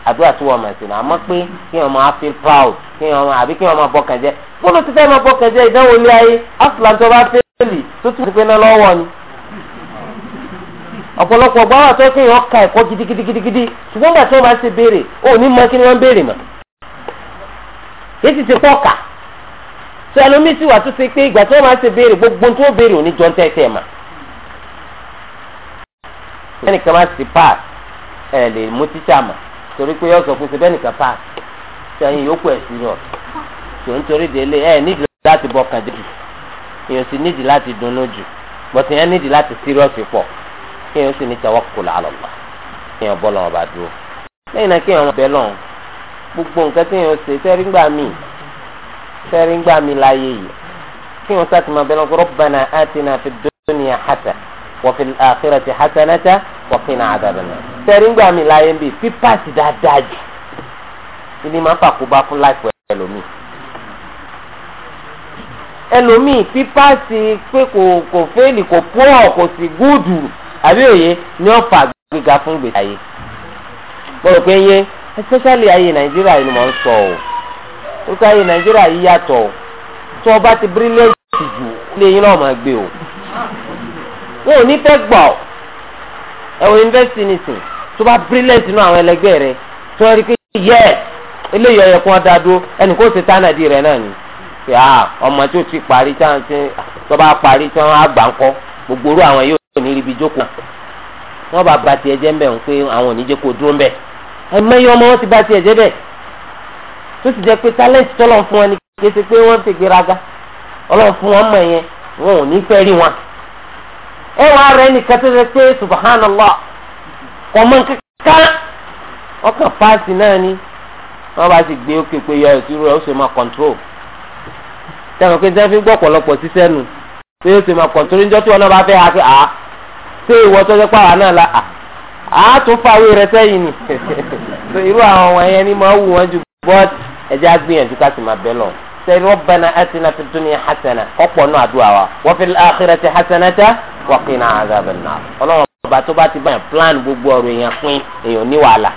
àdúrà tí wọ́n máa ṣe náà àmọ́ pé kí wọ́n máa feel proud kí wọ́n máa àbí kí wọ́n máa bọ́kàn jẹ́ bọ́lá ti fẹ́ máa bọ́kàn jẹ́ ìdánwò ilé ayé asùlàn tó bá tó tún pé náà lọ́wọ́ ni. tí ẹlòmíì sì wà tó ṣe pé ìgbà tí wọ́n máa ṣe béèrè gbogbo tó béèrè òní jọ ń tẹ́tẹ́ mà. bẹ́ẹ̀nìkan máa ṣe pass ẹ̀ lè mú tíṣà mà torí pé yọ sọ fún ṣe bẹ́ẹ̀nìkan pass sẹ́yìn yòókù ẹ̀ sírọ̀ tó ń torí délé ẹ̀ nídìí láti bọ̀ kàn jù èèyàn sì nídìí láti dunnú jù bọ̀tì yẹn nídìí láti sírọ̀sì pọ̀ kéèyàn sì ní tawakkul ala Allah kéèyàn bọ́ lọ́wọ́ bá dúró lẹ́yìn náà kéèyàn bẹ́ lọ́wọ́ gbogbo nǹkan téèyàn ṣe sẹ́rí gbà míì sẹ́rin gbà mí láàyè yìí kí wọ́n sá ti máa bẹ̀rẹ̀ ọ̀gbọ́n rabbana atina fid dunya hasana wa fil akhirati hasanatan wa qina adhaban nar sẹ́rin gbà mí láàyè bíi pípàtì dáadáa jù kí ni máa ń fàkóbá fún láìpẹ́ ẹlòmíì ẹlòmíì pípàtì pé kò kò fẹ́ẹ̀lì kò pọ́ọ̀ kò sì gúdù àbí òye ni wọ́n fà gbéga fún ìgbésí ayé mo rò pé yé especially ayé nàìjíríà ni mo ń sọ o nípa ayé nàìjíríà yìí yàtọ̀ tí wọ́n bá ti bírílẹ̀tì jù lé yín náà gbé o wọn ò ní fẹ́ gbọ́ ẹ̀wọ̀n yunifásitì nìsín tó bá bírílẹ̀tì náà àwọn ẹlẹgbẹ́ rẹ tí wọ́n rí pé yẹ eléyìí ọ̀yẹ̀ kún ọ̀dà dúró ẹnì kó ṣe tánàdì rẹ̀ náà ni pé ọmọ tó ti parí tí wọ́n ti tó bá parí tí wọ́n á gbà ń kọ́ gbogbo orú àwọn yóò ní ibi jókòó wọ́n bá ba tiẹ̀ jẹ́ ń bẹ̀ ń pé àwọn ò ní jẹ́ kó dúró ń bẹ̀ ẹ̀mẹ́yìn ọmọ wọn ti ba tiẹ̀ jẹ́ bẹ́ẹ̀ tó je jẹ́ pé talent tọ́lọ̀ fún wọn ni kí ṣe pé wọ́n ń ṣègbéraga ọlọ́run fún wọn mọ̀ yẹn wọn ò ní wọn. ẹ wá rẹ pé subhanallah kò mọ kankan ọkàn náà ni wọn bá ti gbé òkè pé yọ ìṣirò ẹ̀ ó ṣe máa control tẹ̀wọ̀n pé sẹ́fí gbọ́ ọ̀pọ̀lọpọ̀ pé ó máa control níjọ́ tí wọn náà bá fẹ́ ha pé à ṣé ìwọ tó ṣe pààrọ̀ náà la à tún fàwé rẹ sẹ́yìn ni [LAUGHS] ni máa wù ẹjẹ́ agbìyànjú ká sì máa bẹ́ lọ. sẹ́yìn rabbana atina fid dunya hasana ọ̀pọ̀ náà àdúrà wa wa fil akhirati hasanata wa qina adhaban nar. ọlọ́run ọba tó bá ti báyìí plan gbogbo ọ̀rọ̀ èèyàn pín èèyàn ní wàhálà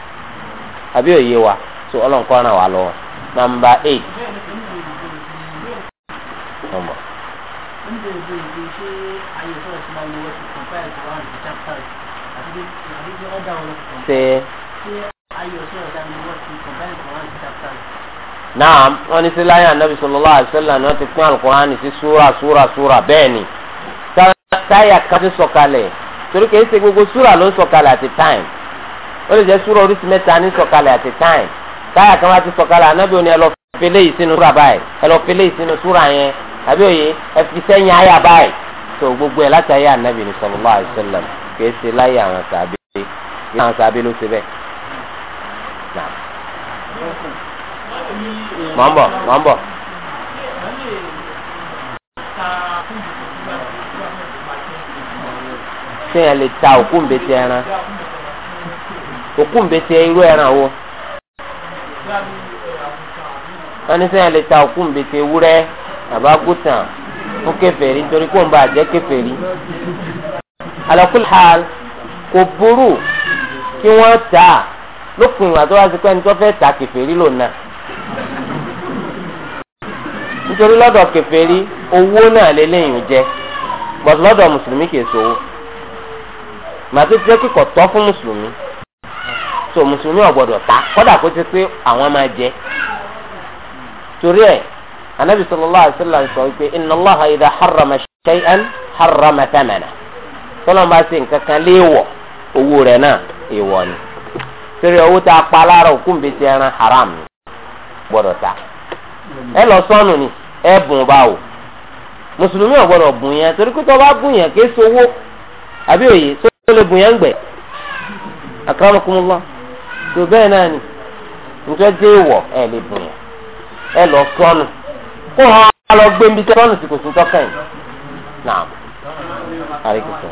àbí òye wa so ọlọ́run kọ́ ràn wá lọ́wọ́. number eight. ọmọ. ṣe náà wọ́n ní sí láyé ànábì sallallahu alaihi wasallam ni wọ́n ti pín alukur'ani sí súra súra súra bẹ́ẹ̀ ni táyà kan ti sọ̀kalẹ̀ torí kìí ṣe gbogbo súra ló ń sọ̀kalẹ̀ àti táìm ó lè jẹ́ súra oríṣi mẹ́ta ní sọ̀kalẹ̀ àti táìm táyà kan bá ti sọ̀kalẹ̀ ànábì òní ẹ lọ fele yìí sínú súra báyìí ẹ lọ fele yìí sínú súra yẹn àbí òye ẹ fi àyà báyìí tó gbogbo ẹ̀ láti ayé ànábì ní sallallahu alaihi kìí ṣe láyé àwọn sàbẹ̀ àwọn ṣe bẹ́ẹ̀ mọ̀ ń bọ̀ mọ̀ ń bọ̀. sèyàn lè ta òkú ńbẹ̀tẹ̀ ẹran òkú ńbẹ̀tẹ̀ irú ẹran wo wọ́n ní sèyàn lè ta òkú ńbẹ̀tẹ̀ ewúrẹ́ àbágùtàn fún kèfèrí nítorí kó ń bá àjẹ́ kèfèrí alakulhal kò burú kí wọ́n tà lópin ìgbà tó wá sí pé ẹni tó fẹ́ ta kèfèrí lò náà nítorí lọ́dọ̀ kèfèrí owó náà lélẹ́yìn jẹ́ but lọ́dọ̀ mùsùlùmí kìí sowó màtí jẹ́ kíkọ̀ tọ́ fún mùsùlùmí so mùsùlùmí ò gbọ́dọ̀ ta kódà kó ti pé àwọn máa jẹ torí ẹ̀ anabi sallallahu alaihi wasallam sọ wípé inna Allaha idha harrama shay'an harrama thamanahu tọ́lọ́ bá ṣe nǹkan kan léèwọ̀ owó rẹ̀ náà èèwọ̀ ni torí owó tá a pa lára òkú nbẹ̀tẹ̀ ẹran haram ni gbọ́dọ̀ ta ẹ lọ sọnù ni ẹ bùn bá o mùsùlùmí ò gbọ́dọ̀ bùn yẹn torí pé tó bá bùn yẹn kì í sowó àbí òye tó lè bùn yẹn ń gbẹ akramakumullah tó bẹ́ẹ̀ náà ni nítorí dé ìwọ̀ ẹ lè bùn yẹn ẹ lọ sọnù kó hàn á lọ gbé níbi sọnù sí kò sí tọ́kàn yìí naam àríkìsọ.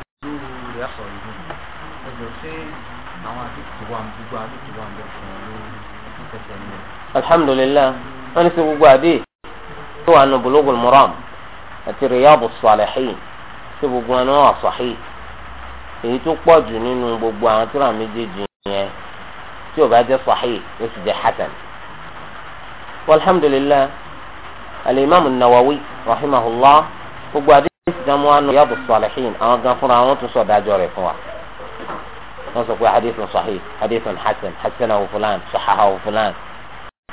Thank you alhamdulilayi wọn ní sọ gbogbo àdé tó wà nù bulugul maram àti riyadu salihin tó gbogbo wọn wà sahih èyí tó pọ̀ jù nínú gbogbo àwọn tírà méjèèjì yẹn tí o bá jẹ́ sahih o sì jẹ́ hasan alhamdulilayi alimami nawawi rahimahullah gbogbo àdé ìsìlámù wa nù riyadu salihin àwọn gan fúnra wọn tún sọ dájọ́ rẹ̀ fún wa wọ́n sọ pé hadithun sahih hadithun hasan hasanahu fulan sahahahu fulan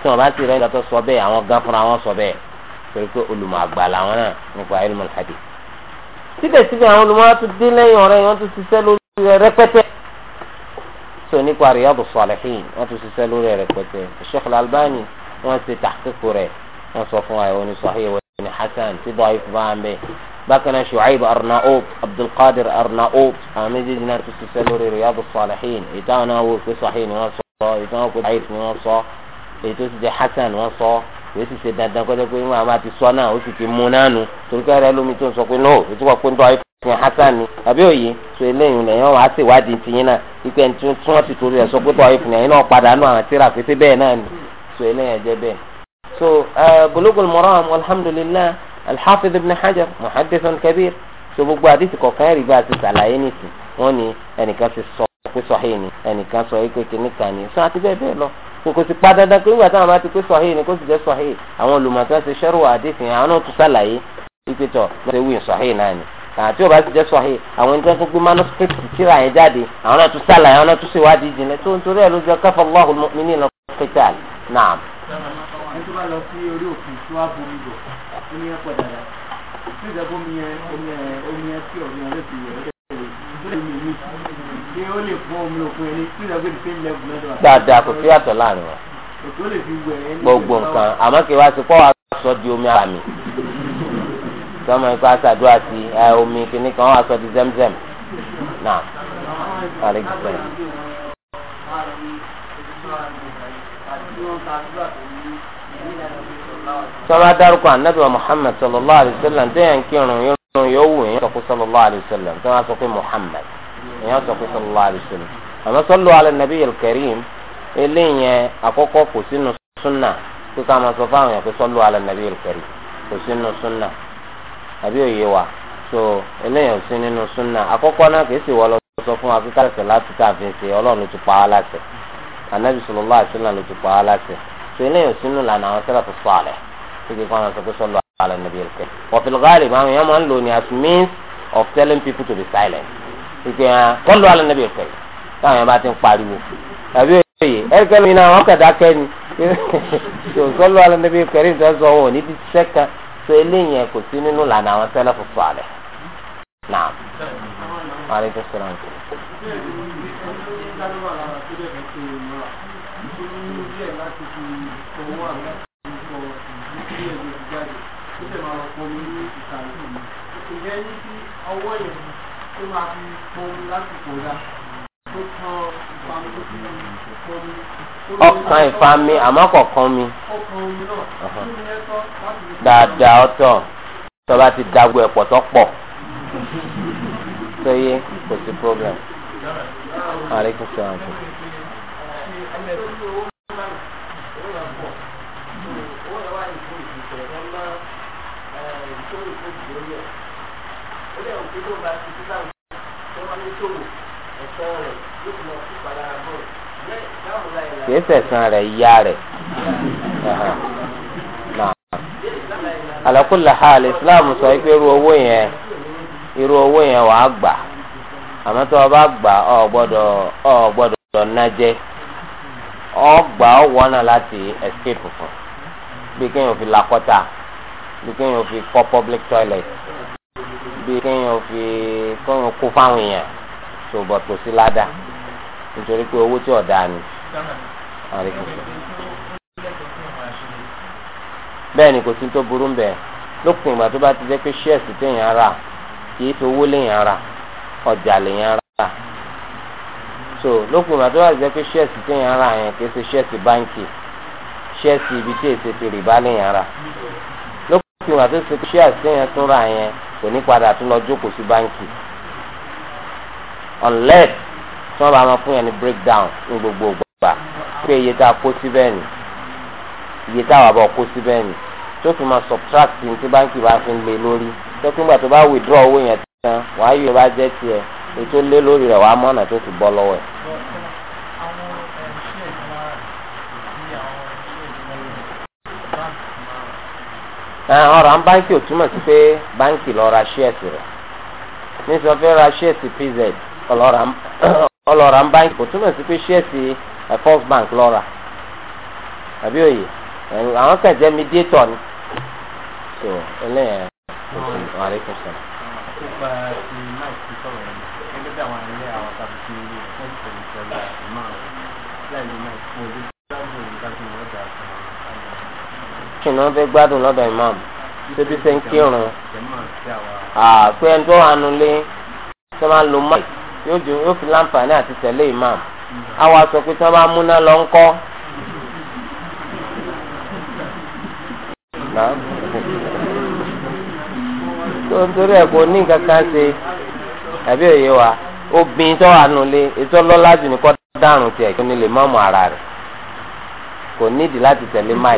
tí wọ́n bá ti rẹ́ ìgbàtọ́ sọ bẹ́ẹ̀ àwọn gan fúnra wọn sọ bẹ́ẹ̀ torí pé olùmọ̀ àgbà làwọn náà nípa ilmul hadith síbẹ̀síbẹ̀ àwọn olùmọ̀ tún dé lẹ́yìn ọ̀rẹ́ wọn tún ṣiṣẹ́ lórí rẹ̀ rẹpẹtẹ sọ nípa Riyadu Salihin wọn tún ṣiṣẹ́ lórí rẹ̀ rẹpẹtẹ Sheikh Al-Albani wọn ṣe tahqiq rẹ̀ sọ fún wa ìwọ ni sahih ìwọ ni hasan tí bọ́ọ̀ ìfúnbá ń bẹ́ẹ̀ بكنا شعيب أرناؤوب عبد القادر أرناؤوب àwọn méjèèjì náà ti ṣiṣẹ́ lórí Riyadu Salihin ìtàn náà wò pé sahih ni wọ́n sọ ìtàn wò pé daif ni wọ́n sọ èyí tó ti jẹ́ hasan ni wọ́n sọ èyí ti ṣe dandan kọjá pé wọn àbá ti sọ náà ó sì ti mú náà nù torí pé ẹrẹ lómi tó ń sọ pé no ètò wà pé ń tọ́ àìfún hasan ni àbí òye sọ eléyìí lẹ́yìn wọn á sì wádìí tiyín náà ipe ẹni tí wọ́n ti torí ẹ̀ sọ pé tọ́ àìfún ẹ̀yìn náà padà nù àwọn tíra pété bẹ́ẹ̀ náà ni sọ eléyìí ẹ̀ jẹ́ bẹ́ẹ̀. so eh, bulugul maram alhamdulillah alḥafiz ibn hajar muhaddithun kabir so gbogbo àdìsí kọ̀ọ̀kan ẹ̀rí bá a ti sàlàyé nìsín wọ́n ní ẹnìkan ti sọ pé sọ̀hìn ni ẹnìkan sọ pé kìnnìkan ni sọ àti bẹ́ẹ̀ bẹ́ẹ̀ lọ kò sì pa dandan pé nígbà táwọn bá ti pé sọ̀hìn ni kò sì jẹ́ sọ̀hìn àwọn olùmọ̀tá ṣe ṣẹ́rù àdìsí yẹn àwọn náà tún sàlàyé ìpètọ̀ lọ́sẹ̀ wíìn sọ̀hìn náà ni àti ò bá ti jẹ́ sọ̀hìn àwọn ẹni tó ń gbé manuscript tíra yẹn jáde àwọn náà tún sàlàyé àwọn náà tún ṣèwádìí jìnlẹ̀ tó ń torí ẹ̀ ló jẹ́ káfọ́ lọ́hùn mi ní ìlànà pẹ̀tàl náà. ẹni tó bá lọ sí orí òkun tó wá bomi bọ̀ omi yẹn pọ̀ dáadáa ní ìjọba omi yẹn omi yẹn omi yẹn tí omi yẹn lè fi yẹ ọdẹ ìdílé mi ní ṣé ó lè fún omi òkun ẹni tí ìjọba ìdílé ń lẹ́gùn lọ́dọ̀ wa. dáadáa kò sí àtọ̀ láàrin wa. gbogbo nǹkan àmọ́ kí wá sí kọ́ wa sọ di omi ara mi sọmọ ikọ̀ aṣàdúrà sí omi kìnnì kan wà sọ di zemzem náà àlejò sọba dárúkọ anabi wa muhammed sallallahu alayhi wa sallam téèyàn kírun irun yóò wù yín sọ pé sallallahu alayhi wa sallam sọba sọ pé muhammed èèyàn sọ pé sallallahu alayhi wa sallam àmọ́ sọlọ alẹ nabi yẹl karim eléyẹn àkọ́kọ́ kò sínú sunna pé ká máa sọ fáwọn yẹn pé sọlọ alẹ nabi yẹl karim kò sínú sunna àbí òye wa so eléyẹn ò sí nínú sunna àkọ́kọ́ náà kìí sì wọ sọ fún wa pé ká láti tàbí ṣe Ọlọ́run ló ti pa á láṣẹ anabi sallallahu alayhi wa sallam ló ti pa á láṣẹ sọ eléyìí sínú lànà àwọn sẹ́lẹ̀fù sọ̀lẹ̀ níbi kan àwọn sọ̀kú sọ̀lọ̀ àlẹ́ nàbí ẹ̀kẹ́ wọ́n fi lọ́gàlì máa ń yẹn máa ń lò ní as means of telling people to be silent ìpè hàn kọ́lù àlẹ́ nàbí ẹ̀kẹ́ táwọn yẹn bá ti ń pariwo àbí òye ẹ̀kẹ́ mi náà wọ́n kẹ̀dá kẹ́ni kọ́lù àlẹ́ nàbí ẹ̀kẹ́ rí nǹkan sọ wọn ò ní ti ṣiṣẹ́ kan sọ eléyìí yẹn kò sí nínú lànà àwọn sẹ́lẹ̀fù sọ̀lẹ̀ náà. máa pọ̀ ní ìsàlẹ̀ yìí àmọ́ kọ̀ọ̀kan mi. ọkàn mi náà kí ni dáadáa ọ̀tọ̀ tọba ti dago ẹ̀pọ̀ tó pọ̀ sọyẹ kò sí problem. aleykum salaam. tó lè fún ìdílé islam sọ pé irú owó yẹn irú owó yẹn wàá gbà tó o bá ọ gbọdọ ọ gbọdọ ọ gbà ọ láti escape fún bí kéèyàn bí kéèyàn fi kọ́ public toilet bí kéèyàn fi kéèyàn kó fáwọn èèyàn ṣòbọ̀ tó sí ládà nítorí pé owó tí ọ̀dà ni. bẹ́ẹ̀ ni kò sí tó burú bẹ́ẹ̀ lópin ìgbà tó bá ti jẹ́ pé ṣẹ́ẹ̀sì téèyàn rà kì í sowó léèyàn rà ọjà lèèyàn rà so lópin ìgbà tó bá ti jẹ́ pé ṣẹ́ẹ̀sì téèyàn rà yẹn kì í ṣe ṣẹ́ẹ̀sì báńkì ṣẹ́ẹ̀sì ibi tí èsè ti rìbá léèyàn rà tí wọn àti ṣe àṣeyàn tó ra yẹn kò ní padà tó lọ jókòó sí báńkì unless tí wọn bá máa fún yẹn ní breakdown ní gbogbo ìgbà pé iye tá a kó síbẹ̀ ni iye tá a wà bọ̀ kó síbẹ̀ ni tó fi máa subtract ní tí báńkì bá fi ń lé lórí tó fi ń gbà tó bá withdraw owó yẹn tán wàá yóò bá jẹ́ tiẹ̀ ètò lé lórí rẹ̀ wàá mọ̀nà tó fi bọ́ lọ́wọ́ ẹ̀. ọ̀rọ̀ à ń báńkì ò túmọ̀ sí pé báńkì lọ ra ṣẹ́ẹ̀sì rẹ̀ nísìnyí wọ́n fẹ́ ra ṣẹ́ẹ̀sì PZ ọlọ́ra ń báńkì kò túmọ̀ sí pé ṣẹ́ẹ̀sì First Bank lọ́ra àbí òye àwọn kan jẹ́ mediator ni so eléyàn wàlẹ́kùn sọ̀rọ̀. kì náà fẹ́ gbádùn lọdọ imam títí ṣe ń kírun pé ẹni tó wà nulẹ̀ tó máa lo mic yóò fi láǹfààní àti tẹ̀lé imam àwa sọ pé tí bá múná lọ ń kọ́. tó ń torí ẹ̀ kò ní nǹkan wa obìnrin tó wà ètò ọlọ́lá jù ní kọ́ dárùn tiẹ̀ ara rẹ̀